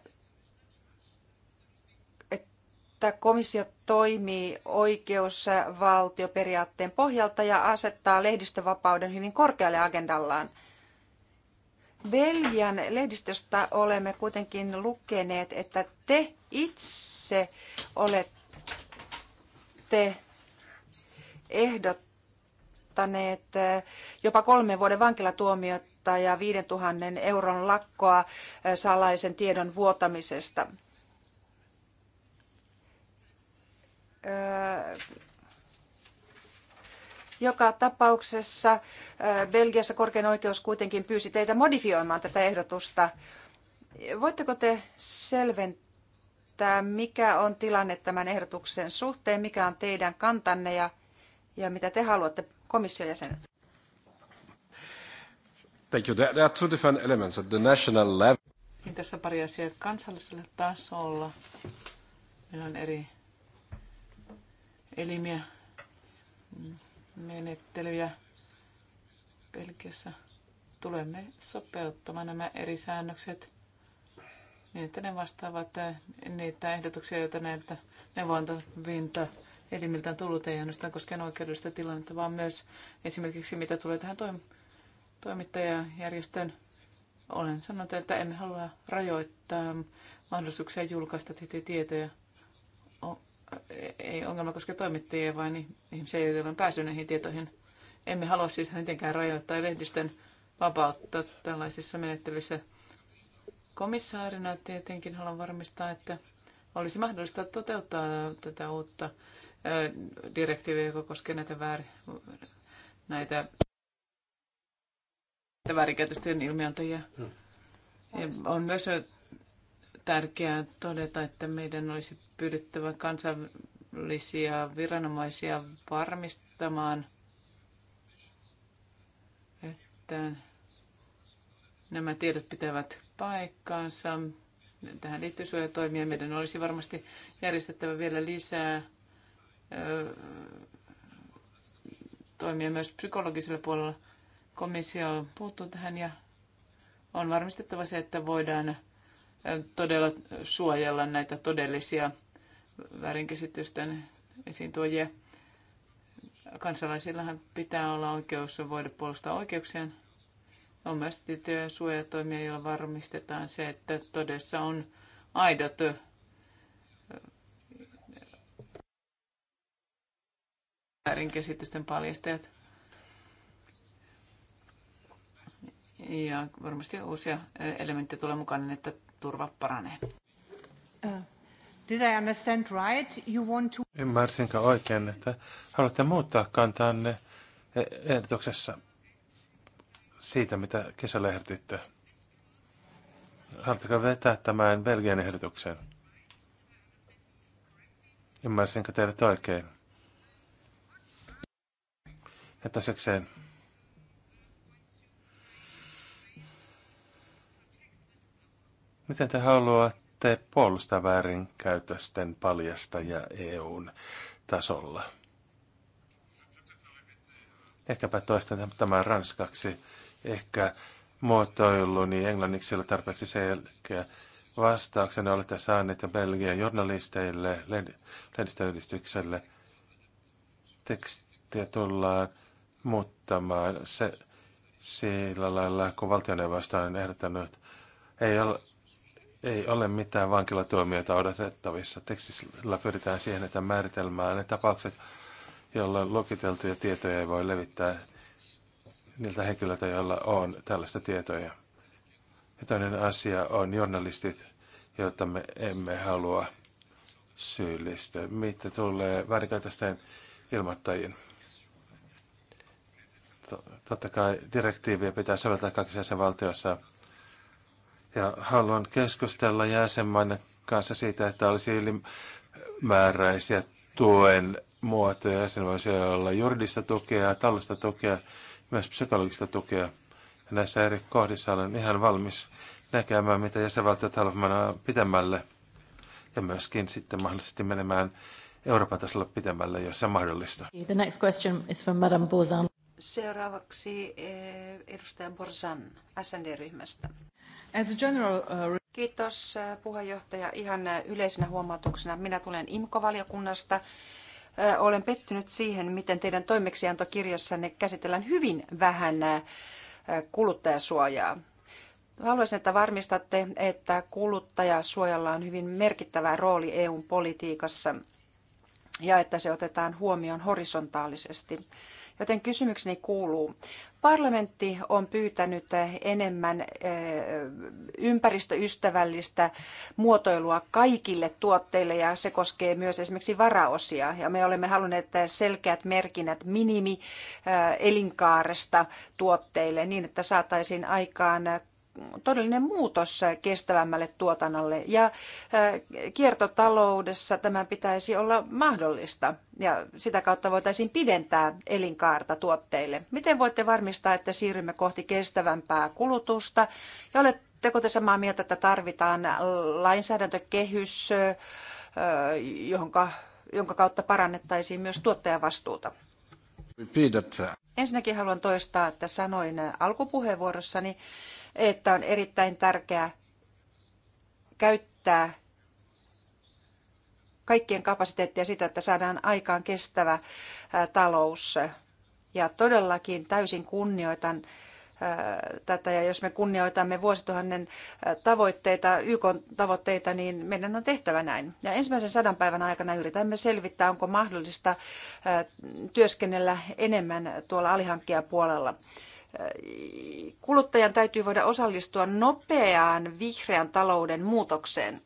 että komissio toimii oikeusvaltioperiaatteen pohjalta ja asettaa lehdistövapauden hyvin korkealle agendallaan – Belgian lehdistöstä olemme kuitenkin lukeneet, että te itse olette ehdottaneet eh, jopa kolmen vuoden vankilatuomiota ja 5000 euron lakkoa eh, salaisen tiedon vuotamisesta eh, joka tapauksessa Belgiassa korkein oikeus kuitenkin pyysi teitä modifioimaan tätä ehdotusta. Voitteko te selventää, mikä on tilanne tämän ehdotuksen suhteen, mikä on teidän kantanne ja, ja mitä te haluatte komission jäsenet? Thank you. There are two different elements at the national level. Niin, tässä pari asiaa kansallisella tasolla. Meillä on eri elimiä mm menettelyjä Pelkiässä. Tulemme sopeuttamaan nämä eri säännökset niin, että ne vastaavat äh, niitä ehdotuksia, joita näiltä neuvontavinta elimiltä on tullut, ei ainoastaan koskien oikeudellista tilannetta, vaan myös esimerkiksi mitä tulee tähän toimintaan toimittajajärjestön olen sanonut, että emme halua rajoittaa mahdollisuuksia julkaista tietoja ei ongelma koska toimittajia, vaan niin ihmisiä, joilla on päässyt näihin tietoihin. Emme halua siis mitenkään rajoittaa lehdistön vapautta tällaisissa menettelyissä. Komissaarina tietenkin haluan varmistaa, että olisi mahdollista toteuttaa tätä uutta direktiiviä, joka koskee näitä, väär, näitä väärinkäytösten ilmiöntäjiä. Hmm. Ja on myös tärkeää todeta, että meidän olisi pyydettävä kansallisia viranomaisia varmistamaan, että nämä tiedot pitävät paikkaansa. Tähän liittyy suojatoimia. Meidän olisi varmasti järjestettävä vielä lisää toimia myös psykologisella puolella. Komissio puuttuu tähän ja on varmistettava se, että voidaan todella suojella näitä todellisia väärinkäsitysten esiintuojia. Kansalaisillahan pitää olla oikeus voida puolustaa oikeuksien On myös tietojen suojatoimia, joilla varmistetaan se, että todessa on aidot väärinkäsitysten paljastajat. Ja varmasti uusia elementtejä tulee mukaan, niin että turva paranee. Uh, did I understand right? You want to... Ymmärsinkö oikein, että haluatte muuttaa kantaanne e- ehdotuksessa siitä, mitä kesällä ehdotitte? Haluatteko vetää tämän Belgian ehdotuksen? Ymmärsinkö teidät oikein? Ja toisekseen, Miten te haluatte puolustaa väärinkäytösten paljastajia EUn tasolla? Ehkäpä toistan tämän ranskaksi. Ehkä niin englanniksi ei ole tarpeeksi selkeä. Vastauksena olette saaneet Belgian journalisteille, lehdistöyhdistykselle. Tekstiä tullaan muuttamaan se, sillä lailla, kun valtioneuvosto on ehdottanut. Ei ole, ei ole mitään vankilatuomioita odotettavissa. Tekstillä pyritään siihen, että määritelmään ne tapaukset, joilla lokiteltuja tietoja ei voi levittää niiltä henkilöiltä, joilla on tällaista tietoja. Ja toinen asia on journalistit, joita me emme halua syyllistyä. Mitä tulee värikäytösten ilmoittajiin? Totta kai direktiiviä pitää soveltaa kaikissa sen valtioissa. Ja haluan keskustella jäsenmaiden kanssa siitä, että olisi ylimääräisiä tuen muotoja. Jäsen voisi olla juridista tukea, taloudellista tukea, myös psykologista tukea. Ja näissä eri kohdissa olen ihan valmis näkemään, mitä jäsenvaltiot haluavat pitämälle ja myöskin sitten mahdollisesti menemään Euroopan tasolla pitemmälle, jos se on mahdollista. The next question is from Madame Borzan. Seuraavaksi eh, edustaja Borzan SND-ryhmästä. As a general, uh... Kiitos uh, puheenjohtaja. Ihan uh, yleisenä huomautuksena. Minä tulen IMKO-valiokunnasta. Uh, olen pettynyt siihen, miten teidän toimeksiantokirjassanne käsitellään hyvin vähän kuluttajasuojaa. Haluaisin, että varmistatte, että kuluttajasuojalla on hyvin merkittävä rooli EUn politiikassa ja että se otetaan huomioon horisontaalisesti. Joten kysymykseni kuuluu, parlamentti on pyytänyt enemmän eh, ympäristöystävällistä muotoilua kaikille tuotteille ja se koskee myös esimerkiksi varaosia. Ja me olemme halunneet selkeät merkinnät minimi eh, elinkaaresta tuotteille niin, että saataisiin aikaan todellinen muutos kestävämmälle tuotannolle ja äh, kiertotaloudessa tämä pitäisi olla mahdollista ja sitä kautta voitaisiin pidentää elinkaarta tuotteille. Miten voitte varmistaa, että siirrymme kohti kestävämpää kulutusta ja oletteko te samaa mieltä, että tarvitaan lainsäädäntökehys, äh, jonka, jonka kautta parannettaisiin myös tuottajan vastuuta? Ensinnäkin haluan toistaa, että sanoin alkupuheenvuorossani, että on erittäin tärkeää käyttää kaikkien kapasiteettia sitä, että saadaan aikaan kestävä talous. Ja todellakin täysin kunnioitan tätä. Ja jos me kunnioitamme vuosituhannen tavoitteita, YK tavoitteita, niin meidän on tehtävä näin. Ja ensimmäisen sadan päivän aikana yritämme selvittää, onko mahdollista työskennellä enemmän tuolla alihankkijapuolella. puolella kuluttajan täytyy voida osallistua nopeaan vihreän talouden muutokseen.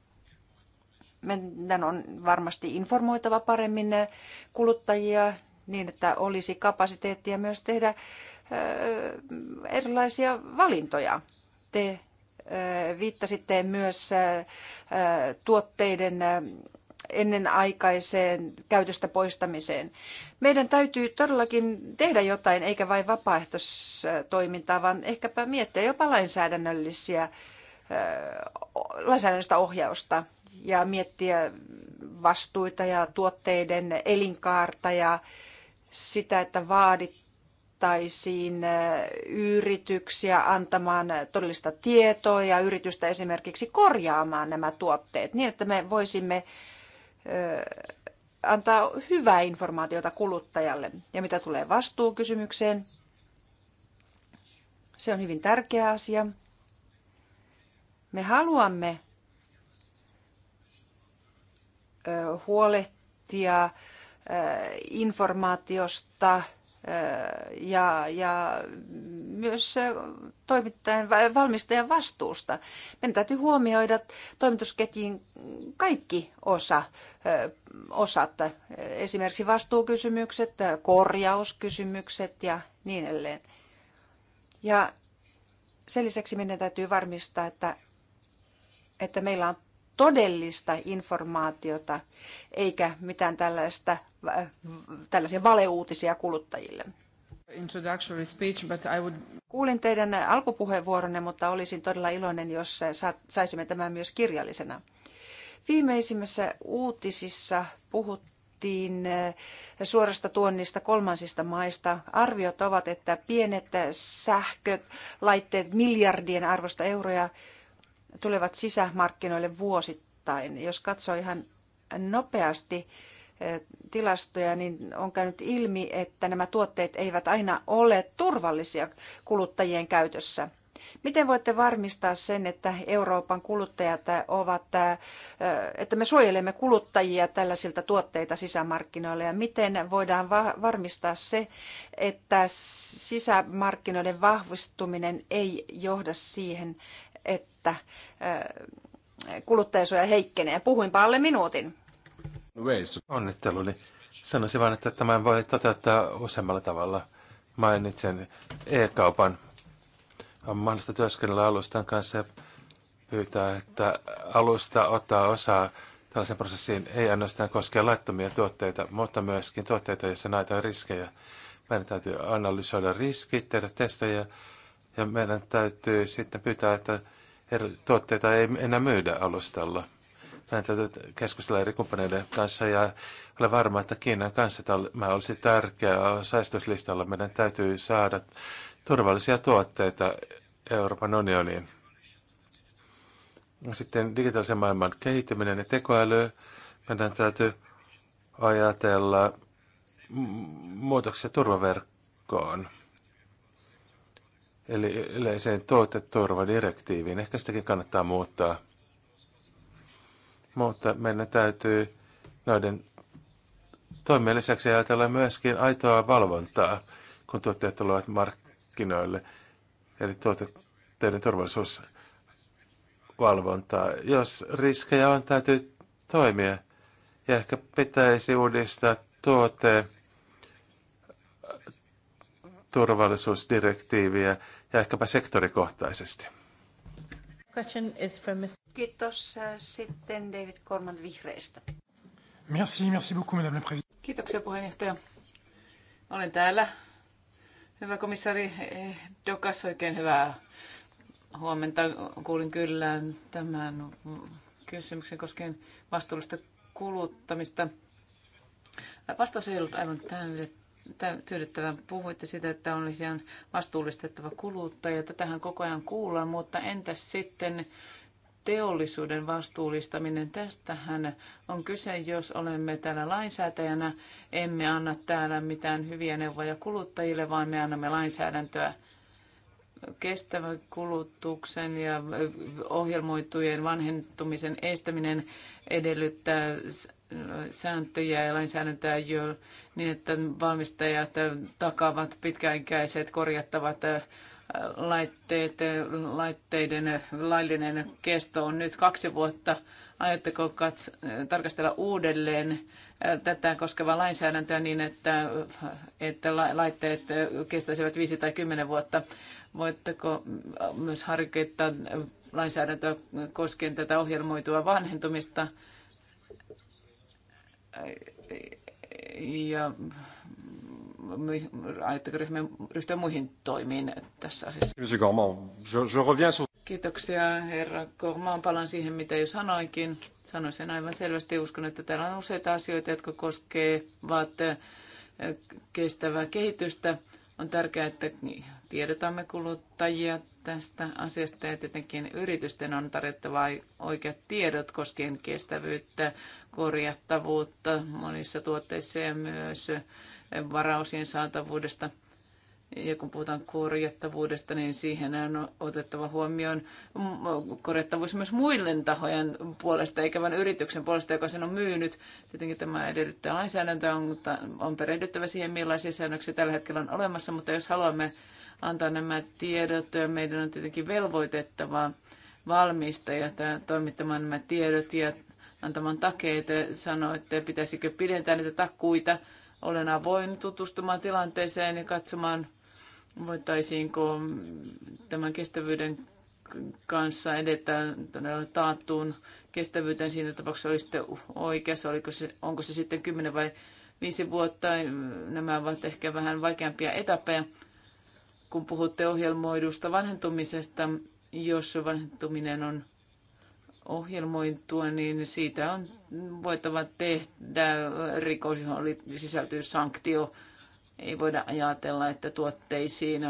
Meidän on varmasti informoitava paremmin kuluttajia niin, että olisi kapasiteettia myös tehdä erilaisia valintoja. Te viittasitte myös tuotteiden ennenaikaiseen käytöstä poistamiseen. Meidän täytyy todellakin tehdä jotain, eikä vain vapaaehtoistoimintaa, vaan ehkäpä miettiä jopa lainsäädännöllisiä, lainsäädännöllistä ohjausta ja miettiä vastuita ja tuotteiden elinkaarta ja sitä, että vaadittaisiin yrityksiä antamaan todellista tietoa ja yritystä esimerkiksi korjaamaan nämä tuotteet niin, että me voisimme antaa hyvää informaatiota kuluttajalle. Ja mitä tulee vastuukysymykseen, se on hyvin tärkeä asia. Me haluamme huolehtia informaatiosta – ja, ja myös toimittajan, valmistajan vastuusta. Meidän täytyy huomioida toimitusketjin kaikki osa, osat, esimerkiksi vastuukysymykset, korjauskysymykset ja niin edelleen. Ja sen lisäksi meidän täytyy varmistaa, että, että meillä on todellista informaatiota, eikä mitään tällaista tällaisia valeuutisia kuluttajille. Introductory speech, but I would... Kuulin teidän alkupuheenvuoronne, mutta olisin todella iloinen, jos saisimme tämän myös kirjallisena. Viimeisimmässä uutisissa puhuttiin eh, suorasta tuonnista kolmansista maista. Arviot ovat, että pienet sähköt, laitteet miljardien arvosta euroja tulevat sisämarkkinoille vuosittain. Jos katsoo ihan nopeasti, tilastoja, niin on käynyt ilmi, että nämä tuotteet eivät aina ole turvallisia kuluttajien käytössä. Miten voitte varmistaa sen, että Euroopan kuluttajat ovat, että me suojelemme kuluttajia tällaisilta tuotteita sisämarkkinoilla ja miten voidaan varmistaa se, että sisämarkkinoiden vahvistuminen ei johda siihen, että kuluttajasuoja heikkenee. Puhuin alle minuutin. Onnittelu, niin Sanoisin vain, että tämän voi toteuttaa useammalla tavalla. Mainitsen e-kaupan. On mahdollista työskennellä alustan kanssa ja pyytää, että alusta ottaa osaa tällaisen prosessiin ei ainoastaan koskea laittomia tuotteita, mutta myöskin tuotteita, joissa näitä riskejä. Meidän täytyy analysoida riskit, tehdä testejä ja meidän täytyy sitten pyytää, että tuotteita ei enää myydä alustalla. Näin täytyy keskustella eri kumppaneiden kanssa ja olen varma, että Kiinan kanssa tämä olisi tärkeää säästöslistalla. Meidän täytyy saada turvallisia tuotteita Euroopan unioniin. Sitten digitaalisen maailman kehittäminen ja tekoäly. Meidän täytyy ajatella muutoksia turvaverkkoon. Eli yleiseen tuoteturvadirektiiviin. Ehkä sitäkin kannattaa muuttaa. Mutta meidän täytyy noiden toimien lisäksi ajatella myöskin aitoa valvontaa, kun tuotteet tulevat markkinoille. Eli tuotteiden turvallisuusvalvontaa. Jos riskejä on, täytyy toimia. Ja ehkä pitäisi uudistaa tuote turvallisuusdirektiiviä ja ehkäpä sektorikohtaisesti. Question is from Mr. Kiitos sitten David Korman vihreistä. Merci, merci beaucoup, madame la présidente. Kiitoksia puheenjohtaja. Olen täällä. Hyvä komissaari Dokas, oikein hyvää huomenta. Kuulin kyllä tämän kysymyksen koskien vastuullista kuluttamista. Vastaus ei ollut aivan tyydyttävän. Puhuitte sitä, että on ihan vastuullistettava kuluttaja. Tätähän koko ajan kuullaan, mutta entäs sitten teollisuuden vastuullistaminen. Tästähän on kyse, jos olemme täällä lainsäätäjänä. Emme anna täällä mitään hyviä neuvoja kuluttajille, vaan me annamme lainsäädäntöä kestävän kulutuksen ja ohjelmoitujen vanhentumisen estäminen edellyttää sääntöjä ja lainsäädäntöä jo niin, että valmistajat takaavat pitkäikäiset korjattavat laitteet, laitteiden laillinen kesto on nyt kaksi vuotta. Aiotteko kats- tarkastella uudelleen tätä koskevaa lainsäädäntöä niin, että, että laitteet kestäisivät viisi tai kymmenen vuotta? Voitteko myös harkita lainsäädäntöä koskien tätä ohjelmoitua vanhentumista? Ja aiotteko ryhtyä muihin toimiin tässä asiassa? Kiitoksia herra Gourmand. Palaan siihen, mitä jo sanoinkin. Sanoin sen aivan selvästi. Uskon, että täällä on useita asioita, jotka koskevat eh, kestävää kehitystä. On tärkeää, että tiedotamme kuluttajia tästä asiasta ja tietenkin yritysten on tarjottava oikeat tiedot koskien kestävyyttä, korjattavuutta monissa tuotteissa ja myös varausien saatavuudesta. Ja kun puhutaan korjattavuudesta, niin siihen on otettava huomioon korjattavuus myös muiden tahojen puolesta, eikä vain yrityksen puolesta, joka sen on myynyt. Tietenkin tämä edellyttää lainsäädäntöä, mutta on perehdyttävä siihen, millaisia säännöksiä tällä hetkellä on olemassa, mutta jos haluamme antaa nämä tiedot, meidän on tietenkin velvoitettava valmistaja toimittamaan nämä tiedot ja antamaan takeita, sanoa, että pitäisikö pidentää niitä takkuita, olen avoin tutustumaan tilanteeseen ja katsomaan, voitaisiinko tämän kestävyyden kanssa edetä todella taattuun kestävyyteen siinä tapauksessa oli sitten oikeassa, oliko se, onko se sitten 10 vai 5 vuotta, nämä ovat ehkä vähän vaikeampia etappeja, kun puhutte ohjelmoidusta vanhentumisesta, jos vanhentuminen on ohjelmointua, niin siitä on voitava tehdä rikos, johon sisältyy sanktio. Ei voida ajatella, että tuotteisiin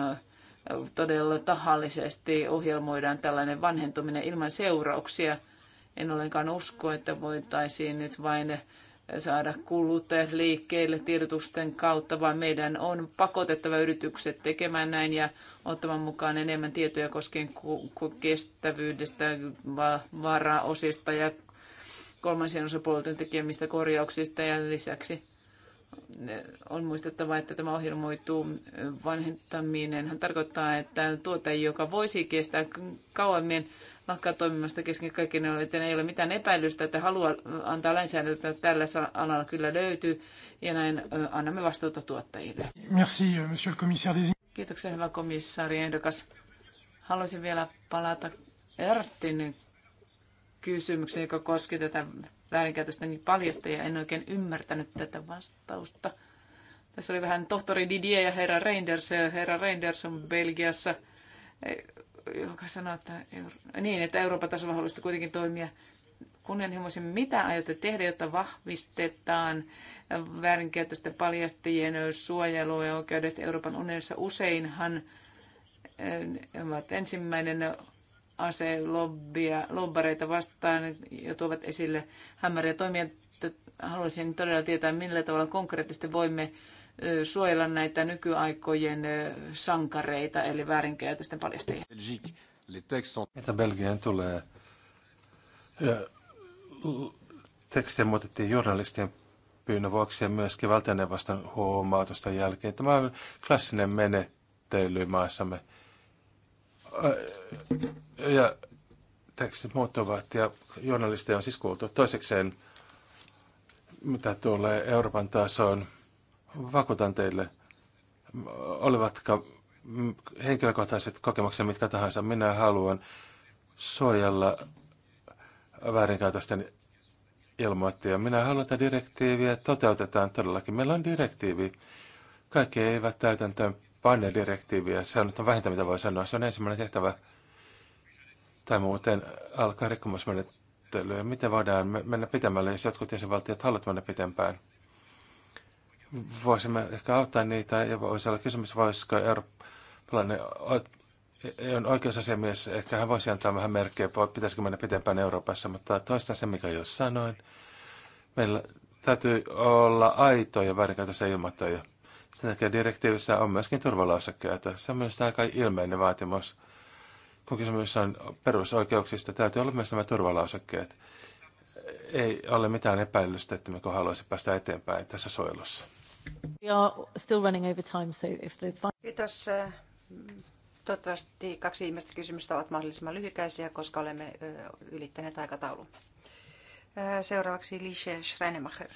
todella tahallisesti ohjelmoidaan tällainen vanhentuminen ilman seurauksia. En ollenkaan usko, että voitaisiin nyt vain saada kuluttajat liikkeelle tiedotusten kautta, vaan meidän on pakotettava yritykset tekemään näin ja ottamaan mukaan enemmän tietoja koskien kestävyydestä, varaosista ja kolmansien osapuolten tekemistä korjauksista ja lisäksi on muistettava, että tämä ohjelmoituu vanhentaminen. Hän tarkoittaa, että tuote, joka voisi kestää kauemmin, lakkaa toimimasta kesken kaikkien, joten niin ei ole mitään epäilystä, että halua antaa lainsäädäntöä tällä alalla kyllä löytyy, ja näin annamme vastuuta tuottajille. Merci, euh, monsieur le commissaire Kiitoksia, hyvä komissaari ehdokas. Haluaisin vielä palata Erstin kysymykseen, joka koski tätä väärinkäytöstä niin paljasta, ja en oikein ymmärtänyt tätä vastausta. Tässä oli vähän tohtori Didier ja herra Reinders. Herra Reinders on Belgiassa joka sanoo, että, Euro- niin, että Euroopan tasolla haluaisitte kuitenkin toimia kunnianhimoisen, mitä aiotte tehdä, jotta vahvistetaan väärinkäytösten paljastajien suojelua ja oikeudet Euroopan unionissa. Useinhan eh, ovat ensimmäinen ase lobbia, lobbareita vastaan ja tuovat esille hämäriä toimia. Haluaisin todella tietää, millä tavalla konkreettisesti voimme suojella näitä nykyaikojen sankareita, eli väärinkäytösten paljastajia. Mitä Belgian tulee? Tekstiä muutettiin journalistien pyynnön vuoksi ja myöskin valtioneuvoston huomautusten jälkeen. Tämä on klassinen menettely maassamme. Ja tekstit muuttuvat ja journalisteja on siis kuultu. Toisekseen, mitä tulee Euroopan tasoon, Vakuutan teille, olivatko henkilökohtaiset kokemukset mitkä tahansa, minä haluan suojella väärinkäytösten ilmoittajia. Minä haluan, että direktiiviä toteutetaan todellakin. Meillä on direktiivi. Kaikki eivät täytäntöön panne direktiiviä. Se on nyt vähintä, mitä voi sanoa. Se on ensimmäinen tehtävä. Tai muuten alkaa rikkomusmenettelyä. Miten voidaan mennä pitemmälle, jos jotkut jäsenvaltiot haluavat mennä pitempään? voisimme ehkä auttaa niitä ja voisi olla kysymys, voisiko eurooppalainen e- on oikeusasiamies, ehkä hän voisi antaa vähän merkkejä, pitäisikö mennä pitempään Euroopassa, mutta toistan se, mikä jo sanoin. Meillä täytyy olla aitoja väärinkäytössä ilmoittajia. Sen takia direktiivissä on myöskin turvalausekkeita. Se on myös aika ilmeinen vaatimus. Kun kysymys on perusoikeuksista, täytyy olla myös nämä turvalausekkeet. Ei ole mitään epäilystä, että me haluaisi päästä eteenpäin tässä suojelussa. We are still running over time, so if the... Kiitos. Toivottavasti kaksi viimeistä kysymystä ovat mahdollisimman lyhykäisiä, koska olemme ylittäneet aikataulumme. Seuraavaksi Lise Schreinemacher.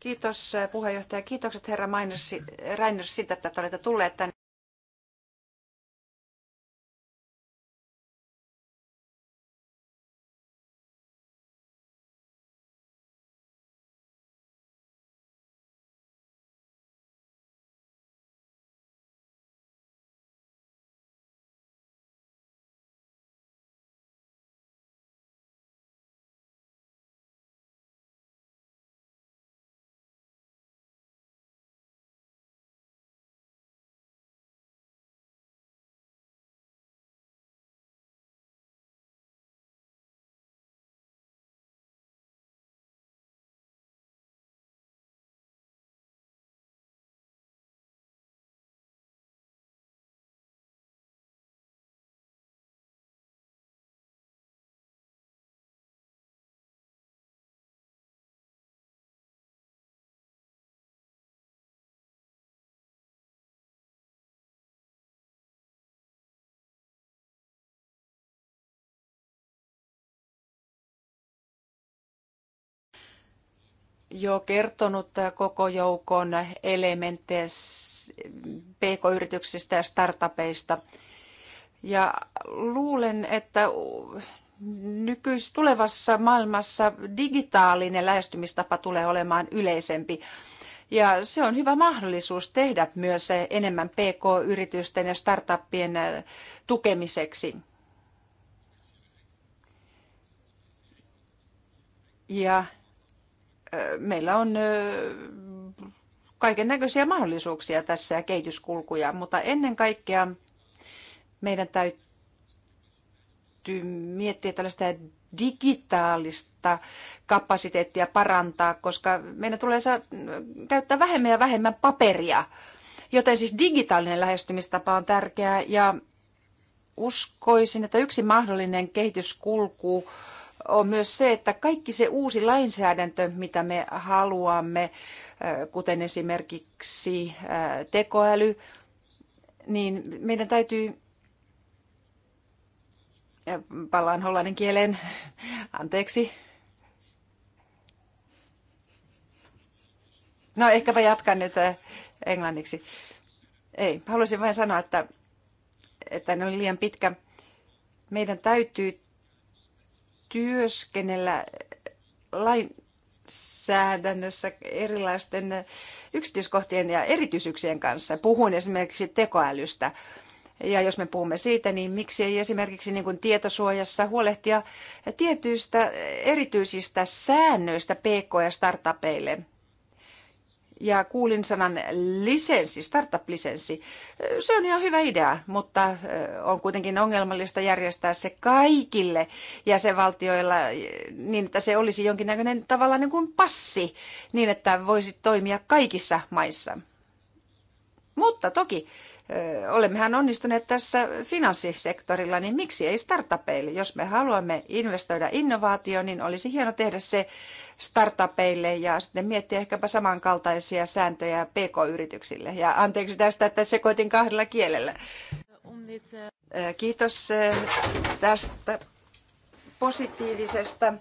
Kiitos puheenjohtaja. Kiitokset herra Reiners siitä, että olette tulleet tänne. jo kertonut koko joukon elementtejä pk-yrityksistä ja startupeista. Ja luulen, että nykyis- tulevassa maailmassa digitaalinen lähestymistapa tulee olemaan yleisempi. Ja se on hyvä mahdollisuus tehdä myös enemmän PK-yritysten ja startuppien tukemiseksi. Ja meillä on kaiken näköisiä mahdollisuuksia tässä ja kehityskulkuja, mutta ennen kaikkea meidän täytyy miettiä tällaista digitaalista kapasiteettia parantaa, koska meidän tulee saa, käyttää vähemmän ja vähemmän paperia. Joten siis digitaalinen lähestymistapa on tärkeää ja uskoisin, että yksi mahdollinen kehityskulku on myös se, että kaikki se uusi lainsäädäntö, mitä me haluamme, äh, kuten esimerkiksi äh, tekoäly, niin meidän täytyy, äh, palaan hollannin kieleen, anteeksi, No ehkäpä jatkan nyt englanniksi. Ei, haluaisin vain sanoa, että, että en ole liian pitkä. Meidän täytyy työskennellä lainsäädännössä erilaisten yksityiskohtien ja erityisyyksien kanssa. Puhun esimerkiksi tekoälystä. Ja jos me puhumme siitä, niin miksi ei esimerkiksi niin kuin tietosuojassa huolehtia tietyistä erityisistä säännöistä PK- ja startupeille? ja kuulin sanan lisenssi, startup-lisenssi. Se on ihan hyvä idea, mutta on kuitenkin ongelmallista järjestää se kaikille jäsenvaltioilla niin, että se olisi jonkinnäköinen tavallaan niin kuin passi, niin että voisi toimia kaikissa maissa. Mutta toki olemmehan onnistuneet tässä finanssisektorilla, niin miksi ei startupeille? Jos me haluamme investoida innovaatioon, niin olisi hieno tehdä se startupeille ja sitten miettiä ehkäpä samankaltaisia sääntöjä pk-yrityksille. Ja anteeksi tästä, että sekoitin kahdella kielellä. Kiitos tästä positiivisesta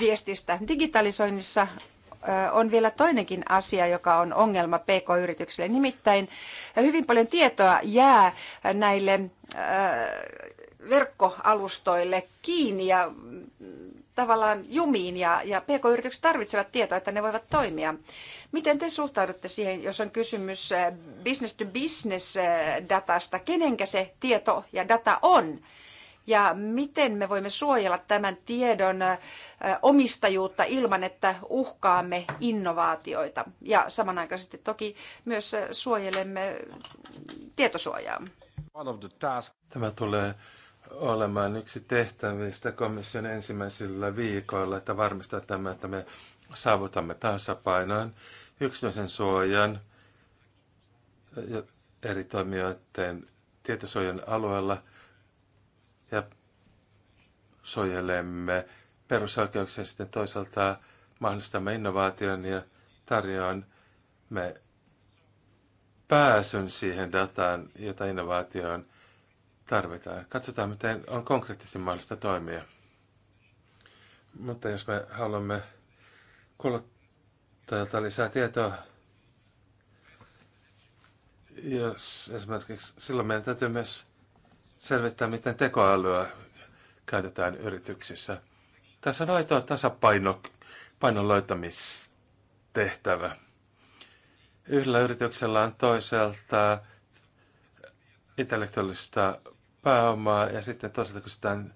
viestistä. Digitalisoinnissa on vielä toinenkin asia, joka on ongelma PK-yrityksille. Nimittäin hyvin paljon tietoa jää näille verkkoalustoille kiinni ja mm, tavallaan jumiin ja, ja pk-yritykset tarvitsevat tietoa, että ne voivat toimia. Miten te suhtaudutte siihen, jos on kysymys business-to-business -business datasta, kenenkä se tieto ja data on? ja miten me voimme suojella tämän tiedon omistajuutta ilman, että uhkaamme innovaatioita ja samanaikaisesti toki myös suojelemme tietosuojaa. Tämä tulee olemaan yksi tehtävistä komission ensimmäisillä viikoilla, että varmistetaan, että me saavutamme tasapainon yksityisen suojan ja eri toimijoiden tietosuojan alueella ja suojelemme perusoikeuksia sitten toisaalta mahdollistamme innovaation ja tarjoamme pääsyn siihen dataan, jota innovaatioon tarvitaan. Katsotaan, miten on konkreettisesti mahdollista toimia. Mutta jos me haluamme kuluttajalta lisää tietoa, jos esimerkiksi silloin meidän täytyy myös selvittää, miten tekoälyä käytetään yrityksissä. Tässä on aitoa tasapaino, painon löytämistehtävä. Yhdellä yrityksellä on toiselta intellektuaalista pääomaa ja sitten toisaalta kysytään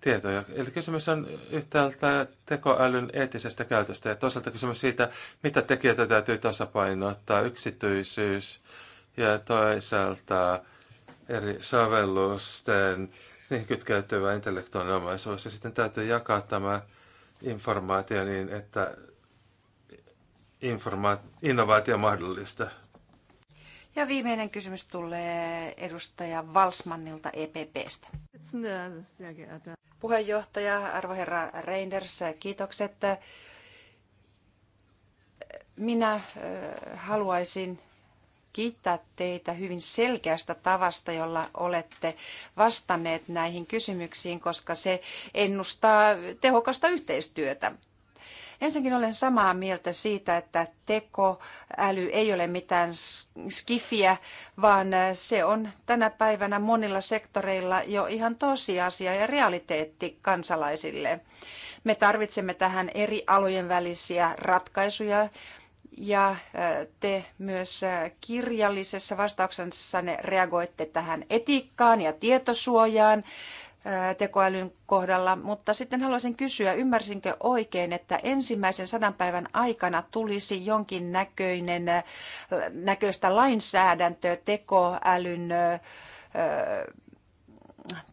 tietoja. Eli kysymys on yhtäältä tekoälyn eettisestä käytöstä ja toisaalta kysymys siitä, mitä tekijöitä täytyy tasapainottaa, yksityisyys ja toisaalta eri sovellusten, niihin kytkeytyvä intellektuaalinen omaisuus. Ja sitten täytyy jakaa tämä informaatio niin, että informa- innovaatio mahdollista. Ja viimeinen kysymys tulee edustaja Valsmannilta EPPstä. Puheenjohtaja, arvoherra Reinders, kiitokset. Minä haluaisin kiittää teitä hyvin selkeästä tavasta, jolla olette vastanneet näihin kysymyksiin, koska se ennustaa tehokasta yhteistyötä. Ensinnäkin olen samaa mieltä siitä, että tekoäly ei ole mitään skifiä, vaan se on tänä päivänä monilla sektoreilla jo ihan tosiasia ja realiteetti kansalaisille. Me tarvitsemme tähän eri alojen välisiä ratkaisuja, ja äh, te myös äh, kirjallisessa vastauksessanne reagoitte tähän etiikkaan ja tietosuojaan äh, tekoälyn kohdalla, mutta sitten haluaisin kysyä, ymmärsinkö oikein, että ensimmäisen sadan päivän aikana tulisi jonkin näköinen, näköistä lainsäädäntöä tekoälyn,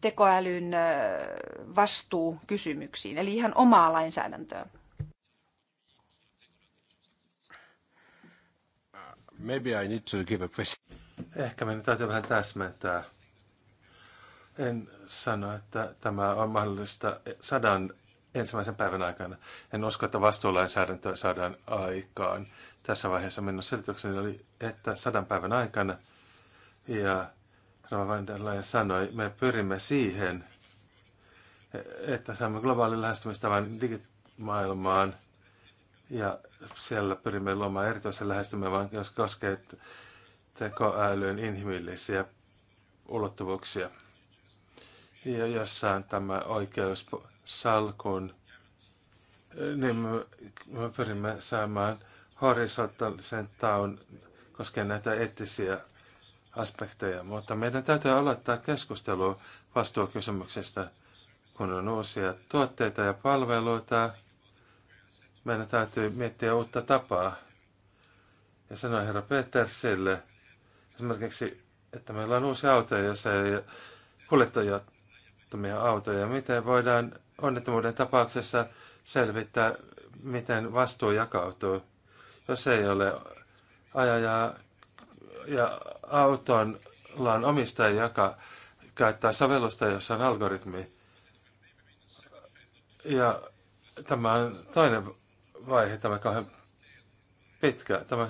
tekoälyn vastuukysymyksiin, eli ihan omaa lainsäädäntöä? Maybe I need to give a Ehkä meidän täytyy vähän täsmentää. En sano, että tämä on mahdollista sadan ensimmäisen päivän aikana. En usko, että vastuulainsäädäntöä saadaan aikaan. Tässä vaiheessa minun selitykseni oli, että sadan päivän aikana. Ja Rava van der Leyen sanoi, me pyrimme siihen, että saamme globaalin lähestymistavan digimaailmaan – ja siellä pyrimme luomaan erityisen vaan jos koskee tekoälyn inhimillisiä ulottuvuuksia. Ja jossain tämä oikeus salkun, niin me, me pyrimme saamaan horisontaalisen taun koskien näitä eettisiä aspekteja, mutta meidän täytyy aloittaa keskustelu vastuukysymyksestä, kun on uusia tuotteita ja palveluita, meidän täytyy miettiä uutta tapaa. Ja sanoi herra Petersille esimerkiksi, että meillä on uusi auto, jos ei kuljettajattomia autoja. Miten voidaan onnettomuuden tapauksessa selvittää, miten vastuu jakautuu, jos ei ole ajajaa ja autolla on omistaja, joka käyttää sovellusta, jossa on algoritmi. Ja tämä on toinen vaihe, tämä kauhean pitkä, tämä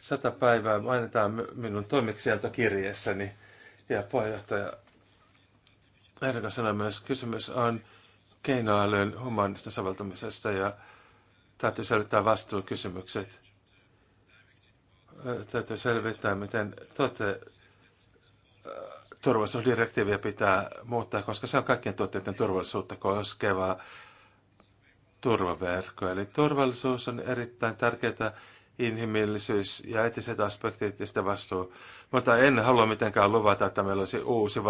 sata päivää mainitaan minun toimeksiantokirjeessäni. Ja puheenjohtaja Erika sanoi myös, kysymys on keinoälyn humanista soveltamisesta ja täytyy selvittää vastuukysymykset. Täytyy selvittää, miten tuote turvallisuusdirektiiviä pitää muuttaa, koska se on kaikkien tuotteiden turvallisuutta koskevaa turvaverkko. Eli turvallisuus on erittäin tärkeää, inhimillisyys ja etiset aspektit ja sitä vastuu. Mutta en halua mitenkään luvata, että meillä olisi uusi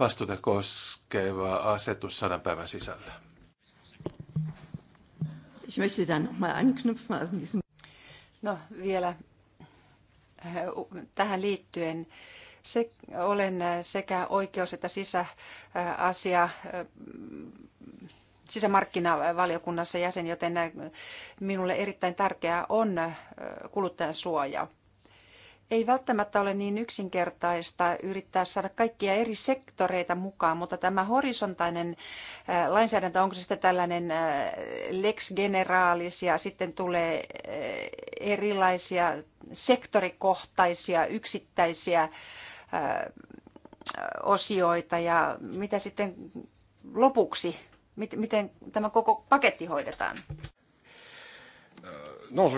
vastuuta koskeva asetus sadan päivän sisällä. No vielä äh, tähän liittyen se, olen sekä oikeus- että sisäasia äh, sisämarkkinavaliokunnassa jäsen, joten minulle erittäin tärkeää on kuluttajan suoja. Ei välttämättä ole niin yksinkertaista yrittää saada kaikkia eri sektoreita mukaan, mutta tämä horisontainen lainsäädäntö, onko se sitten tällainen lex generalis ja sitten tulee erilaisia sektorikohtaisia yksittäisiä osioita ja mitä sitten lopuksi miten tämä koko paketti hoidetaan? Äh, no,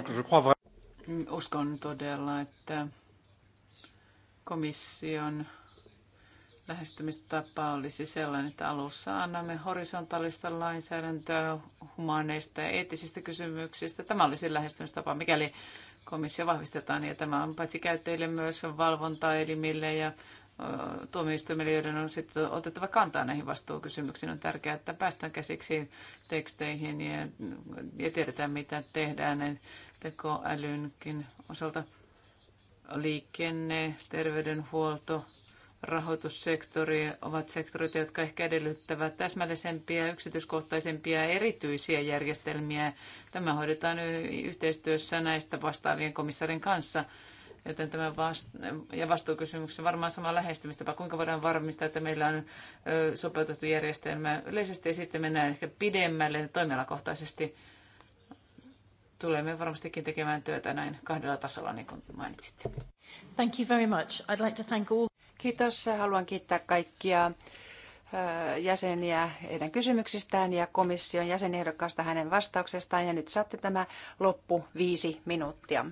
Uskon todella, että komission lähestymistapa olisi sellainen, että alussa annamme horisontaalista lainsäädäntöä humaneista ja eettisistä kysymyksistä. Tämä olisi lähestymistapa, mikäli komissio vahvistetaan, ja tämä on paitsi käyttäjille myös valvontaelimille ja tuomioistuimelijoiden on sitten otettava kantaa näihin vastuukysymyksiin. On tärkeää, että päästään käsiksi teksteihin ja, ja tiedetään, mitä tehdään tekoälynkin osalta. Liikenne, terveydenhuolto, rahoitussektori ovat sektorit, jotka ehkä edellyttävät täsmällisempiä, yksityiskohtaisempia erityisiä järjestelmiä. Tämä hoidetaan yhteistyössä näistä vastaavien komissarin kanssa Joten tämä vastu- ja on varmaan sama lähestymistapa, kuinka voidaan varmistaa, että meillä on sopeutettu järjestelmä yleisesti ja sitten mennään ehkä pidemmälle toimialakohtaisesti. Tulemme varmastikin tekemään työtä näin kahdella tasolla, niin kuin mainitsitte. Thank you very much. I'd like to thank all... Kiitos. Haluan kiittää kaikkia jäseniä heidän kysymyksistään ja komission jäsenehdokkaasta hänen vastauksestaan. Ja nyt saatte tämä loppu viisi minuuttia.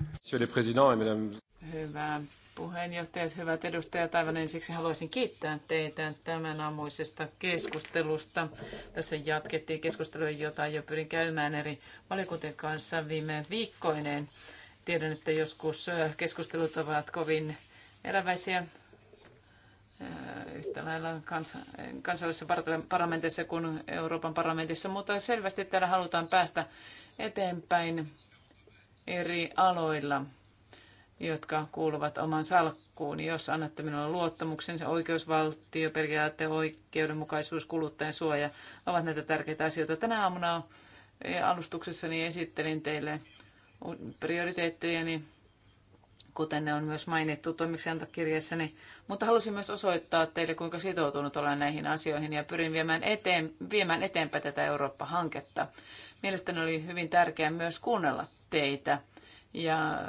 Hyvä puheenjohtajat, hyvät edustajat. Aivan ensiksi haluaisin kiittää teitä tämän aamuisesta keskustelusta. Tässä jatkettiin keskustelua, jota jo pyrin käymään eri valiokuntien kanssa viime viikkoineen. Tiedän, että joskus keskustelut ovat kovin eläväisiä eh, yhtä lailla kans, kansallisessa parlamentissa kuin Euroopan parlamentissa, mutta selvästi täällä halutaan päästä eteenpäin eri aloilla jotka kuuluvat oman salkkuun. Jos annatte minulle luottamuksen, se oikeusvaltio, periaate, oikeudenmukaisuus, kuluttajan suoja ovat näitä tärkeitä asioita. Tänä aamuna alustuksessani esittelin teille prioriteettejani, kuten ne on myös mainittu toimeksiantokirjassani, mutta halusin myös osoittaa teille, kuinka sitoutunut olen näihin asioihin ja pyrin viemään, eteen, viemään eteenpäin tätä Eurooppa-hanketta. Mielestäni oli hyvin tärkeää myös kuunnella teitä ja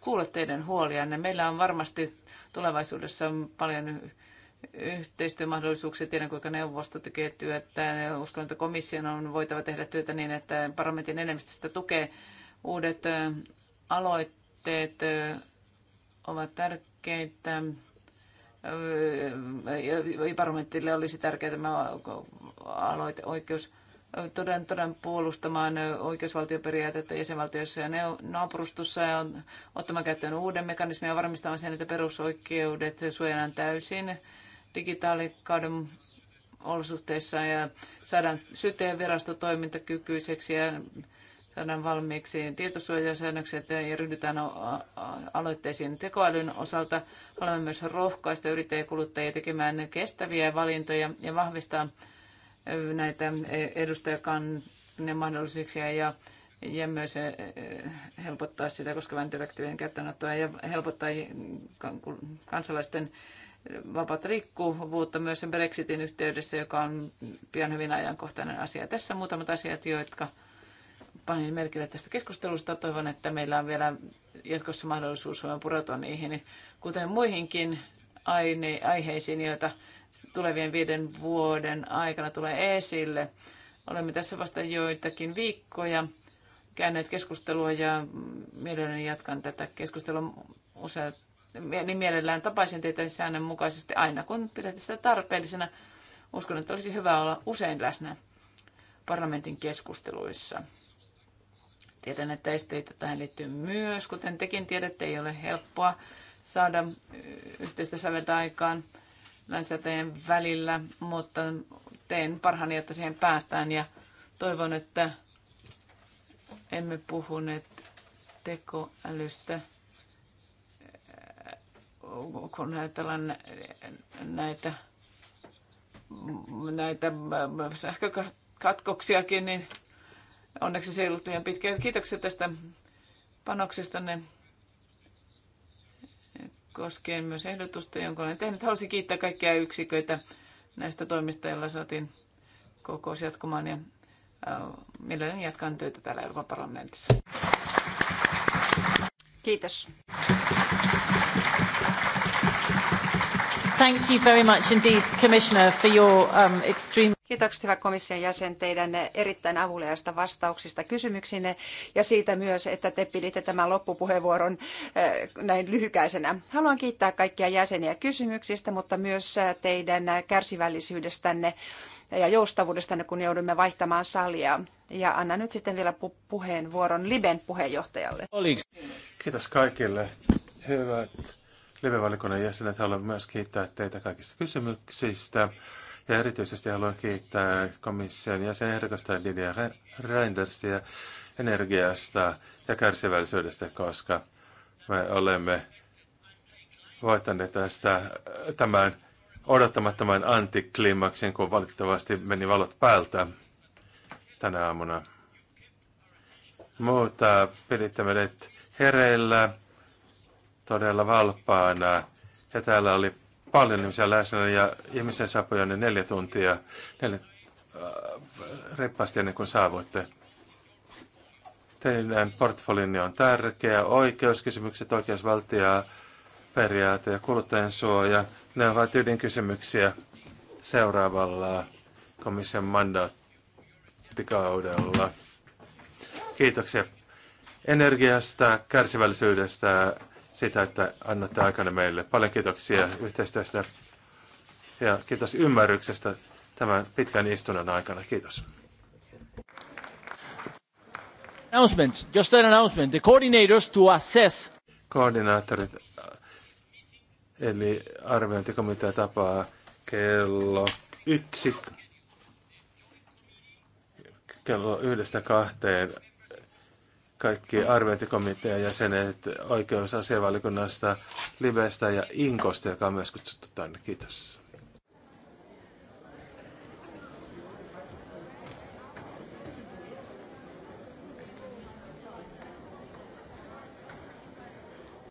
kuulla teidän huolianne. Meillä on varmasti tulevaisuudessa paljon yhteistyömahdollisuuksia. Tiedän, kuinka neuvosto tekee työtä. Uskon, että komission on voitava tehdä työtä niin, että parlamentin enemmistö sitä tukee. Uudet aloitteet ovat tärkeitä. Parlamentille olisi tärkeä tämä aloiteoikeus toden, toden puolustamaan oikeusvaltioperiaatetta jäsenvaltioissa ja naapurustossa ja ottamaan käyttöön uuden mekanismin ja varmistamaan sen, että perusoikeudet suojellaan täysin digitaalikauden olosuhteissa ja saadaan syyteen virastotoimintakykyiseksi ja saadaan valmiiksi tietosuojasäännökset ja ryhdytään aloitteisiin tekoälyn osalta. Haluamme myös rohkaista yrittäjäkuluttajia tekemään kestäviä valintoja ja vahvistaa näitä edustajakanne mahdollisuuksia ja, ja myös eh, eh, helpottaa sitä koskevan direktiivien käyttöönottoa ja helpottaa kansalaisten vapaata liikkuvuutta myös sen Brexitin yhteydessä, joka on pian hyvin ajankohtainen asia. Tässä muutamat asiat, jotka panin merkille tästä keskustelusta. Toivon, että meillä on vielä jatkossa mahdollisuus pureutua niihin, kuten muihinkin aine- aiheisiin, joita tulevien viiden vuoden aikana tulee esille. Olemme tässä vasta joitakin viikkoja käyneet keskustelua ja mielelläni jatkan tätä keskustelua useat, niin mielellään tapaisin teitä säännönmukaisesti aina, kun pidätte sitä tarpeellisena. Uskon, että olisi hyvä olla usein läsnä parlamentin keskusteluissa. Tiedän, että esteitä tähän liittyy myös, kuten tekin tiedätte, ei ole helppoa saada yhteistä säveltä aikaan länsäteen välillä, mutta teen parhaani, jotta siihen päästään ja toivon, että emme puhuneet tekoälystä, kun ajatellaan näitä, näitä sähkökatkoksiakin, niin onneksi se ei ollut ihan pitkä. Kiitoksia tästä panoksestanne koskien myös ehdotusta, jonka olen tehnyt. Haluaisin kiittää kaikkia yksiköitä näistä toimista, joilla saatiin kokous jatkumaan ja äh, mielelläni jatkan töitä täällä Euroopan parlamentissa. Kiitos. Thank you very much indeed, Commissioner, for your um, extreme... Kiitokset hyvä komission jäsen teidän erittäin avuliaista vastauksista kysymyksinne ja siitä myös, että te piditte tämän loppupuheenvuoron eh, näin lyhykäisenä. Haluan kiittää kaikkia jäseniä kysymyksistä, mutta myös eh, teidän kärsivällisyydestänne ja joustavuudestanne, kun joudumme vaihtamaan salia. Ja anna nyt sitten vielä pu- puheenvuoron Liben puheenjohtajalle. Kiitos kaikille. Hyvät Live-valikunnan jäsenet, haluan myös kiittää teitä kaikista kysymyksistä. Ja erityisesti haluan kiittää komission jäsenehdokasta Lydia Reindersia energiasta ja kärsivällisyydestä, koska me olemme voittaneet tästä tämän odottamattoman antiklimaksin, kun valitettavasti meni valot päältä tänä aamuna. Mutta piditte meidät hereillä, todella valppaana. Ja täällä oli paljon ihmisiä läsnä ja ihmisiä saapui niin jo neljä tuntia, neljä, äh, reippaasti ennen kuin saavuitte. Teidän portfolinne on tärkeä, oikeuskysymykset, oikeusvaltia, periaate ja kuluttajan suoja. Ne ovat ydinkysymyksiä seuraavalla komission mandaattikaudella. Kiitoksia energiasta, kärsivällisyydestä, sitä, että annatte aikana meille. Paljon kiitoksia yhteistyöstä ja kiitos ymmärryksestä tämän pitkän istunnon aikana. Kiitos. Announcement. Just an announcement. The coordinators to assess. Koordinaattorit, eli arviointikomitea tapaa kello yksi kello yhdestä kahteen kaikki arviointikomitean jäsenet oikeusasiavalikunnasta, Libestä ja Inkosta, joka on myös kutsuttu tänne. Kiitos.